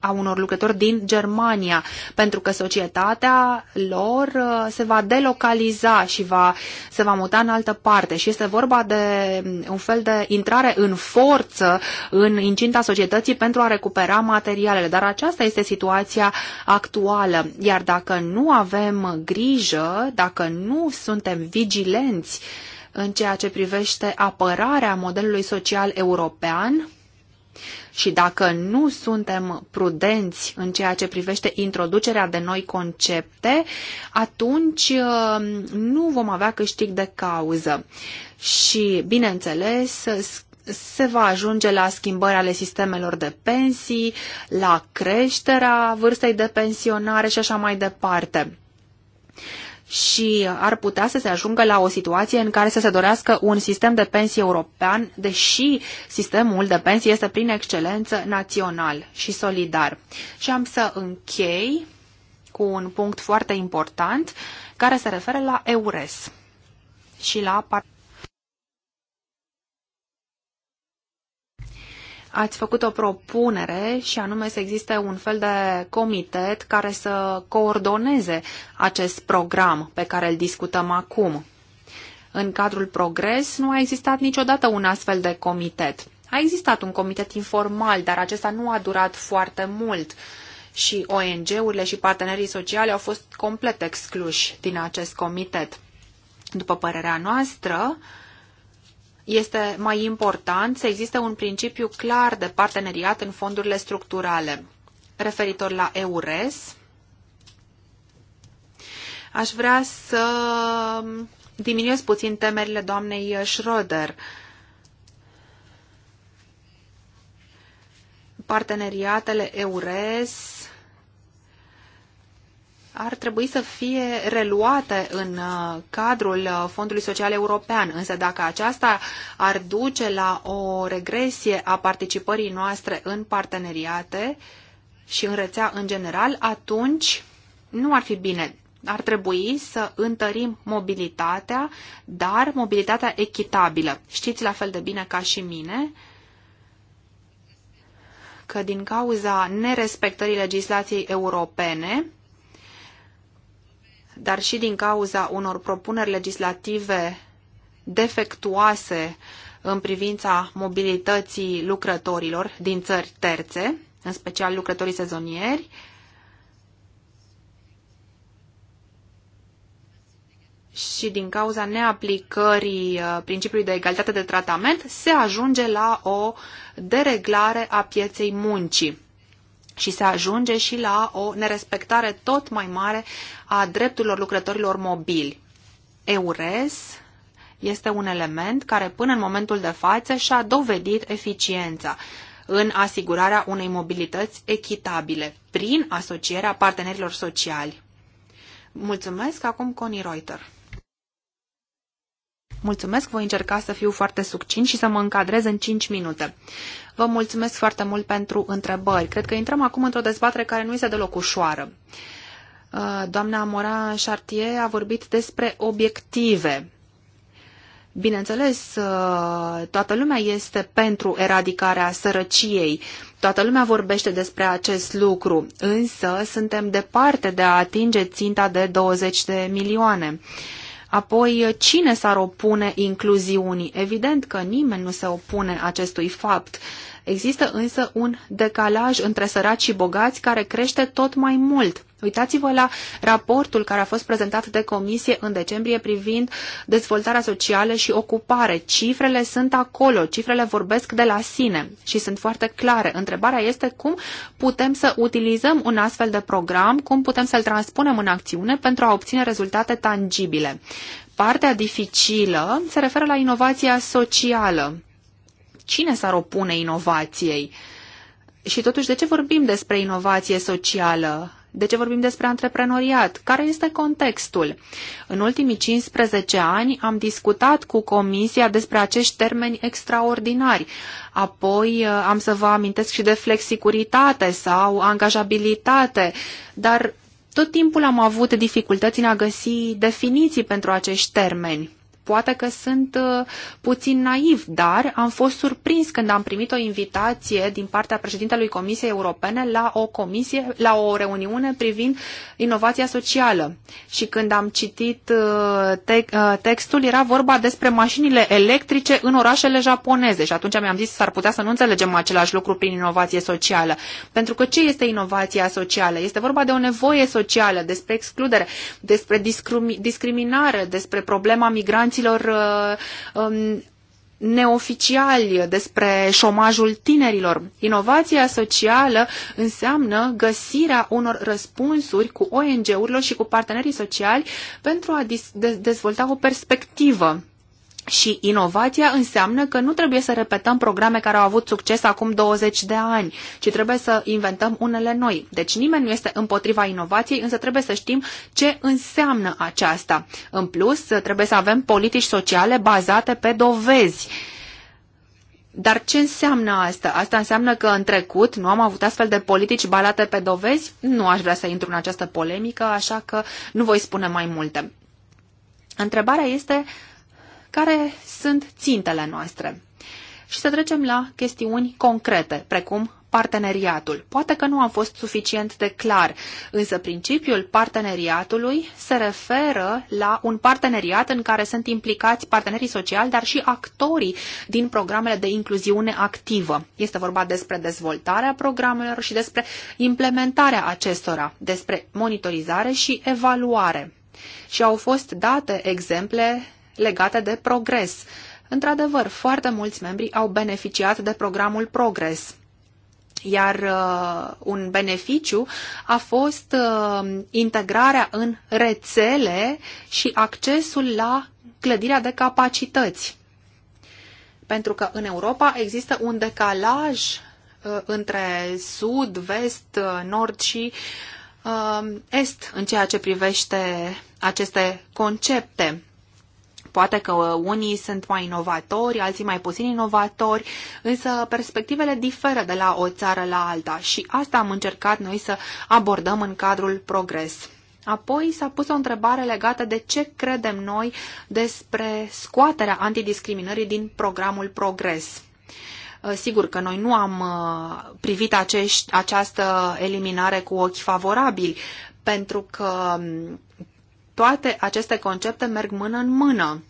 a unor lucrători din Germania, pentru că societatea lor uh, se va delocaliza și va, se va muta în altă parte și este vorba de mm, un fel de intrare în forță în incinta societății pentru a recupera materialele. Dar aceasta este situația actuală. Iar dacă nu avem grijă, dacă nu suntem vigilenți în ceea ce privește apărarea modelului social european, și dacă nu suntem prudenți în ceea ce privește introducerea de noi concepte, atunci uh, nu vom avea câștig de cauză. Și, bineînțeles, se va ajunge la schimbări ale sistemelor de pensii, la creșterea vârstei de pensionare și așa mai departe și ar putea să se ajungă la o situație în care să se dorească un sistem de pensii european, deși sistemul de pensii este prin excelență național și solidar. Și am să închei cu un punct foarte important care se referă la EURES și la partea. ați făcut o propunere și anume să existe un fel de comitet care să coordoneze acest program pe care îl discutăm acum. În cadrul Progres nu a existat niciodată un astfel de comitet. A existat un comitet informal, dar acesta nu a durat foarte mult și ONG-urile și partenerii sociale au fost complet excluși din acest comitet. După părerea noastră, uh, este mai important să existe un principiu clar de parteneriat în fondurile structurale. Referitor la EURES, aș vrea să diminuez puțin temerile doamnei Schroeder. Parteneriatele EURES ar trebui să fie reluate în uh, cadrul uh, Fondului Social European, însă dacă aceasta ar duce la o regresie a participării noastre în parteneriate și în rețea în general, atunci nu ar fi bine. Ar trebui să întărim mobilitatea, dar mobilitatea echitabilă. Știți la fel de bine ca și mine că din cauza nerespectării legislației europene, dar și din cauza unor propuneri legislative defectuoase în privința mobilității lucrătorilor din țări terțe, în special lucrătorii sezonieri, și din cauza neaplicării uh, principiului de egalitate de tratament, se ajunge la o dereglare a pieței muncii și se ajunge și la o nerespectare tot mai mare a drepturilor lucrătorilor mobili. EURES este un element care până în momentul de față și-a dovedit eficiența în asigurarea unei mobilități echitabile prin asocierea partenerilor sociali. Mulțumesc acum Connie Reuter. Mulțumesc, voi încerca să fiu foarte succint și să mă încadrez în 5 minute. Vă mulțumesc foarte mult pentru întrebări. Cred că intrăm acum într-o dezbatere care nu este deloc ușoară. Uh, doamna Mora Chartier a vorbit despre obiective. Bineînțeles, uh, toată lumea este pentru eradicarea sărăciei, toată lumea vorbește despre acest lucru, însă suntem departe de a atinge ținta de 20 de milioane. Uh, Apoi, cine s-ar opune incluziunii? Evident că nimeni nu se opune acestui fapt, Există însă un decalaj între săraci și bogați care crește tot mai mult. Uitați-vă la raportul care a fost prezentat de comisie în decembrie privind dezvoltarea socială și ocupare. Cifrele sunt acolo, cifrele vorbesc de la sine și sunt foarte clare. Întrebarea este cum putem să utilizăm un astfel de program, cum putem să-l transpunem în acțiune pentru a obține rezultate tangibile. Partea dificilă se referă la inovația socială Cine s-ar opune inovației? Și totuși, de ce vorbim despre inovație socială? De ce vorbim despre antreprenoriat? Care este contextul? În ultimii 15 ani am discutat cu Comisia despre acești termeni extraordinari. Apoi uh, am să vă amintesc și de flexicuritate sau angajabilitate, dar tot timpul am avut dificultăți în a găsi definiții pentru acești termeni. Poate că sunt uh, puțin naiv, dar am fost surprins când am primit o invitație din partea președintelui Comisiei Europene la o comisie, la o reuniune privind inovația socială. Și când am citit uh, te- uh, textul, era vorba despre mașinile electrice în orașele japoneze și atunci mi-am zis s-ar putea să nu înțelegem același lucru prin inovație socială. Pentru că ce este inovația socială? Este vorba de o nevoie socială, despre excludere, despre discriminare, despre problema migranților discuțiilor uh, um, neoficiali despre șomajul tinerilor. Inovația socială înseamnă găsirea unor răspunsuri cu ONG-urilor și cu partenerii sociali pentru a dezvolta o perspectivă și inovația înseamnă că nu trebuie să repetăm programe care au avut succes acum 20 de ani, ci trebuie să inventăm unele noi. Deci nimeni nu este împotriva inovației, însă trebuie să știm ce înseamnă aceasta. În plus, trebuie să avem politici sociale bazate pe dovezi. Dar ce înseamnă asta? Asta înseamnă că în trecut nu am avut astfel de politici balate pe dovezi? Nu aș vrea să intru în această polemică, așa că nu voi spune mai multe. Întrebarea este care sunt țintele noastre. Și să trecem la chestiuni concrete, precum parteneriatul. Poate că nu am fost suficient de clar, însă principiul parteneriatului se referă la un parteneriat în care sunt implicați partenerii sociali, dar și actorii din programele de incluziune activă. Este vorba despre dezvoltarea programelor și despre implementarea acestora, despre monitorizare și evaluare. Și au fost date exemple legate de progres. Într-adevăr, foarte mulți membri au beneficiat de programul Progress iar uh, un beneficiu a fost uh, integrarea în rețele și accesul la clădirea de capacități. Pentru că în Europa există un decalaj uh, între sud, vest, uh, nord și uh, est în ceea ce privește aceste concepte. Poate că unii sunt mai inovatori, alții mai puțin inovatori, însă perspectivele diferă de la o țară la alta și asta am încercat noi să abordăm în cadrul progres. Apoi s-a pus o întrebare legată de ce credem noi despre scoaterea antidiscriminării din programul Progres. Uh, sigur că noi nu am uh, privit acești, această eliminare cu ochi favorabili, pentru că um, toate aceste concepte merg mână în mână.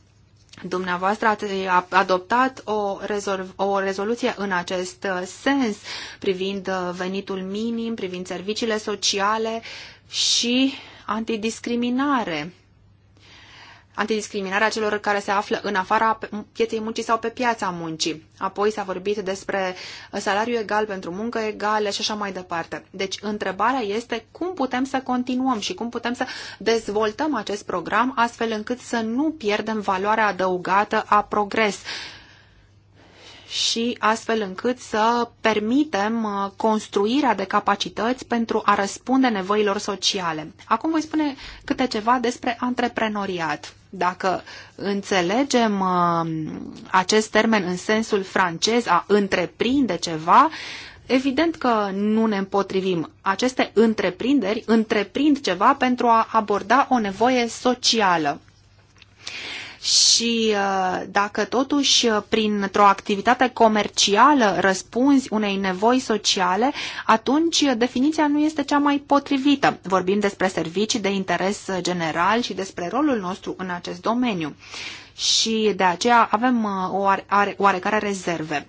Dumneavoastră ați adoptat o, rezolv, o rezoluție în acest uh, sens privind uh, venitul minim, privind serviciile sociale și antidiscriminare antidiscriminarea celor care se află în afara pieței muncii sau pe piața muncii. Apoi s-a vorbit despre salariu egal pentru muncă egală și așa mai departe. Deci întrebarea este cum putem să continuăm și cum putem să dezvoltăm acest program astfel încât să nu pierdem valoarea adăugată a progres și astfel încât să permitem uh, construirea de capacități pentru a răspunde nevoilor sociale. Acum voi spune câte ceva despre antreprenoriat. Dacă înțelegem uh, acest termen în sensul francez a întreprinde ceva, Evident că nu ne împotrivim. Aceste întreprinderi întreprind ceva pentru a aborda o nevoie socială și uh, dacă totuși uh, printr-o activitate comercială răspunzi unei nevoi sociale, atunci uh, definiția nu este cea mai potrivită. Vorbim despre servicii de interes general și despre rolul nostru în acest domeniu. Și de aceea avem oarecare rezerve.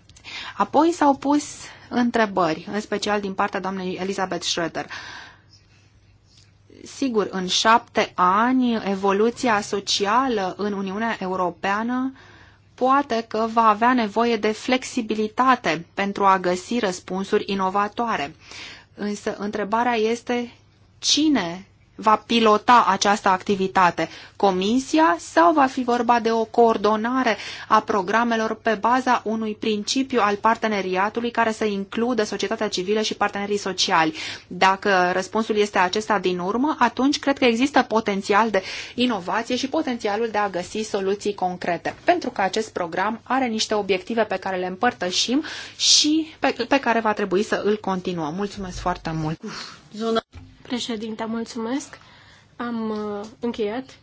Apoi s-au pus întrebări, în special din partea doamnei Elizabeth Schroeder. Uh, Sigur, în șapte ani, evoluția socială în Uniunea Europeană poate că va avea nevoie de flexibilitate pentru a găsi răspunsuri inovatoare. Însă întrebarea este cine va pilota această activitate? Comisia sau va fi vorba de o coordonare a programelor pe baza unui principiu al parteneriatului care să includă societatea civilă și partenerii sociali? Dacă răspunsul este acesta din urmă, atunci cred că există potențial de inovație și potențialul de a găsi soluții concrete, pentru că acest program are niște obiective pe care le împărtășim și pe, pe care va trebui să îl continuăm. Mulțumesc foarte mult! Zona... Președinte, mulțumesc. Am uh, încheiat.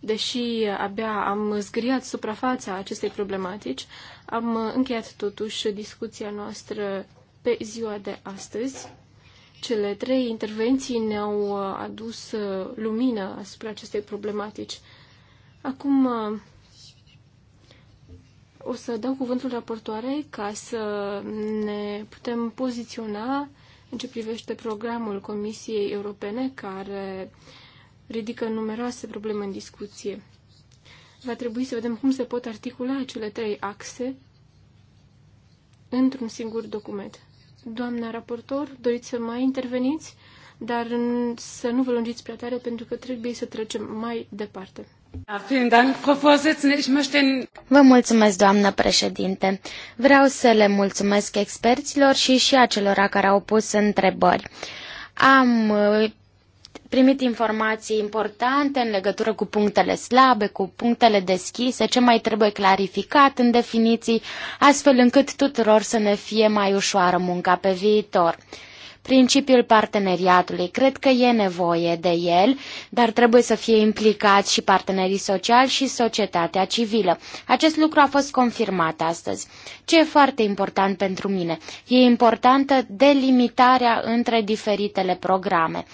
Deși abia am zgriat suprafața acestei problematici, am uh, încheiat totuși discuția noastră pe ziua de astăzi. Cele trei intervenții ne-au uh, adus lumină asupra acestei problematici. Acum o să dau cuvântul raportoarei ca să ne putem poziționa în ce privește programul Comisiei Europene, care ridică numeroase probleme în discuție. Va trebui să vedem cum se pot articula acele trei axe într-un singur document. Doamna raportor, doriți să mai interveniți, dar să nu vă lungiți prea tare pentru că trebuie să trecem mai departe. Vă mulțumesc, doamnă președinte. Vreau să le mulțumesc experților și și acelora care au pus întrebări. Am uh, primit informații importante în legătură cu punctele slabe, cu punctele deschise, ce mai trebuie clarificat în definiții, astfel încât tuturor să ne fie mai ușoară munca pe viitor principiul parteneriatului. Cred că e nevoie de el, dar trebuie să fie implicați și partenerii sociali și societatea civilă. Acest lucru a fost confirmat astăzi. Ce e foarte important pentru mine? E importantă delimitarea între diferitele programe.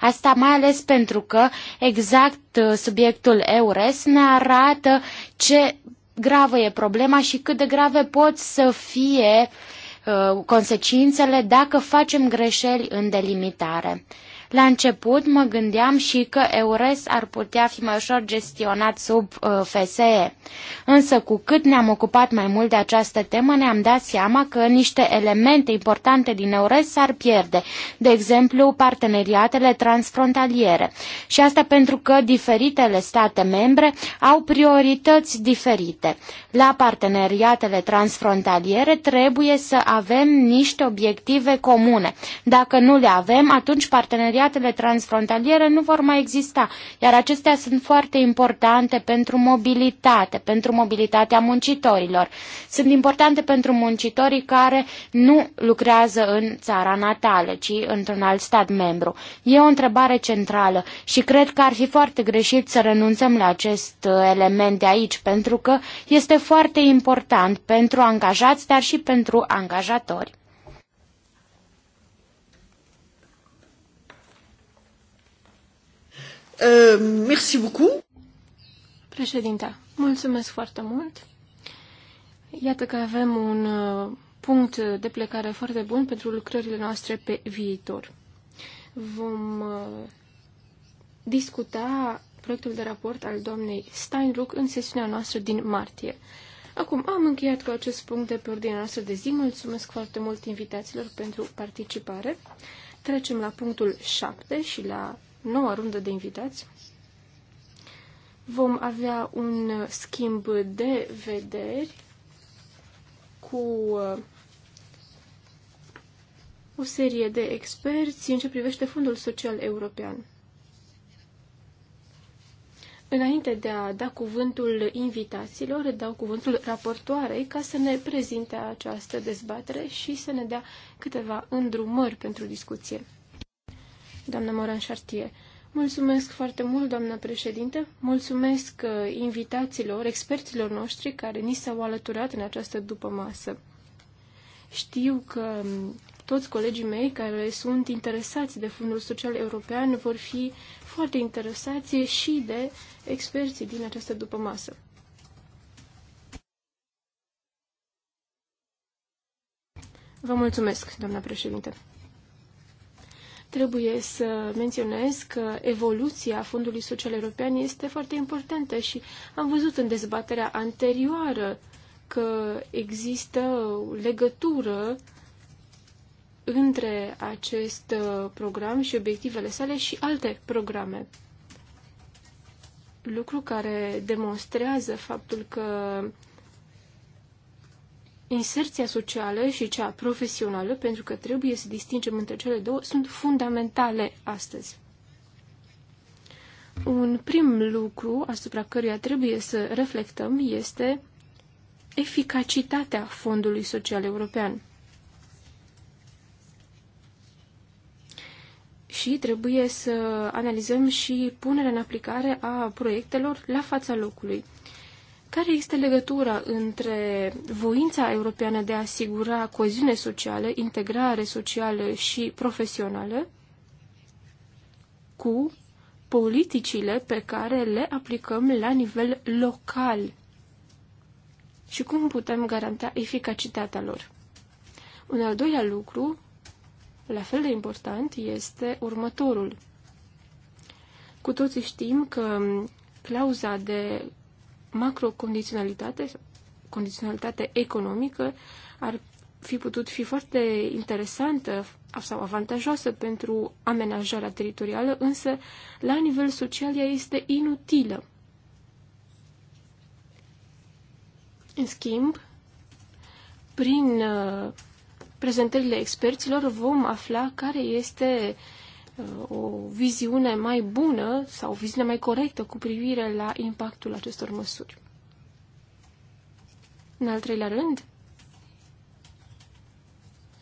Asta mai ales pentru că exact uh, subiectul EURES ne arată ce gravă e problema și cât de grave pot să fie uh, Uh, consecințele dacă facem greșeli în delimitare. La început mă gândeam și că EURES ar putea fi mai ușor gestionat sub uh, FSE. Însă cu cât ne-am ocupat mai mult de această temă, ne-am dat seama că niște elemente importante din EURES s-ar pierde, de exemplu parteneriatele transfrontaliere. Și asta pentru că diferitele state membre au priorități diferite. La parteneriatele transfrontaliere trebuie să avem niște obiective comune. Dacă nu le avem, atunci parteneriatele parteneriatele transfrontaliere nu vor mai exista, iar acestea sunt foarte importante pentru mobilitate, pentru mobilitatea muncitorilor. Sunt importante pentru muncitorii care nu lucrează în țara natală, ci într-un alt stat membru. E o întrebare centrală și cred că ar fi foarte greșit să renunțăm la acest uh, element de aici, pentru că este foarte important pentru angajați, dar și pentru angajatori. Euh, merci beaucoup. Președinte, mulțumesc foarte mult. Iată că avem un uh, punct de plecare foarte bun pentru lucrările noastre pe viitor. Vom uh, discuta proiectul de raport al doamnei Steinruck în sesiunea noastră din martie. Acum am încheiat cu acest punct de pe ordinea noastră de zi. Mulțumesc foarte mult invitațiilor pentru participare. Trecem la punctul 7 și la noua rundă de invitați. Vom avea un schimb de vederi cu uh, o serie de experți în ce privește Fondul Social European. Înainte de a da cuvântul invitaților, dau cuvântul raportoarei ca să ne prezinte această dezbatere și să ne dea câteva îndrumări pentru discuție doamna Moran Chartier. Mulțumesc foarte mult, doamnă președinte. Mulțumesc uh, invitațiilor, experților noștri care ni s-au alăturat în această dupămasă. Știu că um, toți colegii mei care sunt interesați de fundul Social European vor fi foarte interesați și de experții din această dupămasă. Vă mulțumesc, doamna președinte. Trebuie să menționez că evoluția Fondului Social European este foarte importantă și am văzut în dezbaterea anterioară că există o legătură între acest uh, program și obiectivele sale și alte programe. Lucru care demonstrează faptul că inserția socială și cea profesională, pentru că trebuie să distingem între cele două, sunt fundamentale astăzi. Un prim lucru asupra căruia trebuie să reflectăm este eficacitatea Fondului Social European. Și trebuie să analizăm și punerea în aplicare a proiectelor la fața locului. Care este legătura între voința europeană de a asigura coeziune socială, integrare socială și profesională cu politicile pe care le aplicăm la nivel local și cum putem garanta eficacitatea lor? Un al doilea lucru, la fel de important, este următorul. Cu toții știm că clauza de macrocondiționalitate, condiționalitate economică, ar fi putut fi foarte interesantă sau avantajoasă pentru amenajarea teritorială, însă la nivel social ea este inutilă. În schimb, prin uh, prezentările experților vom afla care este uh, Uh, o viziune mai bună sau o viziune mai corectă cu privire la impactul acestor măsuri. În al treilea rând,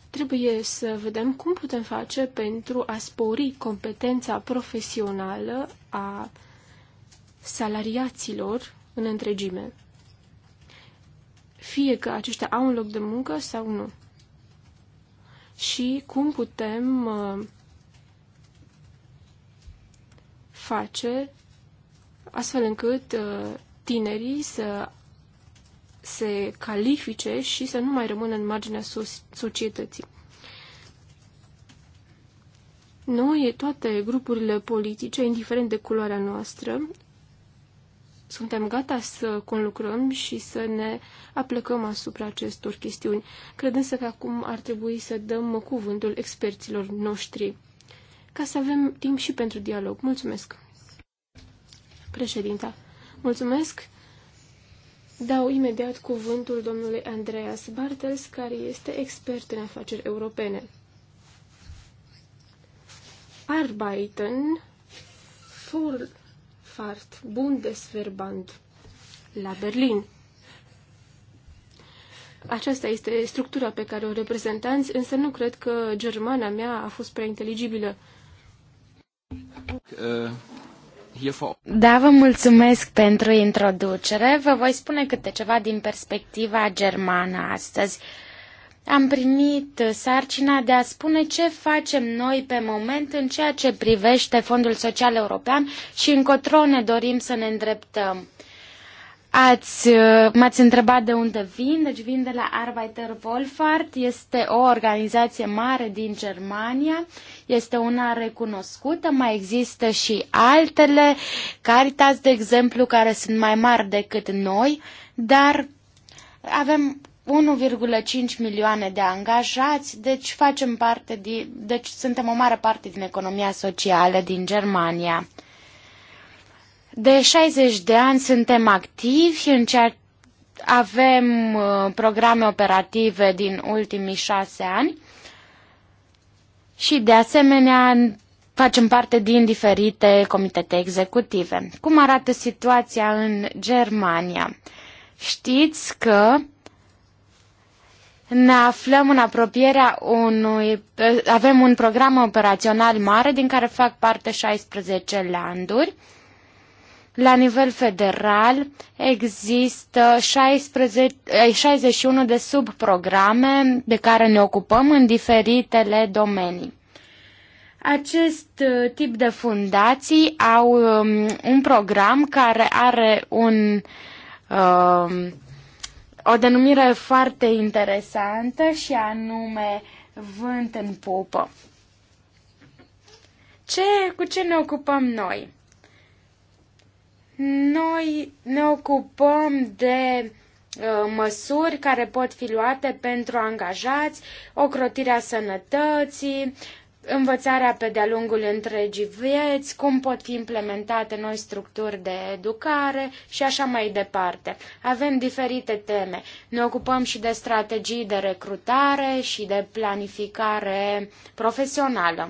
trebuie să vedem cum putem face pentru a spori competența profesională a salariaților în întregime. Fie că aceștia au un loc de muncă sau nu. Și cum putem uh, face astfel încât uh, tinerii să se califice și să nu mai rămână în marginea societății. Noi, toate grupurile politice, indiferent de culoarea noastră, suntem gata să conlucrăm și să ne aplăcăm asupra acestor chestiuni. Cred însă că acum ar trebui să dăm cuvântul experților noștri ca să avem timp și pentru dialog. Mulțumesc! Președinta, mulțumesc! Dau imediat cuvântul domnului Andreas Bartels, care este expert în afaceri europene. Arbeiten vor Fahrt Bundesverband la Berlin. Aceasta este structura pe care o reprezentanți, însă nu cred că germana mea a fost prea inteligibilă. Da, vă mulțumesc pentru introducere. Vă voi spune câte ceva din perspectiva germană astăzi. Am primit sarcina de a spune ce facem noi pe moment în ceea ce privește Fondul Social European și încotro ne dorim să ne îndreptăm. Ați, uh, m-ați întrebat de unde vin, deci vin de la Arbeiter Wolfart, este o organizație mare din Germania, este una recunoscută, mai există și altele, Caritas, de exemplu, care sunt mai mari decât noi, dar avem 1,5 milioane de angajați, deci facem parte din, deci suntem o mare parte din economia socială din Germania. De 60 de ani suntem activi, în ceea avem uh, programe operative din ultimii șase ani și de asemenea facem parte din diferite comitete executive. Cum arată situația în Germania? Știți că ne aflăm în apropierea unui... avem un program operațional mare din care fac parte 16 landuri. La nivel federal există 16, 61 eh, de subprograme de care ne ocupăm în diferitele domenii. Acest eh, tip de fundații au um, un program care are un, um, o denumire foarte interesantă și anume vânt în pupă. Ce, cu ce ne ocupăm noi? Noi ne ocupăm de uh, măsuri care pot fi luate pentru angajați, ocrotirea sănătății, învățarea pe de-a lungul întregii vieți, cum pot fi implementate noi structuri de educare și așa mai departe. Avem diferite teme. Ne ocupăm și de strategii de recrutare și de planificare profesională.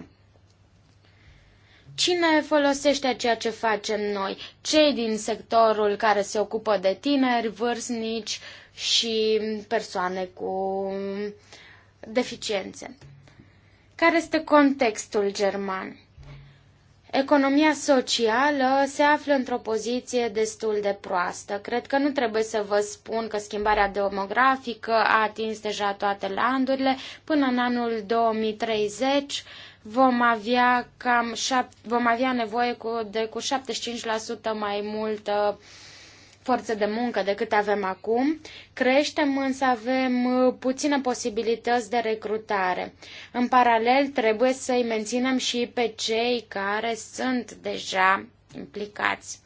Cine folosește ceea ce facem noi? Cei din sectorul care se ocupă de tineri, vârstnici și persoane cu deficiențe. Care este contextul german? Economia socială se află într-o poziție destul de proastă. Cred că nu trebuie să vă spun că schimbarea demografică a atins deja toate landurile. Până în anul 2030 vom avea, cam șap, vom avea nevoie cu, de cu 75% mai multă forță de muncă decât avem acum. Creștem, însă avem uh, puține posibilități de recrutare. În paralel, trebuie să-i menținem și pe cei care sunt deja implicați.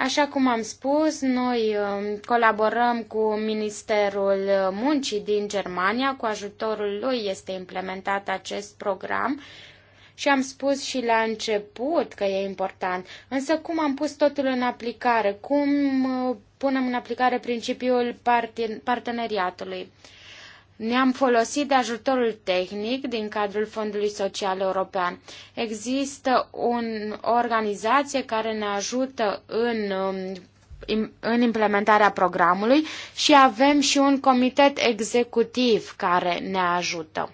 Așa cum am spus, noi um, colaborăm cu Ministerul Muncii din Germania, cu ajutorul lui este implementat acest program și am spus și la început că e important, însă cum am pus totul în aplicare, cum uh, punem în aplicare principiul parteneriatului. Ne-am folosit de ajutorul tehnic din cadrul Fondului Social European. Există un, o organizație care ne ajută în, um, în implementarea programului și avem și un comitet executiv care ne ajută.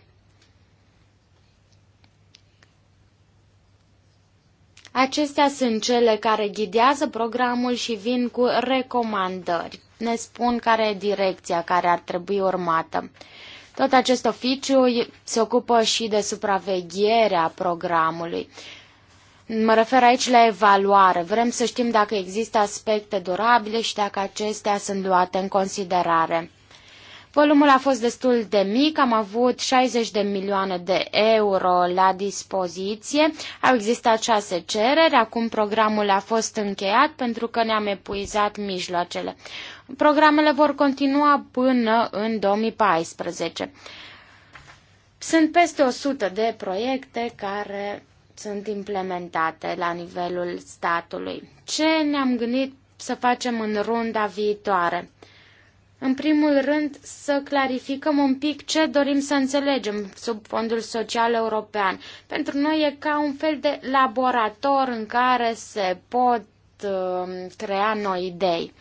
Acestea sunt cele care ghidează programul și vin cu recomandări. Ne spun care e direcția care ar trebui urmată. Tot acest oficiu se ocupă și de supravegherea programului. Mă refer aici la evaluare. Vrem să știm dacă există aspecte durabile și dacă acestea sunt luate în considerare. Volumul a fost destul de mic, am avut 60 de milioane de euro la dispoziție, au existat șase cereri, acum programul a fost încheiat pentru că ne-am epuizat mijloacele. Programele vor continua până în 2014. Sunt peste 100 de proiecte care sunt implementate la nivelul statului. Ce ne-am gândit să facem în runda viitoare? În primul rând, să clarificăm un pic ce dorim să înțelegem sub Fondul Social European. Pentru noi e ca un fel de laborator în care se pot uh, crea noi idei.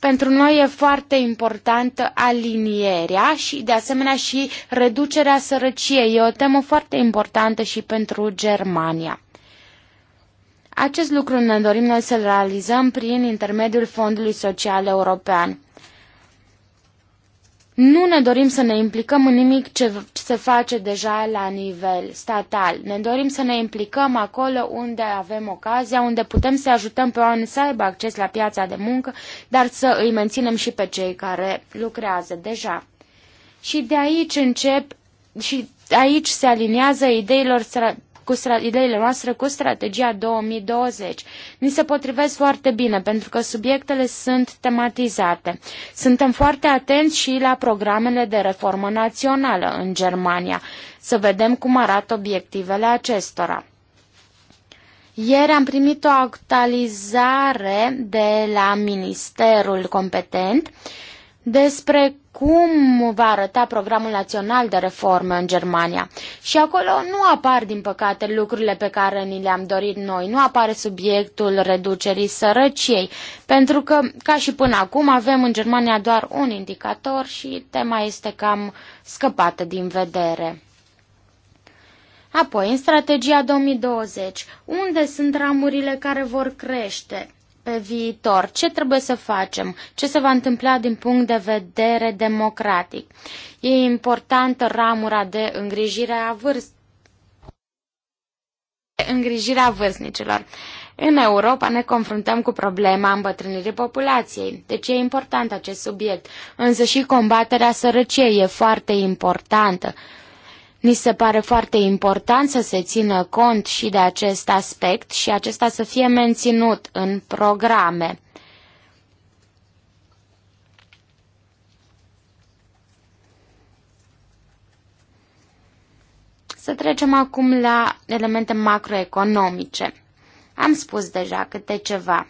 Pentru noi e foarte importantă alinierea și, de asemenea, și reducerea sărăciei. E o temă foarte importantă și pentru Germania. Acest lucru ne dorim noi să-l realizăm prin intermediul Fondului Social European. Nu ne dorim să ne implicăm în nimic ce se face deja la nivel statal. Ne dorim să ne implicăm acolo unde avem ocazia, unde putem să ajutăm pe oameni să aibă acces la piața de muncă, dar să îi menținem și pe cei care lucrează deja. Și de aici încep și aici se aliniază ideilor cu ideile noastre cu strategia 2020. Ni se potrivesc foarte bine pentru că subiectele sunt tematizate. Suntem foarte atenți și la programele de reformă națională în Germania, să vedem cum arată obiectivele acestora. Ieri am primit o actualizare de la ministerul competent despre cum va arăta programul național de reforme în Germania. Și acolo nu apar, din păcate, lucrurile pe care ni le-am dorit noi. Nu apare subiectul reducerii sărăciei, pentru că, ca și până acum, avem în Germania doar un indicator și tema este cam scăpată din vedere. Apoi, în strategia 2020, unde sunt ramurile care vor crește? pe viitor? Ce trebuie să facem? Ce se va întâmpla din punct de vedere democratic? E importantă ramura de îngrijire a vârst, îngrijirea vârstnicilor. În Europa ne confruntăm cu problema îmbătrânirii populației, deci e important acest subiect, însă și combaterea sărăciei e foarte importantă. Mi se pare foarte important să se țină cont și de acest aspect și acesta să fie menținut în programe. Să trecem acum la elemente macroeconomice. Am spus deja câte ceva.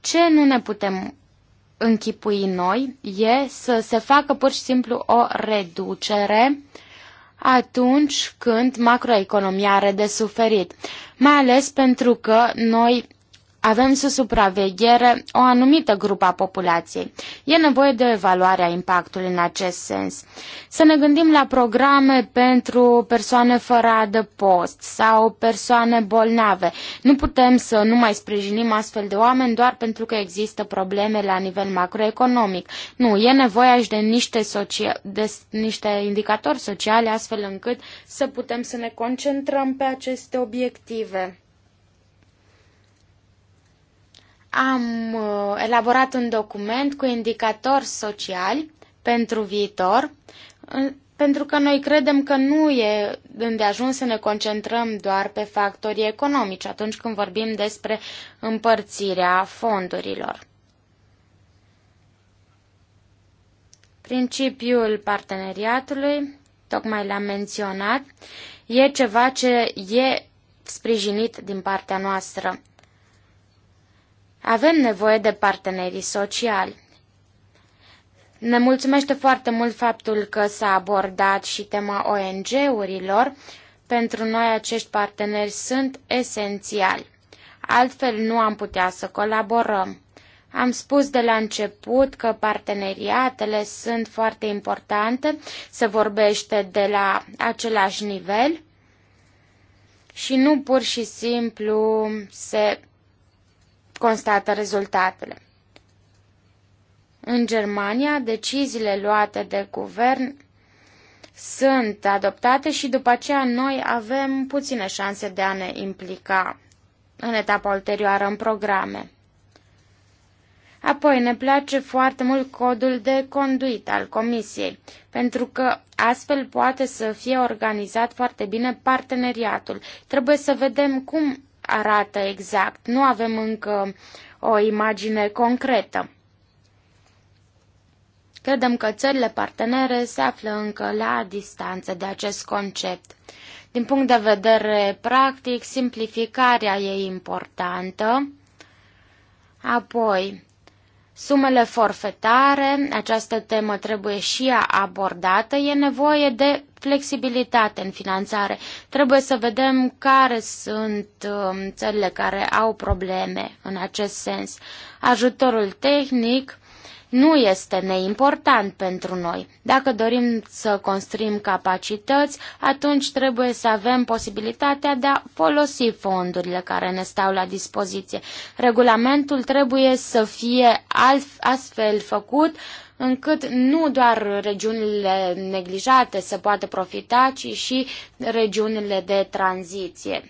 Ce nu ne putem închipui noi e să se facă pur și simplu o reducere uh, atunci când macroeconomia are de suferit, mai ales pentru că noi avem sub supraveghere o anumită grupă a populației. E nevoie de o evaluare a impactului în acest sens. Să ne gândim la programe pentru persoane fără adăpost sau persoane bolnave. Nu putem să nu mai sprijinim astfel de oameni doar pentru că există probleme la nivel macroeconomic. Nu, e nevoie aici de niște, socia- de niște indicatori sociale astfel încât să putem să ne concentrăm pe aceste obiective. Am uh, elaborat un document cu indicatori sociali pentru viitor, pentru că noi credem că nu e îndeajuns să ne concentrăm doar pe factorii economici atunci când vorbim despre împărțirea fondurilor. Principiul parteneriatului, tocmai l-am menționat, e ceva ce e sprijinit din partea noastră. Avem nevoie de partenerii sociali. Ne mulțumește foarte mult faptul că s-a abordat și tema ONG-urilor. Pentru noi acești parteneri sunt esențiali. Altfel nu am putea să colaborăm. Am spus de la început că parteneriatele sunt foarte importante, se vorbește de la același nivel și nu pur și simplu se constată rezultatele. În Germania, deciziile luate de guvern sunt adoptate și după aceea noi avem puține șanse de a ne implica în etapa ulterioară în programe. Apoi ne place foarte mult codul de conduit al comisiei, pentru că astfel poate să fie organizat foarte bine parteneriatul. Trebuie să vedem cum arată exact. Nu avem încă o imagine concretă. Credem că țările partenere se află încă la distanță de acest concept. Din punct de vedere practic, simplificarea e importantă. Apoi, Sumele forfetare, această temă trebuie și ea abordată, e nevoie de flexibilitate în finanțare. Trebuie să vedem care sunt um, țările care au probleme în acest sens. Ajutorul tehnic nu este neimportant pentru noi. Dacă dorim să construim capacități, atunci trebuie să avem posibilitatea de a folosi fondurile care ne stau la dispoziție. Regulamentul trebuie să fie astfel făcut încât nu doar regiunile neglijate să poată profita, ci și regiunile de tranziție.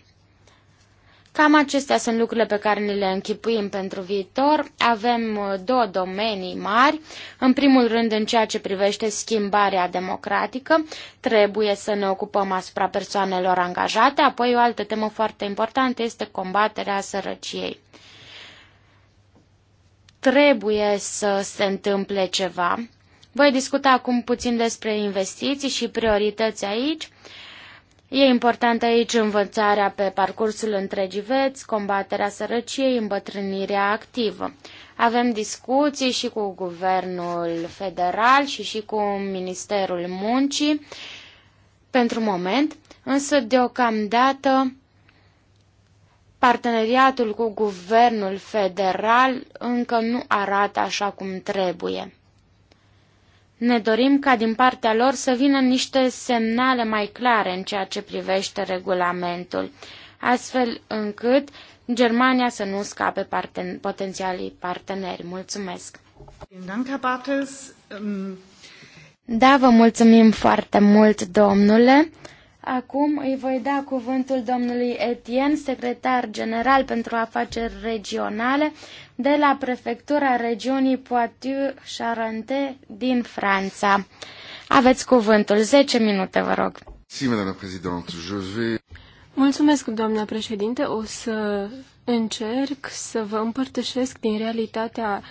Cam acestea sunt lucrurile pe care ne le închipuim pentru viitor. Avem uh, două domenii mari. În primul rând, în ceea ce privește schimbarea democratică, trebuie să ne ocupăm asupra persoanelor angajate. Apoi, o altă temă foarte importantă este combaterea sărăciei. Trebuie să se întâmple ceva. Voi discuta acum puțin despre investiții și priorități aici. E importantă aici învățarea pe parcursul întregii veți, combaterea sărăciei, îmbătrânirea activă. Avem discuții și cu guvernul federal și și cu Ministerul Muncii pentru moment, însă deocamdată parteneriatul cu guvernul federal încă nu arată așa cum trebuie. Ne dorim ca din partea lor să vină niște semnale mai clare în ceea ce privește regulamentul, astfel încât Germania să nu scape parten- potențialii parteneri. Mulțumesc! Ähm, da, vă mulțumim foarte mult, domnule. Acum îi voi da cuvântul domnului Etienne, secretar general pentru afaceri regionale de la prefectura regiunii Poitou-Charente din Franța. Aveți cuvântul. 10 minute, vă rog. Mulțumesc, doamna președinte. O să încerc să vă împărtășesc din realitatea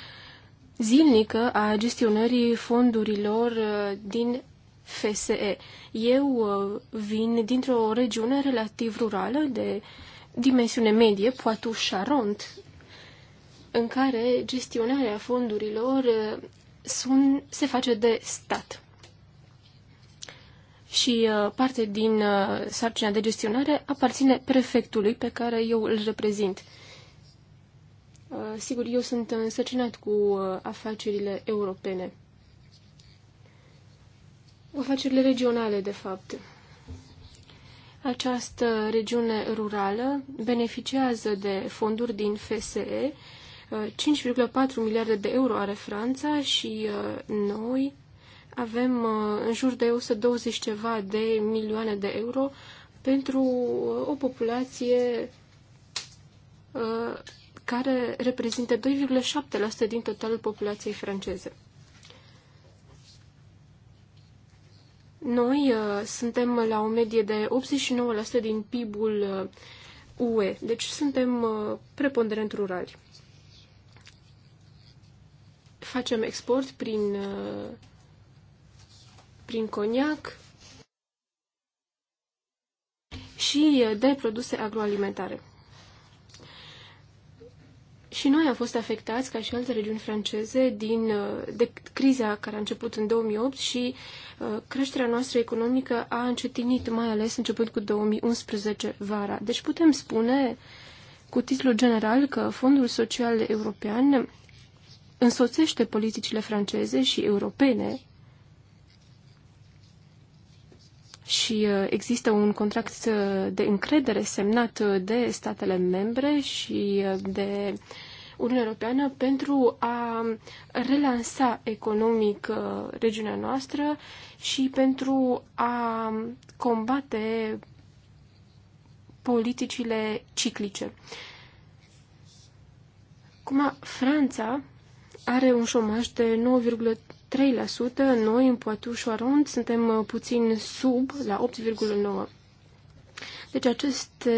zilnică a gestionării fondurilor uh, din FSE. Eu uh, vin dintr-o regiune relativ rurală, de dimensiune medie, poate Charont, în care gestionarea fondurilor uh, sunt, se face de stat. Și uh, parte din sarcina de gestionare aparține prefectului pe care eu îl reprezint. Sigur, eu sunt însărcinat cu afacerile europene afacerile regionale, de fapt. Această regiune rurală beneficiază de fonduri din FSE, 5,4 miliarde de euro are Franța și uh, noi avem uh, în jur de 120 ceva de milioane de euro pentru uh, o populație care reprezintă 2,7% din totalul populației franceze. Noi uh, suntem la o medie de 89% din PIB-ul uh, UE, deci suntem uh, preponderent rurali. Facem export prin, uh, prin coniac și uh, de produse agroalimentare. Și noi am fost afectați, ca și alte regiuni franceze, din, uh, de criza care a început în 2008 și uh, creșterea noastră economică a încetinit, mai ales începând cu 2011 vara. Deci putem spune, cu titlul general, că Fondul Social European însoțește politicile franceze și europene și uh, există un contract de încredere semnat de statele membre și de Uniunea Europeană pentru a relansa economic uh, regiunea noastră și pentru a combate politicile ciclice. Cum Franța are un șomaj de 9,3%, noi în Poitou-Charentes suntem uh, puțin sub la 8,9%. Deci aceste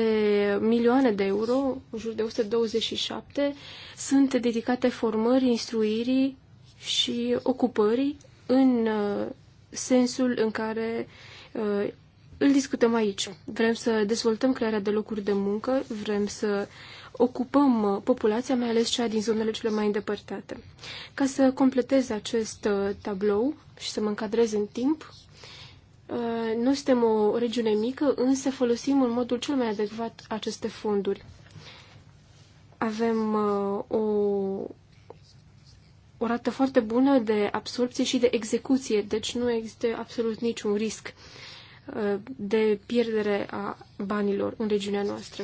milioane de euro, în jur de 127, sunt dedicate formării, instruirii și ocupării în uh, sensul în care uh, îl discutăm aici. Vrem să dezvoltăm crearea de locuri de muncă, vrem să ocupăm uh, populația, mai ales cea din zonele cele mai îndepărtate. Ca să completez acest tablou și să mă încadrez în timp, Uh, noi suntem o regiune mică, însă folosim în modul cel mai adecvat aceste fonduri. Avem uh, o, o rată foarte bună de absorpție și de execuție, deci nu există absolut niciun risc uh, de pierdere a banilor în regiunea noastră.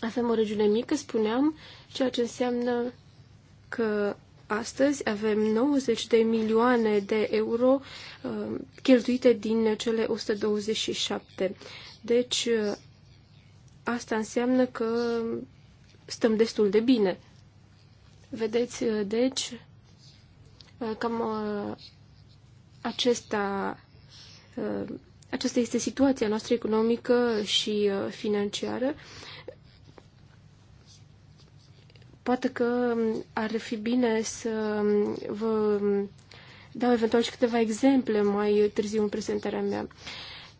Avem o regiune mică, spuneam, ceea ce înseamnă că Astăzi avem 90 de milioane de euro uh, cheltuite din cele 127. Deci, uh, asta înseamnă că stăm destul de bine. Vedeți, uh, deci, uh, cam uh, acesta, uh, aceasta este situația noastră economică și financiară. Poate că ar fi bine să vă dau eventual și câteva exemple mai târziu în prezentarea mea.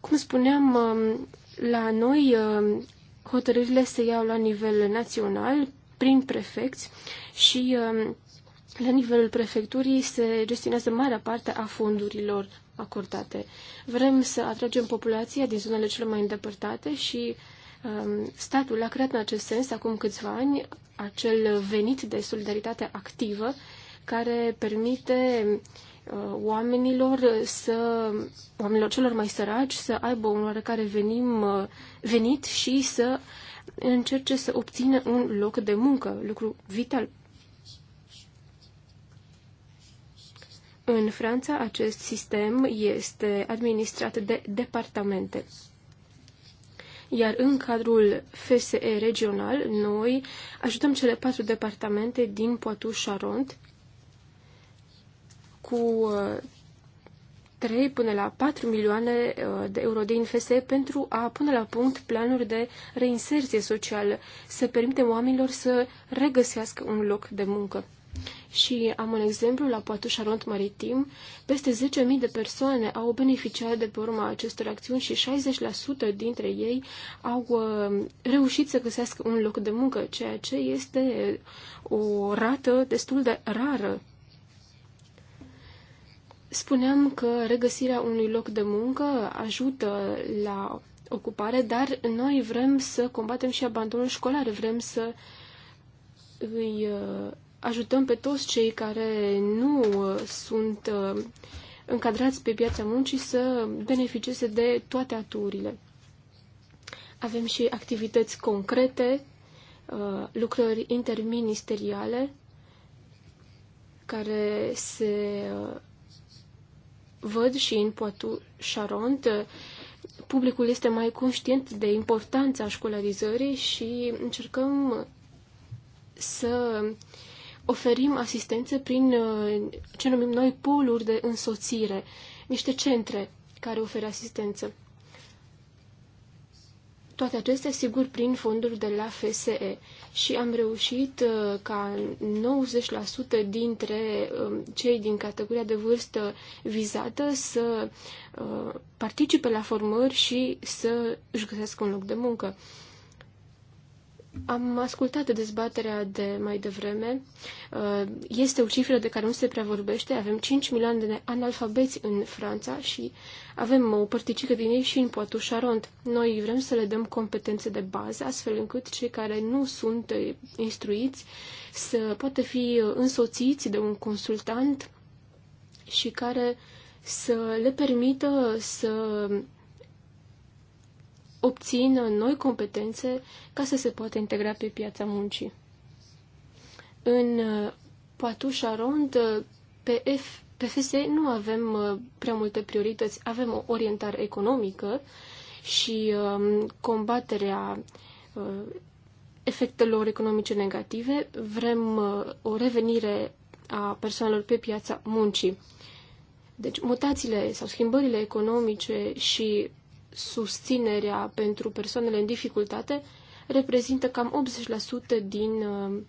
Cum spuneam, um, la noi um, hotărârile se iau la nivel național, prin prefecți și um, la nivelul prefecturii se gestionează marea parte a fondurilor acordate. Vrem să atragem populația din zonele cele mai îndepărtate și Um, statul a creat în acest sens acum câțiva ani acel venit de solidaritate activă care permite uh, oamenilor să, oamenilor celor mai săraci să aibă un oarecare venim, uh, venit și să încerce să obțină un loc de muncă, lucru vital. În Franța, acest sistem este administrat de departamente iar în cadrul FSE regional, noi ajutăm cele patru departamente din poitou Charont, cu 3 uh, până la 4 milioane uh, de euro din FSE pentru a pune la punct planuri de reinserție socială, să permitem oamenilor să regăsească un loc de muncă. Și am un exemplu la poitou Maritim. Peste 10.000 de persoane au beneficiat de pe urma acestor acțiuni și 60% dintre ei au uh, reușit să găsească un loc de muncă, ceea ce este o rată destul de rară Spuneam că regăsirea unui loc de muncă ajută la ocupare, dar noi vrem să combatem și abandonul școlar, vrem să îi uh, ajutăm pe toți cei care nu uh, sunt uh, încadrați pe piața muncii să beneficieze de toate aturile. Avem și activități concrete, uh, lucrări interministeriale care se văd și în Poitou Charont. Publicul este mai conștient de importanța școlarizării și încercăm să uh, oferim asistență prin uh, ce numim noi poluri de însoțire, niște centre care oferă asistență. Toate acestea, sigur, prin fonduri de la FSE. Și am reușit uh, ca 90% dintre um, cei din categoria de vârstă vizată să uh, participe la formări și să își găsească un loc de muncă. Am ascultat dezbaterea de mai devreme. Uh, este o cifră de care nu se prea vorbește. Avem 5 milioane de analfabeți în Franța și avem o părticică din ei și în poitou Charente. Noi vrem să le dăm competențe de bază, astfel încât cei care nu sunt uh, instruiți să poată fi uh, însoțiți de un consultant și care să le permită să obțină noi competențe ca să se poată integra pe piața muncii. În uh, Poatușa Rond, uh, pe, F, pe FSE nu avem uh, prea multe priorități. Avem o orientare economică și um, combaterea efectelor economice negative. Vrem o revenire a persoanelor pe piața muncii. Deci mutațiile sau schimbările economice și susținerea pentru persoanele în dificultate reprezintă cam 80% din uh,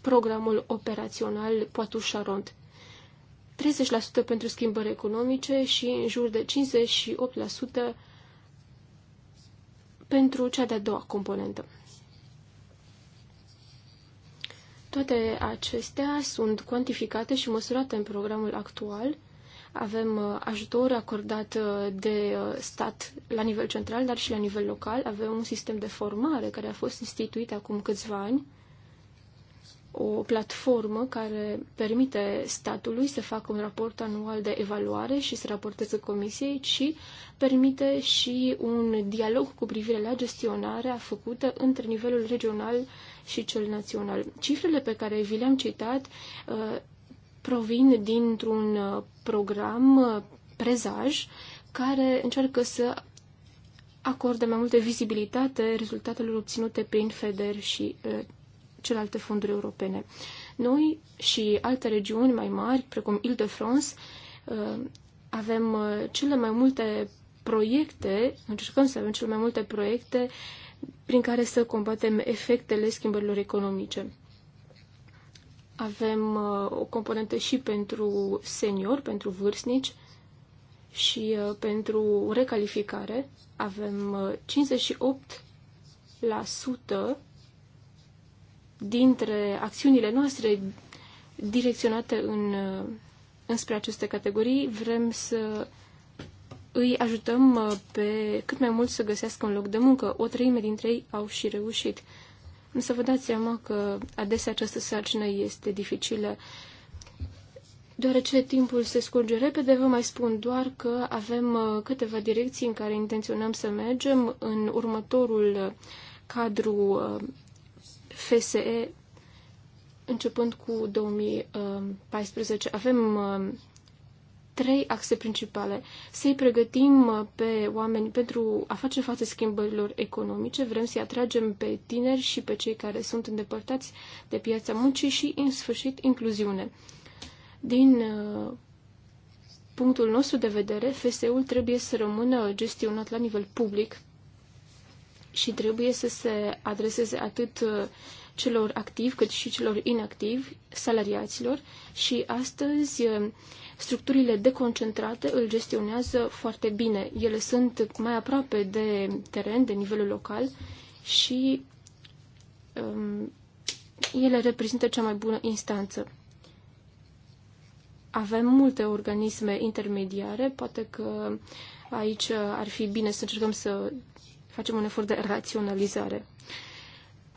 programul operațional Poitou Charente. 30% pentru schimbări economice și în jur de 58% pentru cea de-a doua componentă. Toate acestea sunt cuantificate și măsurate în programul actual avem uh, ajutor acordat uh, de uh, stat la nivel central, dar și la nivel local. Avem un sistem de formare care a fost instituit acum câțiva ani, o platformă care permite statului să facă un raport anual de evaluare și să raporteze comisiei și permite și un dialog cu privire la gestionarea făcută între nivelul regional și cel național. Cifrele pe care vi le-am citat provin dintr-un uh, program uh, prezaj care încearcă să acorde mai multă vizibilitate rezultatelor obținute prin FEDER și uh, celelalte fonduri europene. Noi și alte regiuni mai mari, precum Ile-de-France, avem cele mai multe proiecte, încercăm să avem cele mai multe proiecte prin care să combatem efectele schimbărilor economice. Avem uh, o componentă și pentru senior, pentru vârstnici și uh, pentru recalificare. Avem 58% uh, dintre acțiunile noastre direcționate în, înspre aceste categorii. Vrem să îi ajutăm pe cât mai mult să găsească un loc de muncă. O treime dintre ei au și reușit. Însă vă dați seama că adesea această sarcină este dificilă. Deoarece timpul se scurge repede, vă mai spun doar că avem uh, câteva direcții în care intenționăm să mergem în următorul uh, cadru uh, FSE, începând cu 2014. Avem trei axe principale. Să-i pregătim uh, pe oameni pentru a face față schimbărilor economice, vrem să-i atragem pe tineri și pe cei care sunt îndepărtați de piața muncii și, în sfârșit, incluziune. Din uh, punctul nostru de vedere, FSE-ul trebuie să rămână gestionat la nivel public și trebuie să se adreseze atât uh, celor activi cât și celor inactivi, salariaților și astăzi structurile deconcentrate îl gestionează foarte bine. Ele sunt mai aproape de teren, de nivelul local și um, ele reprezintă cea mai bună instanță. Avem multe organisme intermediare, poate că aici ar fi bine să încercăm să facem un efort de raționalizare.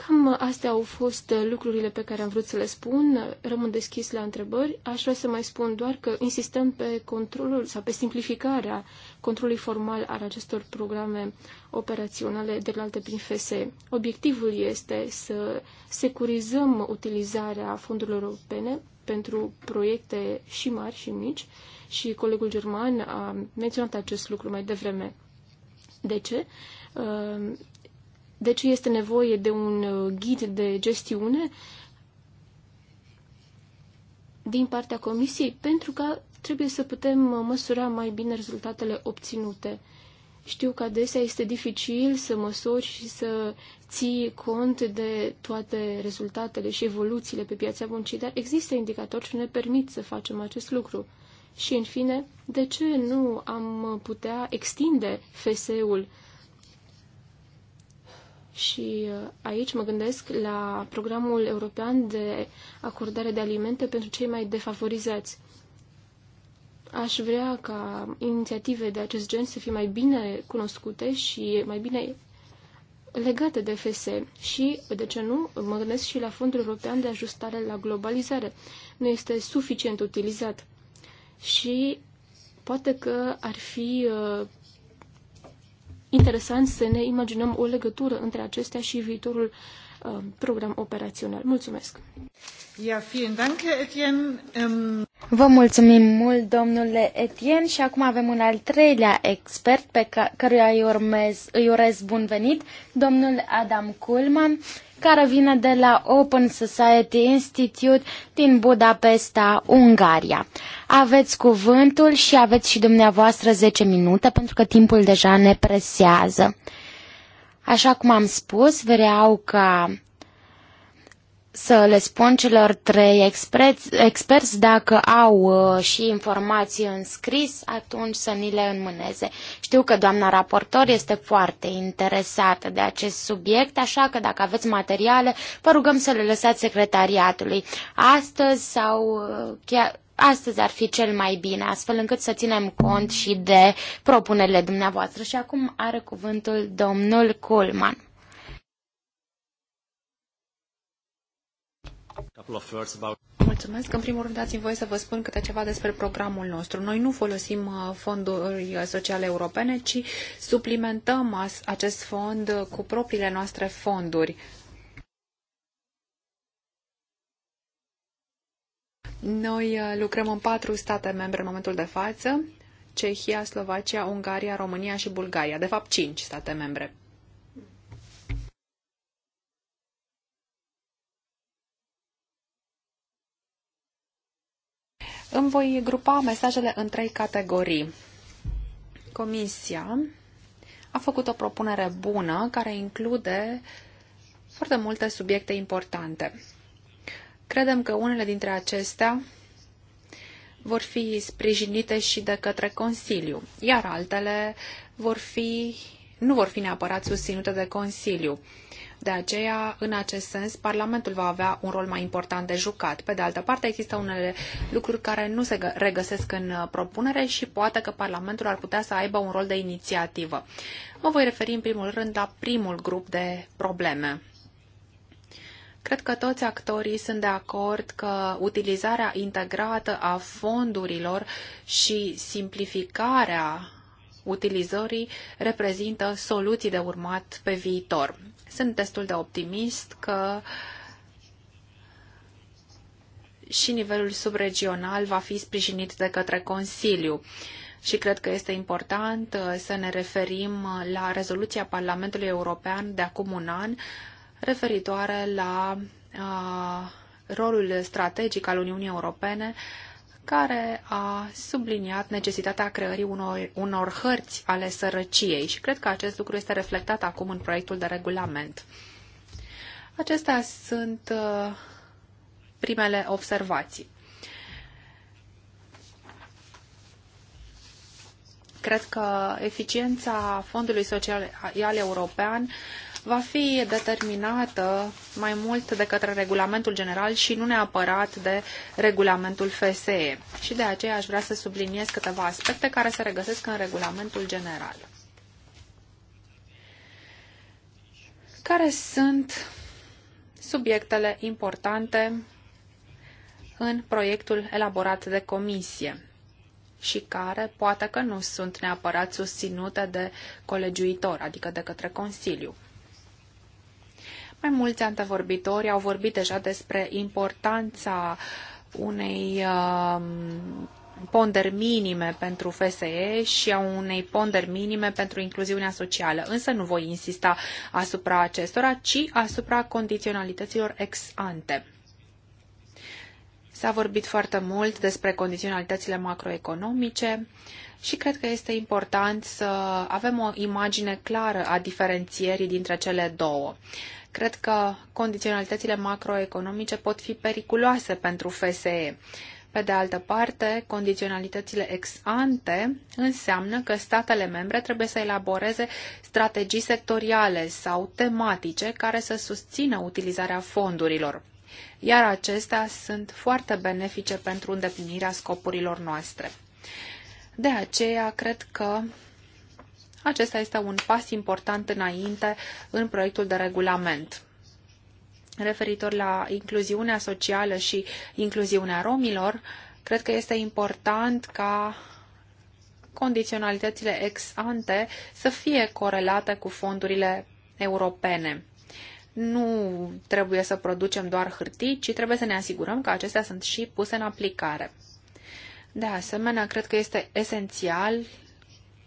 Cam astea au fost uh, lucrurile pe care am vrut să le spun. Rămân deschis la întrebări. Aș vrea să mai spun doar că insistăm pe controlul sau pe simplificarea controlului formal al acestor programe operaționale derulate prin FSE. Obiectivul este să securizăm utilizarea fondurilor europene pentru proiecte și mari și mici și colegul german a menționat acest lucru mai devreme. De ce? Uh, deci este nevoie de un uh, ghid de gestiune din partea Comisiei pentru că trebuie să putem uh, măsura mai bine rezultatele obținute. Știu că adesea este dificil să măsori și să ții cont de toate rezultatele și evoluțiile pe piața muncii, dar există indicatori și ne permit să facem acest lucru. Și, în fine, de ce nu am putea extinde FSE-ul și uh, aici mă gândesc la programul european de acordare de alimente pentru cei mai defavorizați. Aș vrea ca inițiative de acest gen să fie mai bine cunoscute și mai bine legate de FS și, de ce nu, mă gândesc și la Fondul European de Ajustare la Globalizare. Nu este suficient utilizat și poate că ar fi uh, interesant să ne imaginăm o legătură între acestea și viitorul uh, program operațional. Mulțumesc! Ja, vielen Dank, Herr Etienne. Ähm, Vă mulțumim mult, domnule Etienne, și acum avem un al treilea expert pe căruia îi, urmez, îi urez bun venit, domnul Adam Kulman, care vine de la Open Society Institute din Budapesta, Ungaria. Aveți cuvântul și aveți și dumneavoastră 10 minute, pentru că timpul deja ne presează. Așa cum am spus, vreau ca să le spun celor trei experți, experți dacă au uh, și informații în scris, atunci să ni le înmâneze. Știu că doamna raportor este foarte interesată de acest subiect, așa că dacă aveți materiale, vă rugăm să le lăsați secretariatului. Astăzi sau uh, chiar astăzi ar fi cel mai bine, astfel încât să ținem cont și de propunerile dumneavoastră. Și acum are cuvântul domnul Coleman. Mulțumesc. În primul rând, dați-mi voie să vă spun câte ceva despre programul nostru. Noi nu folosim uh, fonduri uh, sociale europene, ci suplimentăm acest fond uh, cu propriile noastre fonduri. Noi lucrăm în patru state membre în momentul de față, Cehia, Slovacia, Ungaria, România și Bulgaria, de fapt cinci state membre. Îmi voi grupa mesajele în trei categorii. Comisia a făcut o propunere bună care include foarte multe subiecte importante. Credem că unele dintre acestea vor fi sprijinite și de către Consiliu, iar altele vor fi, nu vor fi neapărat susținute de Consiliu. De aceea, în acest sens, Parlamentul va avea un rol mai important de jucat. Pe de altă parte, există unele lucruri care nu se regăsesc în uh, propunere și poate că Parlamentul ar putea să aibă un rol de inițiativă. Mă voi referi în primul rând la primul grup de probleme. Cred că toți actorii sunt de acord că utilizarea integrată a fondurilor și simplificarea utilizării reprezintă soluții de urmat pe viitor. Sunt destul de optimist că și nivelul subregional va fi sprijinit de către Consiliu. Și cred că este important uh, să ne referim uh, la rezoluția Parlamentului European de acum un an referitoare la uh, rolul strategic al Uniunii Europene care a subliniat necesitatea creării unor, unor hărți ale sărăciei și cred că acest lucru este reflectat acum în proiectul de regulament. Acestea sunt uh, primele observații. Cred că eficiența Fondului Social European uh, va fi determinată mai mult de către regulamentul general și nu neapărat de regulamentul FSE. Și de aceea aș vrea să subliniez câteva aspecte care se regăsesc în regulamentul general. Care sunt subiectele importante în proiectul elaborat de comisie și care poate că nu sunt neapărat susținute de colegiuitor, adică de către Consiliu. Mai mulți antevorbitori au vorbit deja despre importanța unei um, ponderi minime pentru FSE și a unei ponderi minime pentru incluziunea socială. Însă nu voi insista asupra acestora, ci asupra condiționalităților ex ante. S-a vorbit foarte mult despre condiționalitățile macroeconomice și cred că este important să avem o imagine clară a diferențierii dintre cele două. Cred că condiționalitățile macroeconomice pot fi periculoase pentru FSE. Pe de altă parte, condiționalitățile ex ante înseamnă că statele membre trebuie să elaboreze strategii sectoriale sau tematice care să susțină utilizarea fondurilor iar acestea sunt foarte benefice pentru îndeplinirea scopurilor noastre. De aceea, cred că acesta este un pas important înainte în proiectul de regulament referitor la incluziunea socială și incluziunea romilor, cred că este important ca condiționalitățile ex ante să fie corelate cu fondurile europene. Nu trebuie să producem doar hârtii, ci trebuie să ne asigurăm că acestea sunt și puse în aplicare. De asemenea, cred că este esențial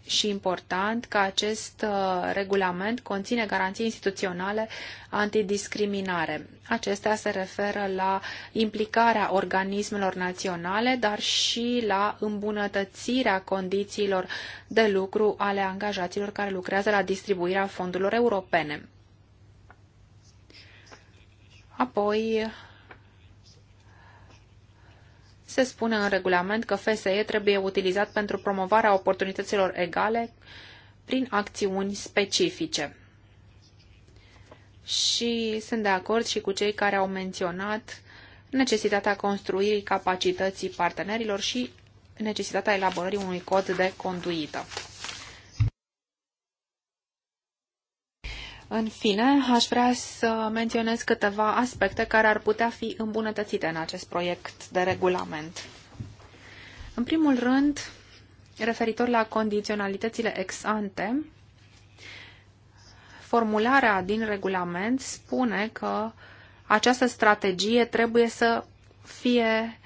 și important că acest uh, regulament conține garanții instituționale antidiscriminare. Acestea se referă la implicarea organismelor naționale, dar și la îmbunătățirea condițiilor de lucru ale angajaților care lucrează la distribuirea fondurilor europene. Apoi, se spune în regulament că FSE trebuie utilizat pentru promovarea oportunităților egale prin acțiuni specifice. Și sunt de acord și cu cei care au menționat necesitatea construirii capacității partenerilor și necesitatea elaborării unui cod de conduită. În fine, aș vrea să menționez câteva aspecte care ar putea fi îmbunătățite în acest proiect de regulament. În primul rând, referitor la condiționalitățile ex ante, formularea din regulament spune că această strategie trebuie să fie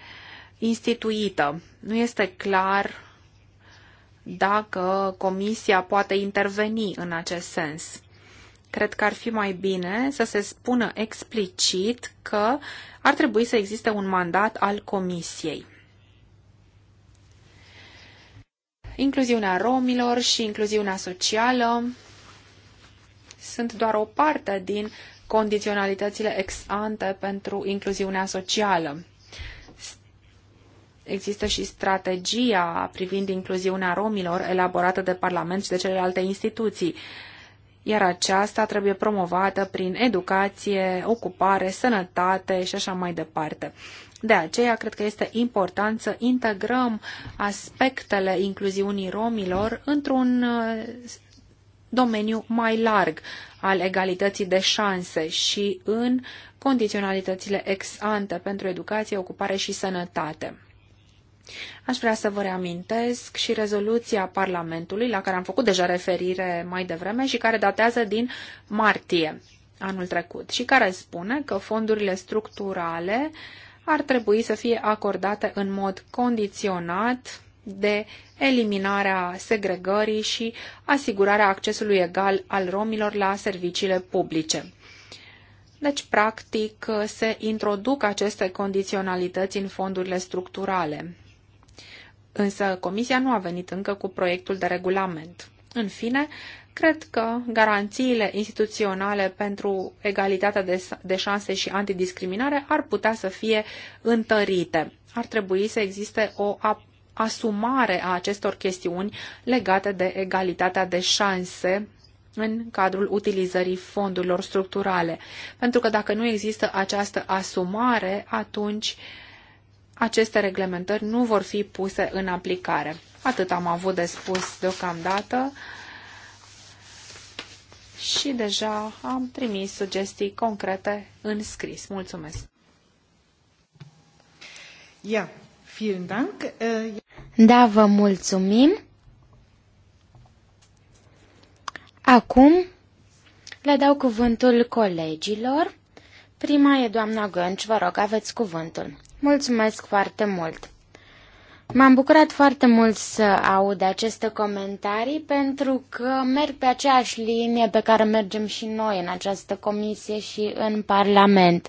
instituită. Nu este clar dacă Comisia poate interveni în acest sens. Cred că ar fi mai bine să se spună explicit că ar trebui să existe un mandat al Comisiei. Incluziunea romilor și incluziunea socială sunt doar o parte din condiționalitățile ex ante pentru incluziunea socială. Există și strategia privind incluziunea romilor elaborată de Parlament și de celelalte instituții iar aceasta trebuie promovată prin educație, ocupare, sănătate și așa mai departe. De aceea, cred că este important să integrăm aspectele incluziunii romilor într-un uh, domeniu mai larg al egalității de șanse și în condiționalitățile ex ante pentru educație, ocupare și sănătate. Aș vrea să vă reamintesc și rezoluția Parlamentului, la care am făcut deja referire mai devreme și care datează din martie anul trecut și care spune că fondurile structurale ar trebui să fie acordate în mod condiționat de eliminarea segregării și asigurarea accesului egal al romilor la serviciile publice. Deci, practic, se introduc aceste condiționalități în fondurile structurale însă Comisia nu a venit încă cu proiectul de regulament. În fine, cred că garanțiile instituționale pentru egalitatea de, de șanse și antidiscriminare ar putea să fie întărite. Ar trebui să existe o asumare a acestor chestiuni legate de egalitatea de șanse în cadrul utilizării fondurilor structurale. Pentru că dacă nu există această asumare, atunci uh, aceste reglementări nu vor fi puse în aplicare. Atât am avut de spus deocamdată și deja am trimis sugestii concrete în scris. Mulțumesc! Ja, vielen Dank. Da, vă mulțumim. Acum le dau cuvântul colegilor. Prima e doamna Gânci, vă rog, aveți cuvântul. Mulțumesc foarte mult! M-am bucurat foarte mult să aud aceste comentarii pentru că merg pe aceeași linie pe care mergem și noi în această comisie și în Parlament.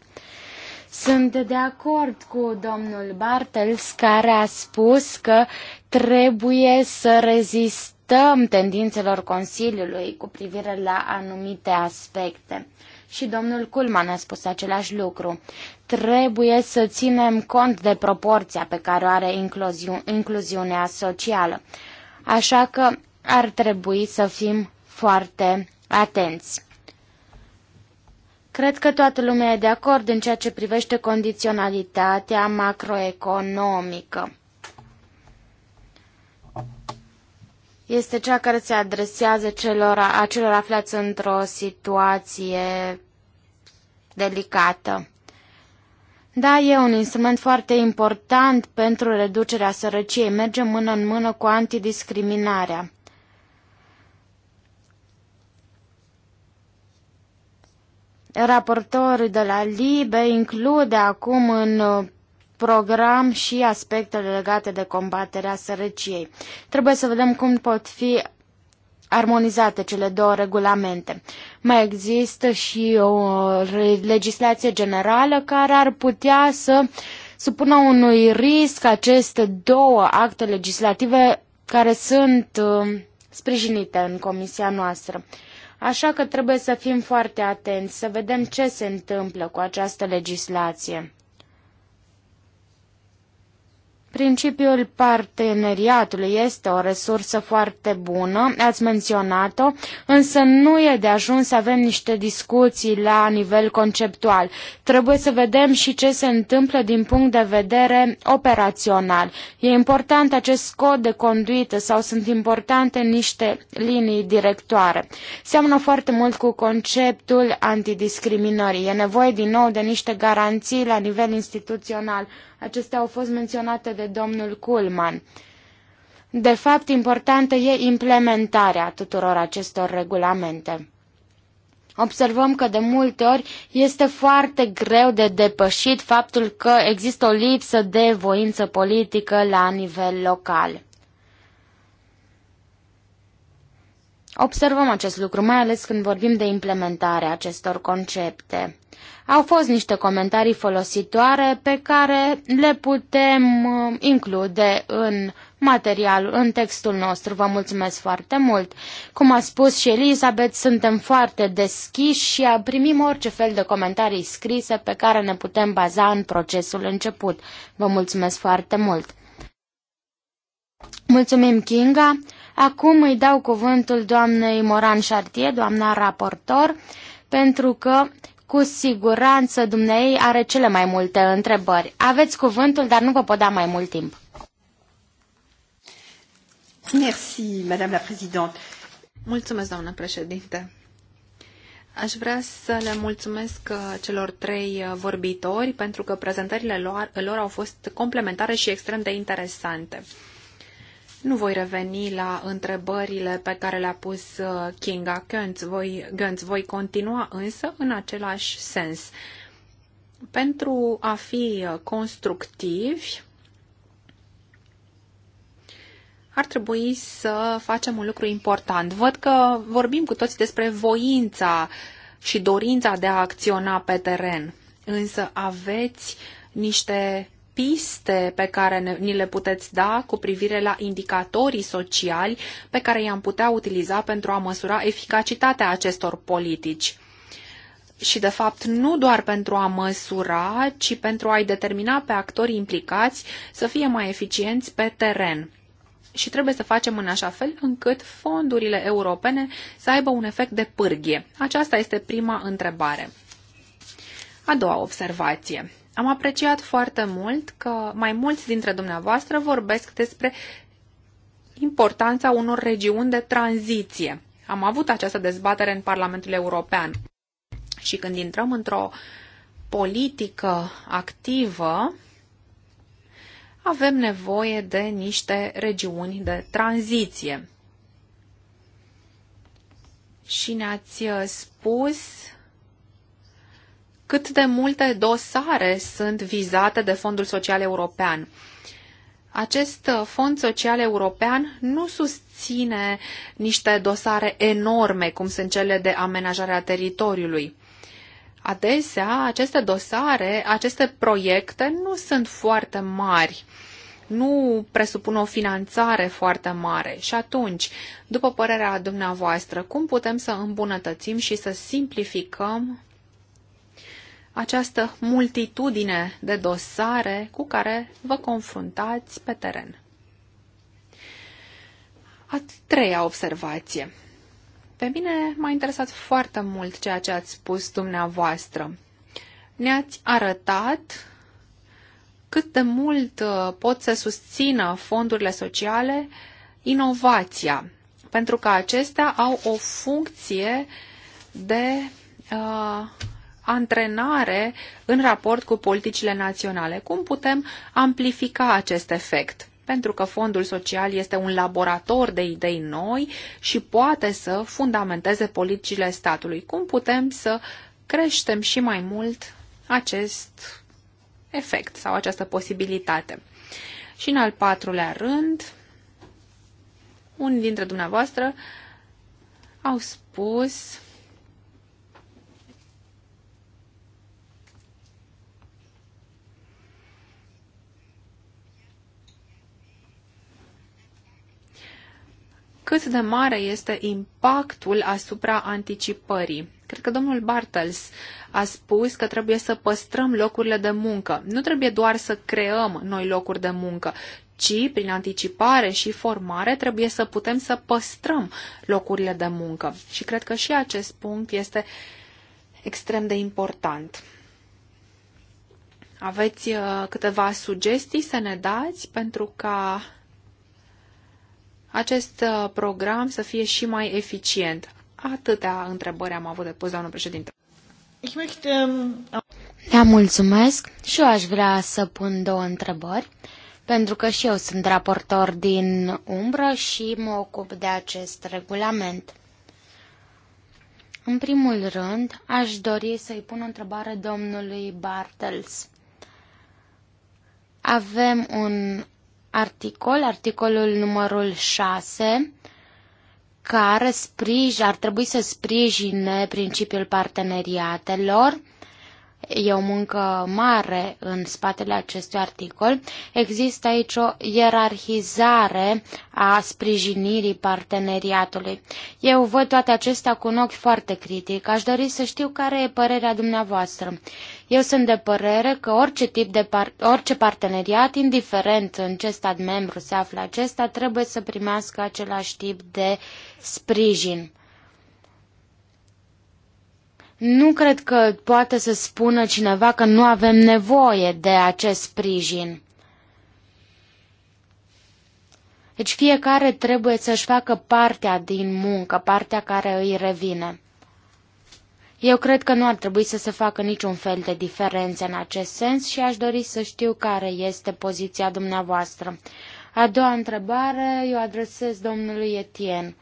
Sunt de acord cu domnul Bartels care a spus că trebuie să rezistăm tendințelor Consiliului cu privire la anumite aspecte. Și domnul Culman a spus același lucru. Trebuie să ținem cont de proporția pe care o are incluzi- incluziunea socială. Așa că ar trebui să fim foarte atenți. Cred că toată lumea e de acord în ceea ce privește condiționalitatea macroeconomică. este cea care se adresează celor, acelor aflați într-o situație delicată. Da, e un instrument foarte important pentru reducerea sărăciei. Merge mână în mână cu antidiscriminarea. Raportorul de la LIBE include acum în program și aspectele legate de combaterea sărăciei. Trebuie să vedem cum pot fi armonizate cele două regulamente. Mai există și o legislație generală care ar putea să supună unui risc aceste două acte legislative care sunt uh, sprijinite în comisia noastră. Așa că trebuie să fim foarte atenți, să vedem ce se întâmplă cu această legislație. Principiul parteneriatului este o resursă foarte bună, ați menționat-o, însă nu e de ajuns să avem niște discuții la nivel conceptual. Trebuie să vedem și ce se întâmplă din punct de vedere operațional. E important acest cod de conduită sau sunt importante niște linii directoare. Seamănă foarte mult cu conceptul antidiscriminării. E nevoie din nou de niște garanții la nivel instituțional Acestea au fost menționate de domnul Kuhlmann. De fapt, importantă e implementarea tuturor acestor regulamente. Observăm că de multe ori este foarte greu de depășit faptul că există o lipsă de voință politică la nivel local. Observăm acest lucru, mai ales când vorbim de implementarea acestor concepte. Au fost niște comentarii folositoare pe care le putem uh, include în material, în textul nostru. Vă mulțumesc foarte mult. Cum a spus și Elizabeth, suntem foarte deschiși și primim orice fel de comentarii scrise pe care ne putem baza în procesul început. Vă mulțumesc foarte mult. Mulțumim, Kinga. Acum îi dau cuvântul doamnei Moran Chartier, doamna raportor, pentru că cu siguranță dumnei are cele mai multe întrebări. Aveți cuvântul, dar nu vă pot da mai mult timp. Merci, Madame la Présidente. Mulțumesc, doamnă președinte. Aș vrea să le mulțumesc uh, celor trei uh, vorbitori pentru că prezentările lor, lor au fost complementare și extrem de interesante. Nu voi reveni la întrebările pe care le-a pus uh, Kinga Gönz. Voi, Gönz. voi continua însă în același sens. Pentru a fi uh, constructivi, ar trebui să facem un lucru important. Văd că vorbim cu toți despre voința și dorința de a acționa pe teren, însă aveți niște piste pe care ne, ni le puteți da cu privire la indicatorii sociali pe care i-am putea utiliza pentru a măsura eficacitatea acestor politici. Și, de fapt, nu doar pentru a măsura, ci pentru a-i determina pe actorii implicați să fie mai eficienți pe teren și trebuie să facem în așa fel încât fondurile europene să aibă un efect de pârghie? Aceasta este prima întrebare. A doua observație. Am apreciat foarte mult că mai mulți dintre dumneavoastră vorbesc despre importanța unor regiuni de tranziție. Am avut această dezbatere în Parlamentul European și când intrăm într-o politică activă, avem nevoie de niște regiuni de tranziție. Și ne-ați spus cât de multe dosare sunt vizate de Fondul Social European. Acest uh, fond social european nu susține niște dosare enorme, cum sunt cele de amenajare a teritoriului. Adesea, aceste dosare, aceste proiecte nu sunt foarte mari nu presupun o finanțare foarte mare. Și atunci, după părerea dumneavoastră, cum putem să îmbunătățim și să simplificăm această multitudine de dosare cu care vă confruntați pe teren. A treia observație. Pe mine m-a interesat foarte mult ceea ce ați spus dumneavoastră. Ne-ați arătat cât de mult uh, pot să susțină fondurile sociale inovația, pentru că acestea au o funcție de uh, antrenare în raport cu politicile naționale. Cum putem amplifica acest efect? Pentru că fondul social este un laborator de idei noi și poate să fundamenteze politicile statului. Cum putem să creștem și mai mult acest efect sau această posibilitate? Și în al patrulea rând, unii dintre dumneavoastră au spus cât de mare este impactul asupra anticipării. Cred că domnul Bartels a spus că trebuie să păstrăm locurile de muncă. Nu trebuie doar să creăm noi locuri de muncă, ci prin anticipare și formare trebuie să putem să păstrăm locurile de muncă. Și cred că și acest punct este extrem de important. Aveți uh, câteva sugestii să ne dați pentru ca acest uh, program să fie și mai eficient? Atâtea întrebări am avut de pus, doamnă președinte. Um, da, mulțumesc. Și eu aș vrea să pun două întrebări, pentru că și eu sunt raportor din umbră și mă ocup de acest regulament. În primul rând, aș dori să-i pun o întrebare domnului Bartels. Avem un articol, articolul numărul 6, care sprij, ar trebui să sprijine principiul parteneriatelor. E o muncă mare în spatele acestui articol. Există aici o ierarhizare a sprijinirii parteneriatului. Eu văd toate acestea cu un ochi foarte critic. Aș dori să știu care e părerea dumneavoastră. Eu sunt de părere că orice tip de par- orice parteneriat, indiferent în ce stat membru se află acesta, trebuie să primească același tip de sprijin. Nu cred că poate să spună cineva că nu avem nevoie de acest sprijin. Deci fiecare trebuie să-și facă partea din muncă, partea care îi revine. Eu cred că nu ar trebui să se facă niciun fel de diferență în acest sens și aș dori să știu care este poziția dumneavoastră. A doua întrebare eu adresez domnului Etienne.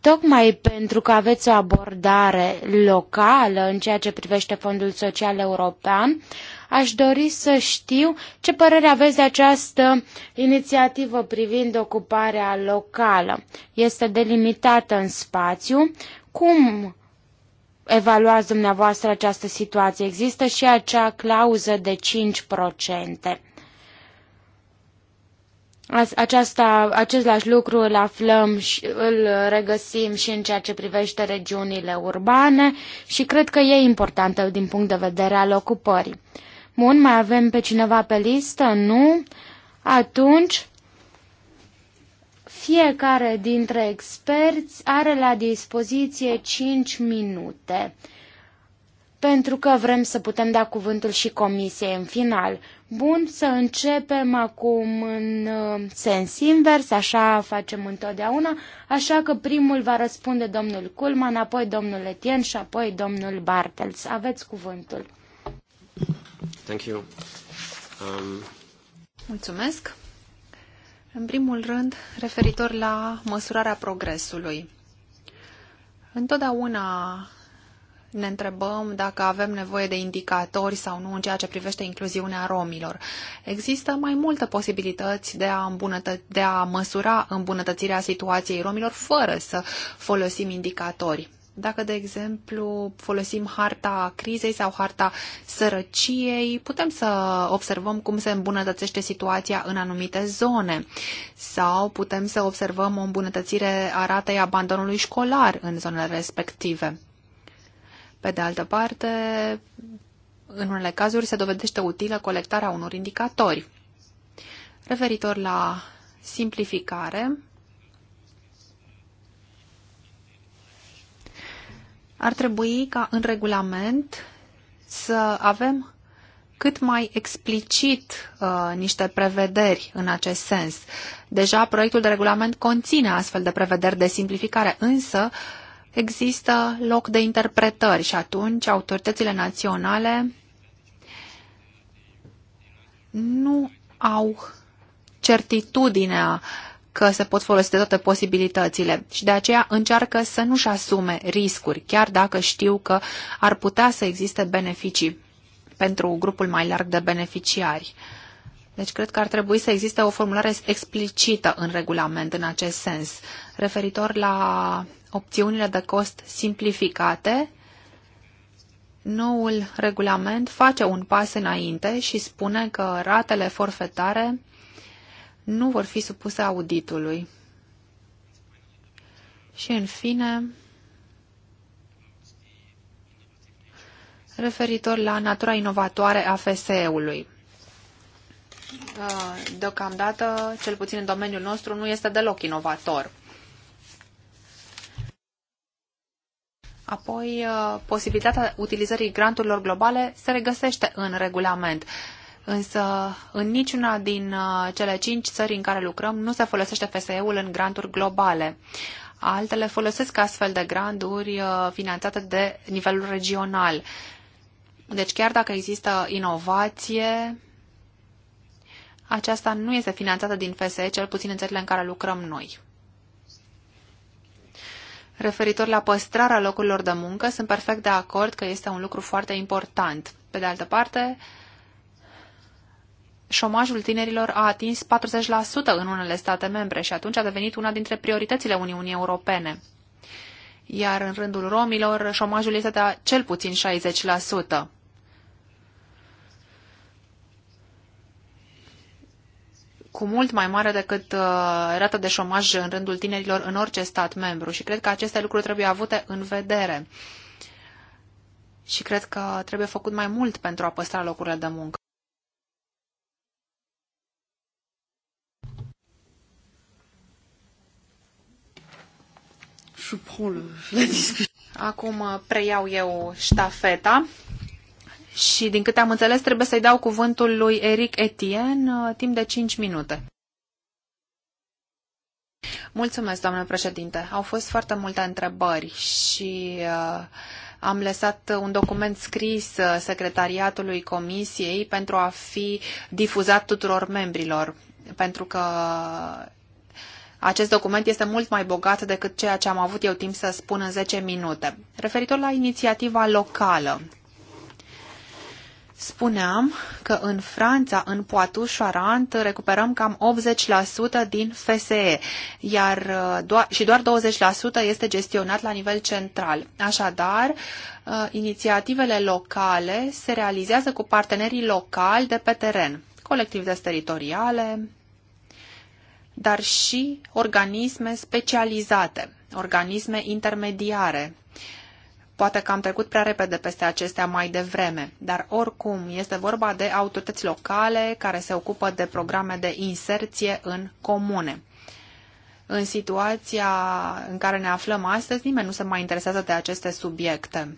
Tocmai pentru că aveți o abordare locală în ceea ce privește Fondul Social European, aș dori să știu ce părere aveți de această inițiativă privind ocuparea locală. Este delimitată în spațiu. Cum evaluați dumneavoastră această situație? Există și acea clauză de 5%. Aceasta, același lucru îl aflăm și îl regăsim și în ceea ce privește regiunile urbane și cred că e importantă din punct de vedere al ocupării. Bun, mai avem pe cineva pe listă? Nu? Atunci fiecare dintre experți are la dispoziție 5 minute, pentru că vrem să putem da cuvântul și comisiei în final. Bun, să începem acum în uh, sens invers, așa facem întotdeauna, așa că primul va răspunde domnul Culman, apoi domnul Etien și apoi domnul Bartels. Aveți cuvântul. Thank you. Um... Mulțumesc. În primul rând, referitor la măsurarea progresului. Întotdeauna ne întrebăm dacă avem nevoie de indicatori sau nu în ceea ce privește incluziunea romilor. Există mai multe posibilități de a, îmbunătă- de a măsura îmbunătățirea situației romilor fără să folosim indicatori. Dacă, de exemplu, folosim harta crizei sau harta sărăciei, putem să observăm cum se îmbunătățește situația în anumite zone sau putem să observăm o îmbunătățire a ratei abandonului școlar în zonele respective. Pe de altă parte, în unele cazuri se dovedește utilă colectarea unor indicatori. Referitor la simplificare, ar trebui ca în regulament să avem cât mai explicit uh, niște prevederi în acest sens. Deja proiectul de regulament conține astfel de prevederi de simplificare, însă există loc de interpretări și atunci autoritățile naționale nu au certitudinea că se pot folosi de toate posibilitățile și de aceea încearcă să nu-și asume riscuri, chiar dacă știu că ar putea să existe beneficii pentru grupul mai larg de beneficiari. Deci cred că ar trebui să existe o formulare explicită în regulament în acest sens, referitor la opțiunile de cost simplificate. Noul regulament face un pas înainte și spune că ratele forfetare nu vor fi supuse auditului. Și în fine, referitor la natura inovatoare a FSE-ului. Uh, deocamdată, cel puțin în domeniul nostru, nu este deloc inovator. Apoi, uh, posibilitatea utilizării granturilor globale se regăsește în regulament. Însă, în niciuna din uh, cele cinci țări în care lucrăm, nu se folosește FSE-ul în granturi globale. Altele folosesc astfel de granturi uh, finanțate de nivelul regional. Deci, chiar dacă există inovație, aceasta nu este finanțată din FSE, cel puțin în țările în care lucrăm noi. Referitor la păstrarea locurilor de muncă, sunt perfect de acord că este un lucru foarte important. Pe de altă parte, uh, șomajul tinerilor a atins 40% în unele state membre și atunci a devenit una dintre prioritățile Uniunii Europene. Iar în rândul romilor, șomajul este de cel puțin 60%. cu mult mai mare decât uh, rata de șomaj în rândul tinerilor în orice stat membru și cred că aceste lucruri trebuie avute în vedere. Și cred că trebuie făcut mai mult pentru a păstra locurile de muncă. je prends le, la discussion. Acum uh, preiau eu ștafeta și din câte am înțeles trebuie să-i dau cuvântul lui Eric Etienne uh, timp de 5 minute. Mulțumesc, doamnă președinte. Au fost foarte multe întrebări și uh, am lăsat un document scris uh, secretariatului comisiei pentru a fi difuzat tuturor membrilor, pentru că acest document este mult mai bogat decât ceea ce am avut eu timp să spun în 10 minute. Referitor la inițiativa locală, spuneam că în Franța, în Poitou-Charentes, recuperăm cam 80% din FSE iar uh, do- și doar 20% este gestionat la nivel central. Așadar, uh, inițiativele locale se realizează cu partenerii locali de pe teren, colectivități teritoriale, dar și organisme specializate, organisme intermediare. Poate că am trecut prea repede peste acestea mai devreme, dar oricum este vorba de autorități locale care se ocupă de programe de inserție în comune. În situația în care ne aflăm astăzi, nimeni nu se mai interesează de aceste subiecte.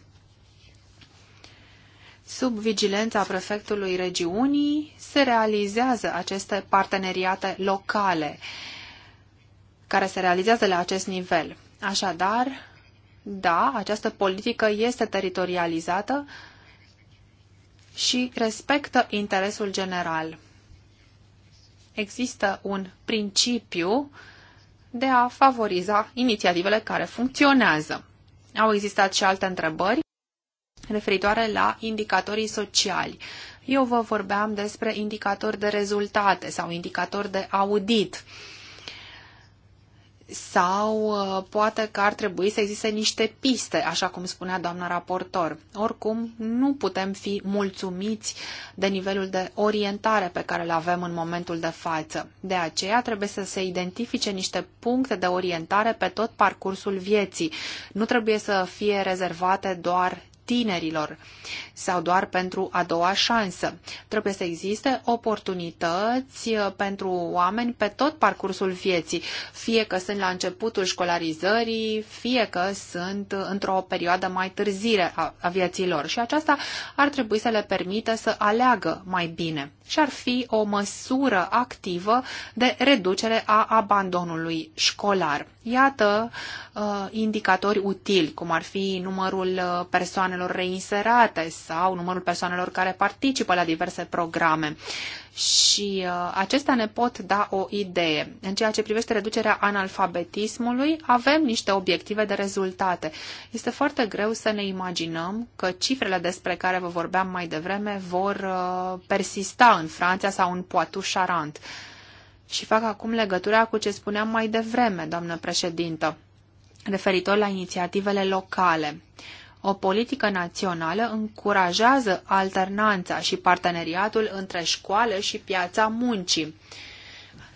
Sub vigilența prefectului regiunii se realizează aceste parteneriate locale care se realizează la acest nivel. Așadar, da, această politică este teritorializată și respectă interesul general. Există un principiu de a favoriza inițiativele care funcționează. Au existat și alte întrebări referitoare la indicatorii sociali. Eu vă vorbeam despre indicatori de rezultate sau indicatori de audit. Sau uh, poate că ar trebui să existe niște piste, așa cum spunea doamna raportor. Oricum, nu putem fi mulțumiți de nivelul de orientare pe care îl avem în momentul de față. De aceea trebuie să se identifice niște puncte de orientare pe tot parcursul vieții. Nu trebuie să fie rezervate doar tinerilor sau doar pentru a doua șansă. Trebuie să existe oportunități uh, pentru oameni pe tot parcursul vieții, fie că sunt la începutul școlarizării, fie că sunt într-o perioadă mai târzire a vieții lor și aceasta ar trebui să le permită să aleagă mai bine și ar fi o măsură activă de reducere a abandonului școlar. Iată uh, indicatori utili, cum ar fi numărul uh, persoanelor reinserate sau numărul persoanelor care participă la diverse programe și uh, acestea ne pot da o idee. În ceea ce privește reducerea analfabetismului, avem niște obiective de rezultate. Este foarte greu să ne imaginăm că cifrele despre care vă vorbeam mai devreme vor uh, persista în Franța sau în Poitou-Charentes. Și fac acum legătura cu ce spuneam mai devreme, doamnă președintă, referitor la inițiativele locale. O politică națională încurajează alternanța și parteneriatul între școală și piața muncii.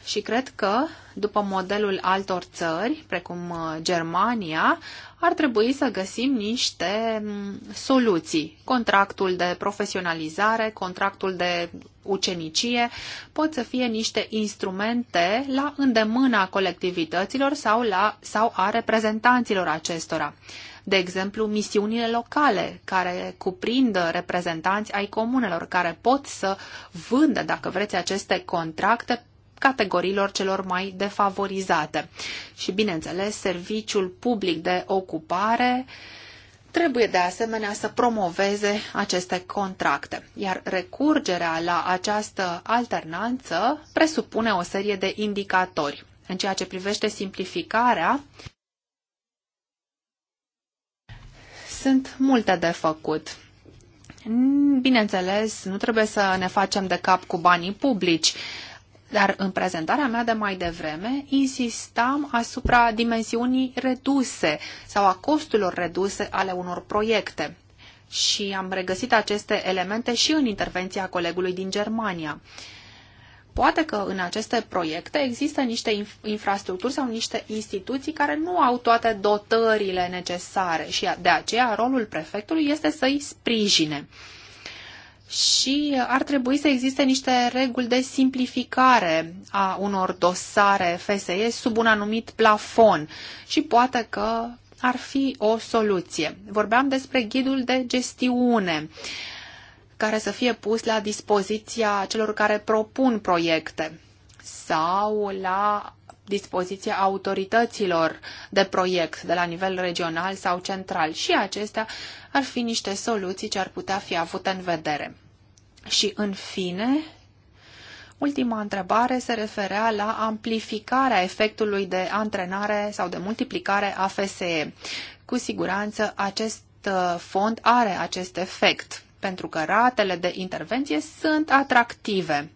Și cred că, după modelul altor țări, precum uh, Germania, ar trebui să găsim niște mm, soluții. Contractul de profesionalizare, contractul de ucenicie pot să fie niște instrumente la îndemâna colectivităților sau, la, sau a reprezentanților acestora. De exemplu, misiunile locale care cuprind reprezentanți ai comunelor care pot să vândă, dacă vreți, aceste contracte categoriilor celor mai defavorizate. Și, bineînțeles, serviciul public de ocupare trebuie de asemenea să promoveze aceste contracte, iar recurgerea la această alternanță presupune o serie de indicatori. În ceea ce privește simplificarea, Sunt multe de făcut. Bineînțeles, nu trebuie să ne facem de cap cu banii publici, dar în prezentarea mea de mai devreme insistam asupra dimensiunii reduse sau a costurilor reduse ale unor proiecte. Și am regăsit aceste elemente și în intervenția colegului din Germania. Uh, Poate că în aceste proiecte există niște infrastructuri sau niște instituții care nu au toate dotările necesare și de aceea rolul prefectului este să-i sprijine. Și ar trebui să existe niște reguli de simplificare a unor dosare FSE sub un anumit plafon și poate că ar fi o soluție. Vorbeam despre ghidul de gestiune. Uh, care să fie pus la dispoziția celor care propun proiecte sau la dispoziția autorităților de proiect de la nivel regional sau central și acestea ar fi niște soluții ce ar putea fi avute în vedere. Și în fine, ultima întrebare se referea la amplificarea efectului de antrenare sau de multiplicare a FSE. Cu siguranță acest uh, fond are acest efect pentru că ratele de intervenție sunt atractive.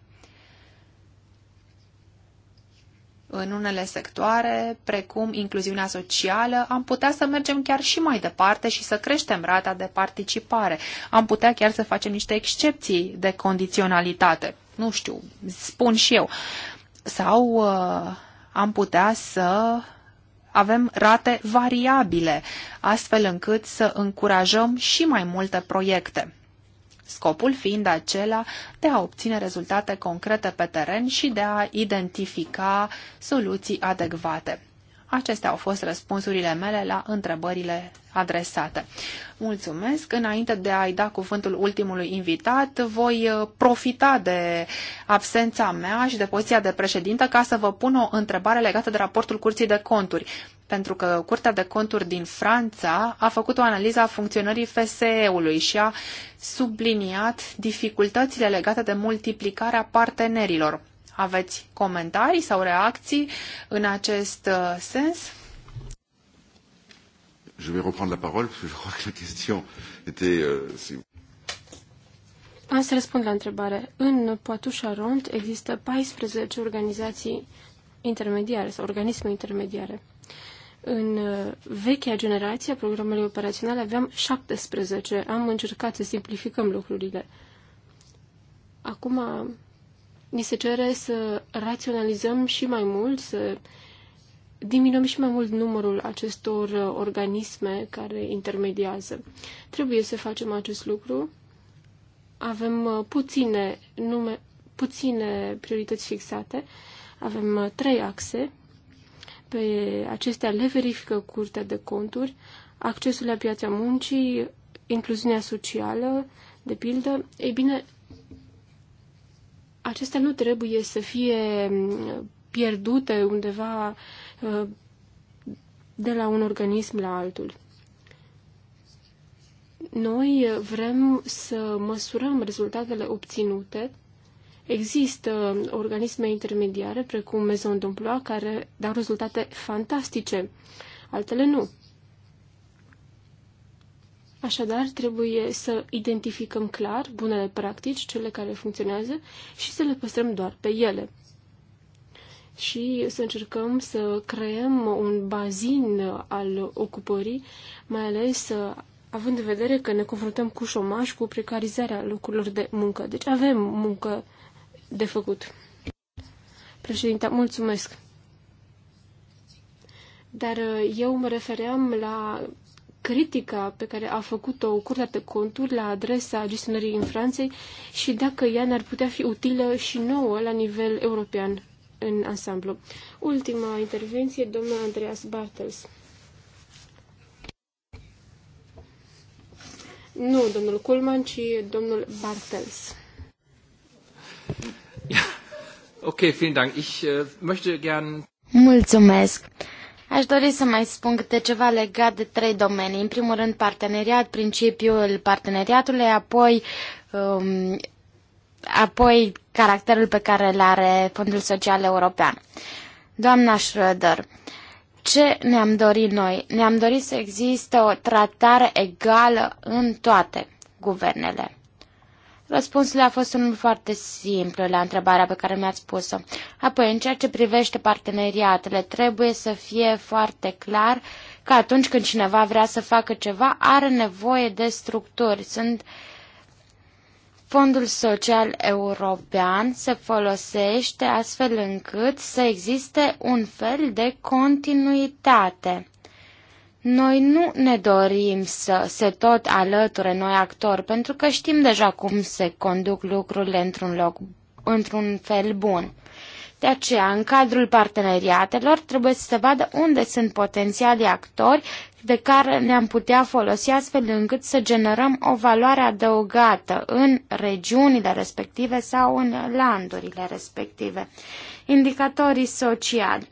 În unele sectoare, precum incluziunea socială, am putea să mergem chiar și mai departe și să creștem rata de participare. Am putea chiar să facem niște excepții de condiționalitate. Nu știu, spun și eu. Sau uh, am putea să avem rate variabile, astfel încât să încurajăm și mai multe proiecte scopul fiind acela de a obține rezultate concrete pe teren și de a identifica soluții adecvate. Acestea au fost răspunsurile mele la întrebările adresate. Mulțumesc. Înainte de a-i da cuvântul ultimului invitat, voi uh, profita de absența mea și de poziția de președintă ca să vă pun o întrebare legată de raportul Curții de Conturi. Pentru că Curtea de Conturi din Franța a făcut o analiză a funcționării FSE-ului și a subliniat dificultățile legate de multiplicarea partenerilor aveți comentarii sau reacții în acest uh, sens? Je vais reprendre la parole parce que je crois que la question était euh, Am să răspund la întrebare. În Poatușa Rond există 14 organizații intermediare sau organisme intermediare. În uh, vechea generație a programului operaționale aveam 17. Am încercat să simplificăm lucrurile. Acum ni se cere să raționalizăm și mai mult, să diminuăm și mai mult numărul acestor uh, organisme care intermediază. Trebuie să facem acest lucru. Avem uh, puține, nume, puține priorități fixate. Avem uh, trei axe. Pe acestea le verifică Curtea de Conturi, accesul la piața muncii, incluziunea socială, de pildă. Ei bine, acestea nu trebuie să fie mm, pierdute undeva uh, de la un organism la altul. Noi vrem să măsurăm rezultatele obținute. Există organisme intermediare, precum Maison d'Emploi, care dau rezultate fantastice, altele nu. Așadar, trebuie să identificăm clar bunele practici, cele care funcționează, și să le păstrăm doar pe ele. Și să încercăm să creăm un bazin al ocupării, mai ales uh, având în vedere că ne confruntăm cu șomaș, cu precarizarea locurilor de muncă. Deci avem muncă de făcut. Președinte, mulțumesc. Dar uh, eu mă refeream la critica pe care a făcut-o Curtea de Conturi la adresa gestionării în Franței și dacă ea n ar putea fi utilă și nouă la nivel european în ansamblu. Ultima intervenție, domnul Andreas Bartels. Nu domnul Kulman, ci domnul Bartels. Ok, vielen Dank. Ich uh, möchte gern Mulțumesc. Aș dori să mai spun câte ceva legat de trei domenii. În primul rând, parteneriat, principiul parteneriatului, apoi, um, apoi caracterul pe care îl are Fondul Social European. Doamna Schröder, ce ne-am dorit noi? Ne-am dorit să existe o tratare egală în toate guvernele. Răspunsul a fost unul foarte simplu la întrebarea pe care mi-ați pus-o. Apoi, în ceea ce privește parteneriatele, trebuie să fie foarte clar că atunci când cineva vrea să facă ceva, are nevoie de structuri. Sunt Fondul Social European se folosește astfel încât să existe un fel de continuitate. Noi nu ne dorim să se tot alăture noi actori, pentru că știm deja cum se conduc lucrurile într-un loc, într-un fel bun. De aceea, în cadrul parteneriatelor, trebuie să se vadă unde sunt potențialii actori de care ne-am putea folosi astfel încât să generăm o valoare adăugată în regiunile respective sau în landurile respective. Indicatorii sociali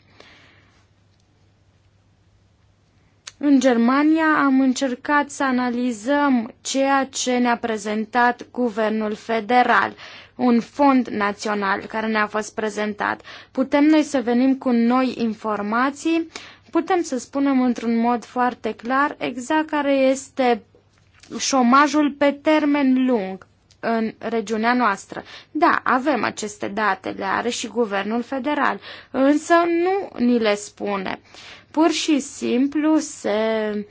În Germania am încercat să analizăm ceea ce ne-a prezentat guvernul federal, un fond național care ne-a fost prezentat. Putem noi să venim cu noi informații, putem să spunem într-un mod foarte clar exact care este șomajul pe termen lung în regiunea noastră. Da, avem aceste date, le are și guvernul federal, însă nu ni le spune. Pur și simplu se uh,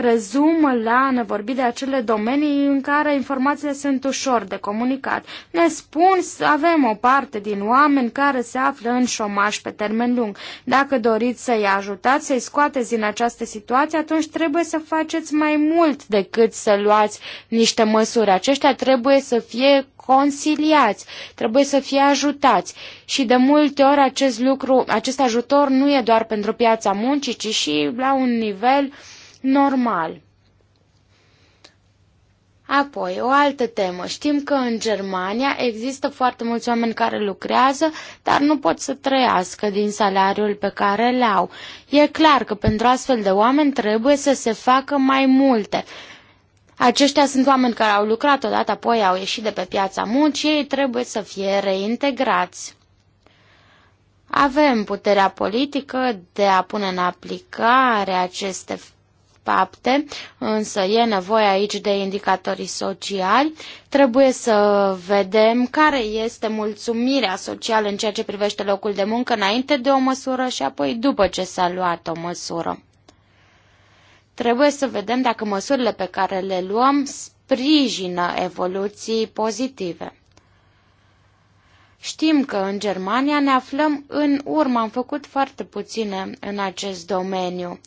rezumă la ne vorbi de acele domenii în care informațiile sunt ușor de comunicat. Ne spun să avem o parte din oameni care se află în șomaș pe termen lung. Dacă doriți să-i ajutați, să-i scoateți din această situație, atunci trebuie să faceți mai mult decât să luați niște măsuri. Aceștia trebuie să fie consiliați, trebuie să fie ajutați. Și de multe ori acest lucru, acest ajutor nu e doar pentru piața muncii, ci și la un nivel uh, normal. Apoi, o altă temă. Știm că în Germania există foarte mulți oameni care lucrează, dar nu pot să trăiască din salariul pe care le au. E clar că pentru astfel de oameni trebuie să se facă mai multe. Aceștia sunt oameni care au lucrat odată, apoi au ieșit de pe piața muncii, ei trebuie să fie reintegrați. Avem puterea politică de a pune în aplicare aceste fapte, însă e nevoie aici de indicatorii sociali. Trebuie să vedem care este mulțumirea socială în ceea ce privește locul de muncă înainte de o măsură și apoi după ce s-a luat o măsură. Trebuie să vedem dacă măsurile pe care le luăm sprijină evoluții pozitive. Știm că în Germania ne aflăm în urmă, am făcut foarte puține în acest domeniu.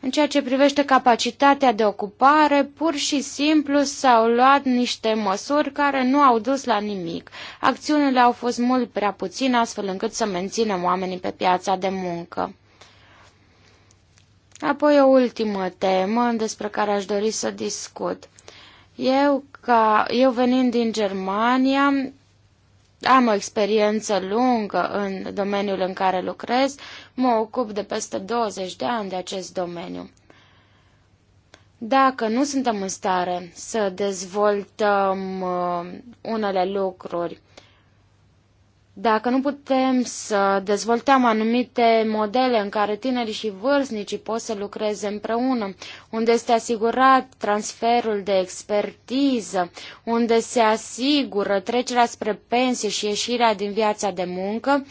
În ceea ce privește capacitatea de ocupare, pur și simplu s-au luat niște măsuri care nu au dus la nimic. Acțiunile au fost mult prea puține, astfel încât să menținem oamenii pe piața de muncă. Apoi o ultimă temă despre care aș dori să discut. Eu, ca, eu venind din Germania, am o experiență lungă în domeniul în care lucrez, mă ocup de peste 20 de ani de acest domeniu. Dacă nu suntem în stare să dezvoltăm uh, unele lucruri dacă nu putem să dezvoltăm anumite modele în care tinerii și vârstnicii pot să lucreze împreună, unde este asigurat transferul de expertiză, unde se asigură trecerea spre pensie și ieșirea din viața de muncă,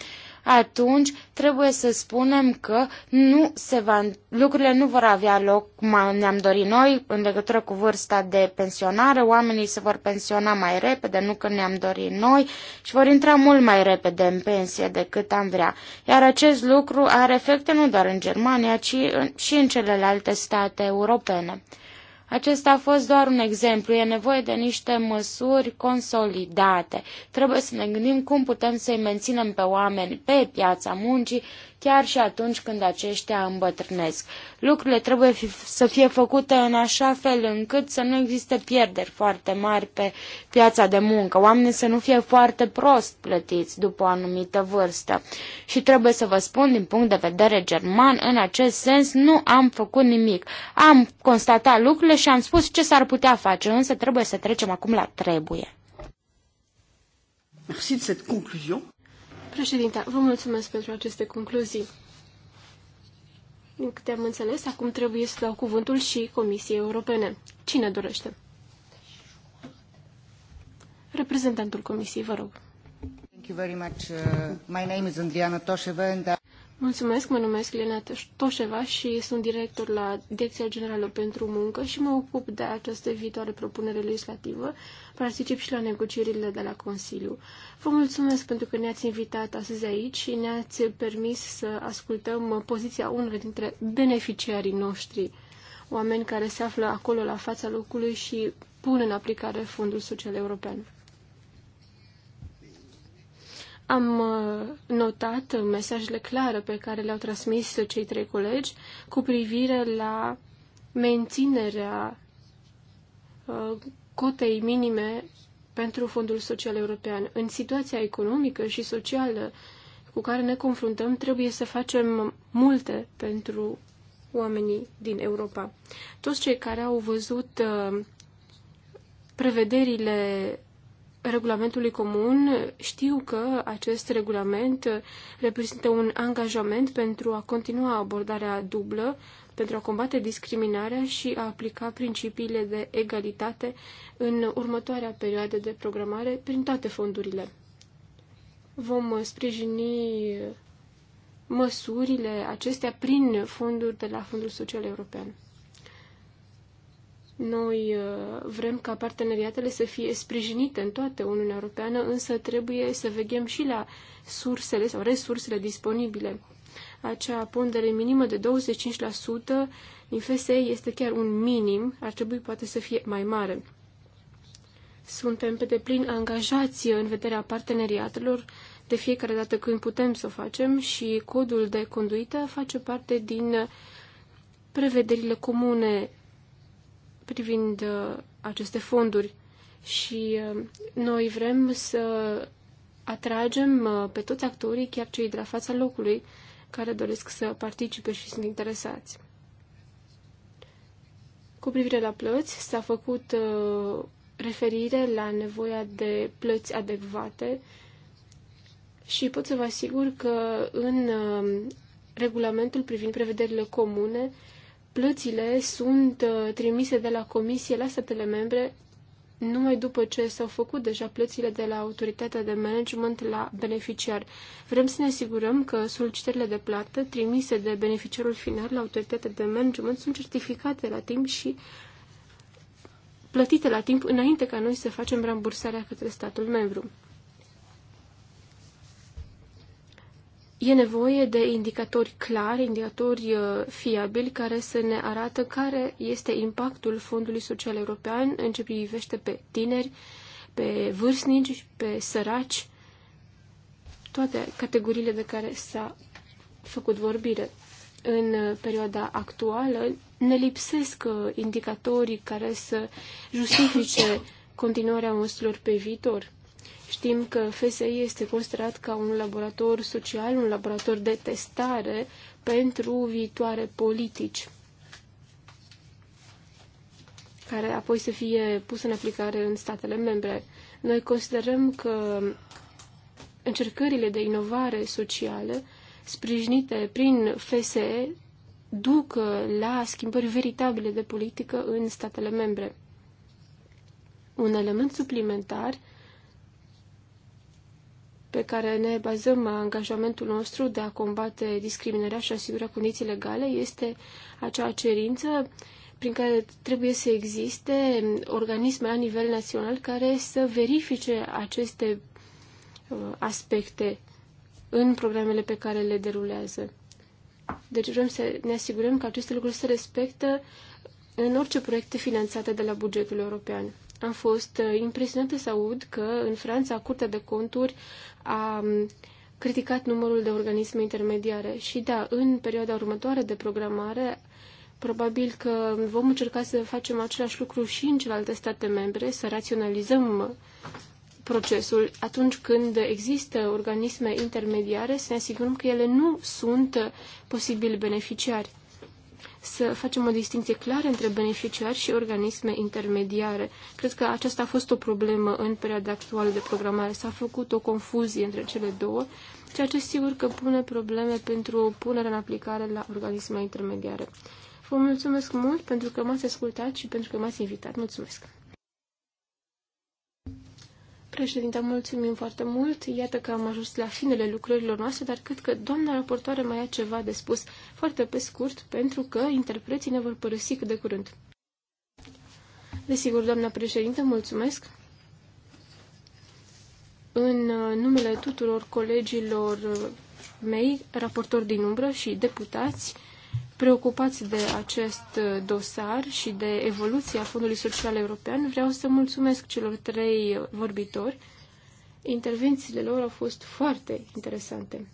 atunci trebuie să spunem că nu se va, lucrurile nu vor avea loc cum ne-am dorit noi în legătură cu vârsta de pensionare. Oamenii se vor pensiona mai repede, nu că ne-am dorit noi, și vor intra mult mai repede în pensie decât am vrea. Iar acest lucru are efecte nu doar în Germania, ci și în celelalte state europene. Acesta a fost doar un exemplu. E nevoie de niște măsuri consolidate. Trebuie să ne gândim cum putem să-i menținem pe oameni pe piața muncii chiar și atunci când aceștia îmbătrânesc. Lucrurile trebuie fi, să fie făcute în așa fel încât să nu existe pierderi foarte mari pe piața de muncă, oamenii să nu fie foarte prost plătiți după o anumită vârstă. Și trebuie să vă spun, din punct de vedere german, în acest sens nu am făcut nimic. Am constatat lucrurile și am spus ce s-ar putea face, însă trebuie să trecem acum la trebuie. Merci de cette conclusion. Președinte, vă mulțumesc pentru aceste concluzii. Din câte am înțeles, acum trebuie să dau cuvântul și Comisiei Europene. Cine dorește? Reprezentantul Comisiei, vă rog. Thank you very much. Uh, my name is Andriana Toșeva and Mulțumesc, mă numesc Lena Toșeva și sunt director la Direcția Generală pentru Muncă și mă ocup de această viitoare propunere legislativă. Particip și la negocierile de la Consiliu. Vă mulțumesc pentru că ne-ați invitat astăzi aici și ne-ați permis să ascultăm poziția unor dintre beneficiarii noștri, oameni care se află acolo la fața locului și pun în aplicare Fondul Social European. Am uh, notat mesajele clare pe care le-au transmis cei trei colegi cu privire la menținerea uh, cotei minime pentru Fondul Social European. În situația economică și socială cu care ne confruntăm, trebuie să facem multe pentru oamenii din Europa. Toți cei care au văzut uh, prevederile regulamentului comun, știu că acest regulament reprezintă un angajament pentru a continua abordarea dublă, pentru a combate discriminarea și a aplica principiile de egalitate în următoarea perioadă de programare prin toate fondurile. Vom sprijini măsurile acestea prin fonduri de la Fondul Social European. Noi uh, vrem ca parteneriatele să fie sprijinite în toată Uniunea Europeană, însă trebuie să veghem și la sursele sau resursele disponibile. Acea pondere minimă de 25% din FSE este chiar un minim, ar trebui poate să fie mai mare. Suntem pe deplin angajați în vederea parteneriatelor de fiecare dată când putem să o facem și codul de conduită face parte din prevederile comune privind uh, aceste fonduri și uh, noi vrem să atragem uh, pe toți actorii, chiar cei de la fața locului, care doresc să participe și sunt interesați. Cu privire la plăți, s-a făcut referire la nevoia de plăți adecvate și pot să vă asigur că în regulamentul privind prevederile comune plățile sunt uh, trimise de la Comisie la statele membre numai după ce s-au făcut deja plățile de la autoritatea de management la beneficiar. Vrem să ne asigurăm că solicitările de plată trimise de beneficiarul final la autoritatea de management sunt certificate la timp și plătite la timp înainte ca noi să facem rambursarea către statul membru. E nevoie de indicatori clari, indicatori uh, fiabili care să ne arată care este impactul Fondului Social European în ce privește pe tineri, pe vârstnici, pe săraci, toate categoriile de care s-a făcut vorbire. În uh, perioada actuală ne lipsesc uh, indicatorii care să justifice continuarea măsurilor pe viitor. Știm că FSI este considerat ca un laborator social, un laborator de testare pentru viitoare politici, care apoi să fie pus în aplicare în statele membre. Noi considerăm că încercările de inovare socială sprijinite prin FSE duc la schimbări veritabile de politică în statele membre. Un element suplimentar pe care ne bazăm angajamentul nostru de a combate discriminarea și asigura condiții legale este acea cerință prin care trebuie să existe organisme la nivel național care să verifice aceste uh, aspecte în programele pe care le derulează. Deci vrem să ne asigurăm că aceste lucruri se respectă în orice proiecte finanțate de la bugetul european. Am fost uh, impresionată să aud că în Franța Curtea de Conturi a um, criticat numărul de organisme intermediare și da, în perioada următoare de programare probabil că vom încerca să facem același lucru și în celelalte state membre, să raționalizăm procesul atunci când există organisme intermediare, să ne asigurăm că ele nu sunt posibil beneficiari să facem o distinție clară între beneficiari și organisme intermediare. Cred că aceasta a fost o problemă în perioada actuală de programare. S-a făcut o confuzie între cele două, ceea ce sigur că pune probleme pentru punerea în aplicare la organisme intermediare. Vă mulțumesc mult pentru că m-ați ascultat și pentru că m-ați invitat. Mulțumesc! Președinte, mulțumim foarte mult. Iată că am ajuns la finele lucrărilor noastre, dar cred că doamna raportoare mai a ceva de spus foarte pe scurt, pentru că interpreții ne vor părăsi cât de curând. Desigur, doamna președinte, mulțumesc. În uh, numele tuturor colegilor uh, mei, raportori din umbră și deputați, preocupați de acest dosar și de evoluția Fondului Social European, vreau să mulțumesc celor trei vorbitori. Intervențiile lor au fost foarte interesante.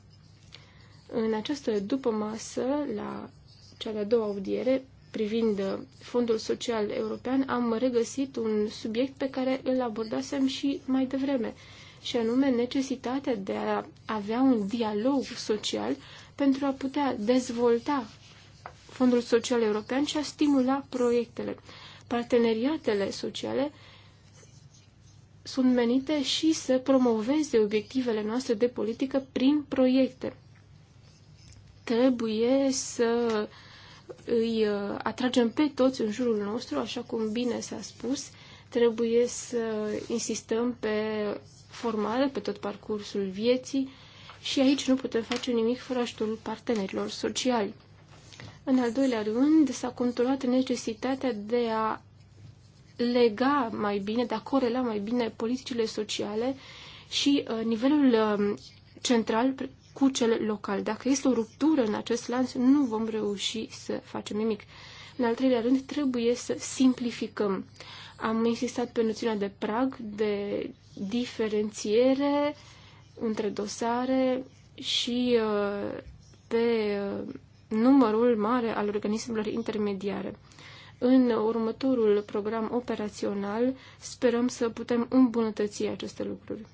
În această masă, la cea de-a doua audiere, privind Fondul Social European, am regăsit un subiect pe care îl abordasem și mai devreme, și anume necesitatea de a avea un dialog social pentru a putea dezvolta Fondul Social European și a stimula proiectele. Parteneriatele sociale sunt menite și să promoveze obiectivele noastre de politică prin proiecte. Trebuie să îi uh, atragem pe toți în jurul nostru, așa cum bine s-a spus, trebuie să insistăm pe formare pe tot parcursul vieții și aici nu putem face nimic fără ajutorul partenerilor sociali. În al doilea rând, s-a controlat necesitatea de a lega mai bine, de a corela mai bine politicile sociale și uh, nivelul um, central cu cel local. Dacă este o ruptură în acest lanț, nu vom reuși să facem nimic. În al treilea rând, trebuie să simplificăm. Am insistat pe noțiunea de prag, de diferențiere între dosare și uh, pe uh, numărul mare al organismelor intermediare. În următorul program operațional sperăm să putem îmbunătăți aceste lucruri.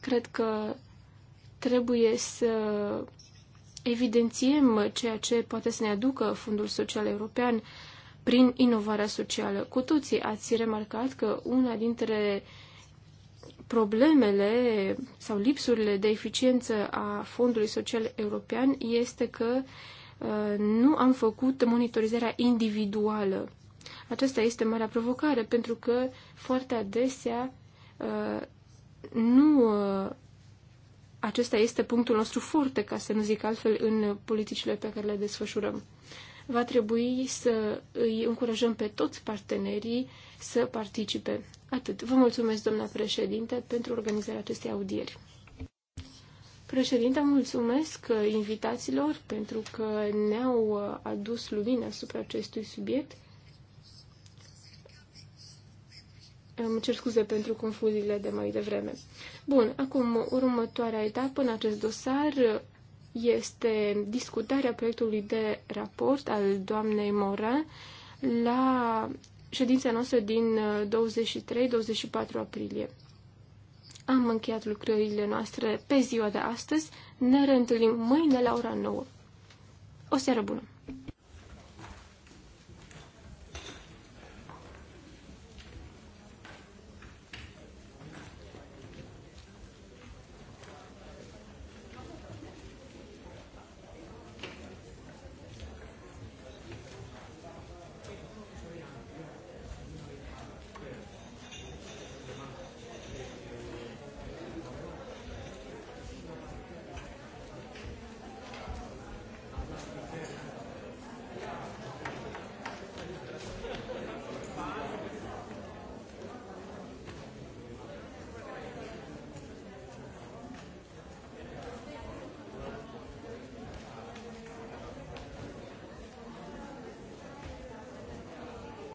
Cred că trebuie să evidențiem ceea ce poate să ne aducă fundul Social European prin inovarea socială. Cu toții ați remarcat că una dintre uh, problemele sau lipsurile de eficiență a Fondului Social European este că uh, nu am făcut monitorizarea individuală. Aceasta este marea provocare, pentru că foarte adesea uh, nu uh, acesta este punctul nostru foarte, ca să nu zic altfel, în politicile pe care le desfășurăm va trebui să îi încurajăm pe toți partenerii să participe. Atât. Vă mulțumesc, doamna președinte, pentru organizarea acestei audieri. Președinte, mulțumesc invitațiilor pentru că ne-au adus lumină asupra acestui subiect. Îmi cer scuze pentru confuziile de mai devreme. Bun, acum următoarea etapă în acest dosar este discutarea proiectului de raport al doamnei Mora la ședința noastră din 23-24 uh, aprilie. Am încheiat lucrările noastre pe ziua de astăzi. Ne reîntâlnim mâine la ora 9. O seară bună!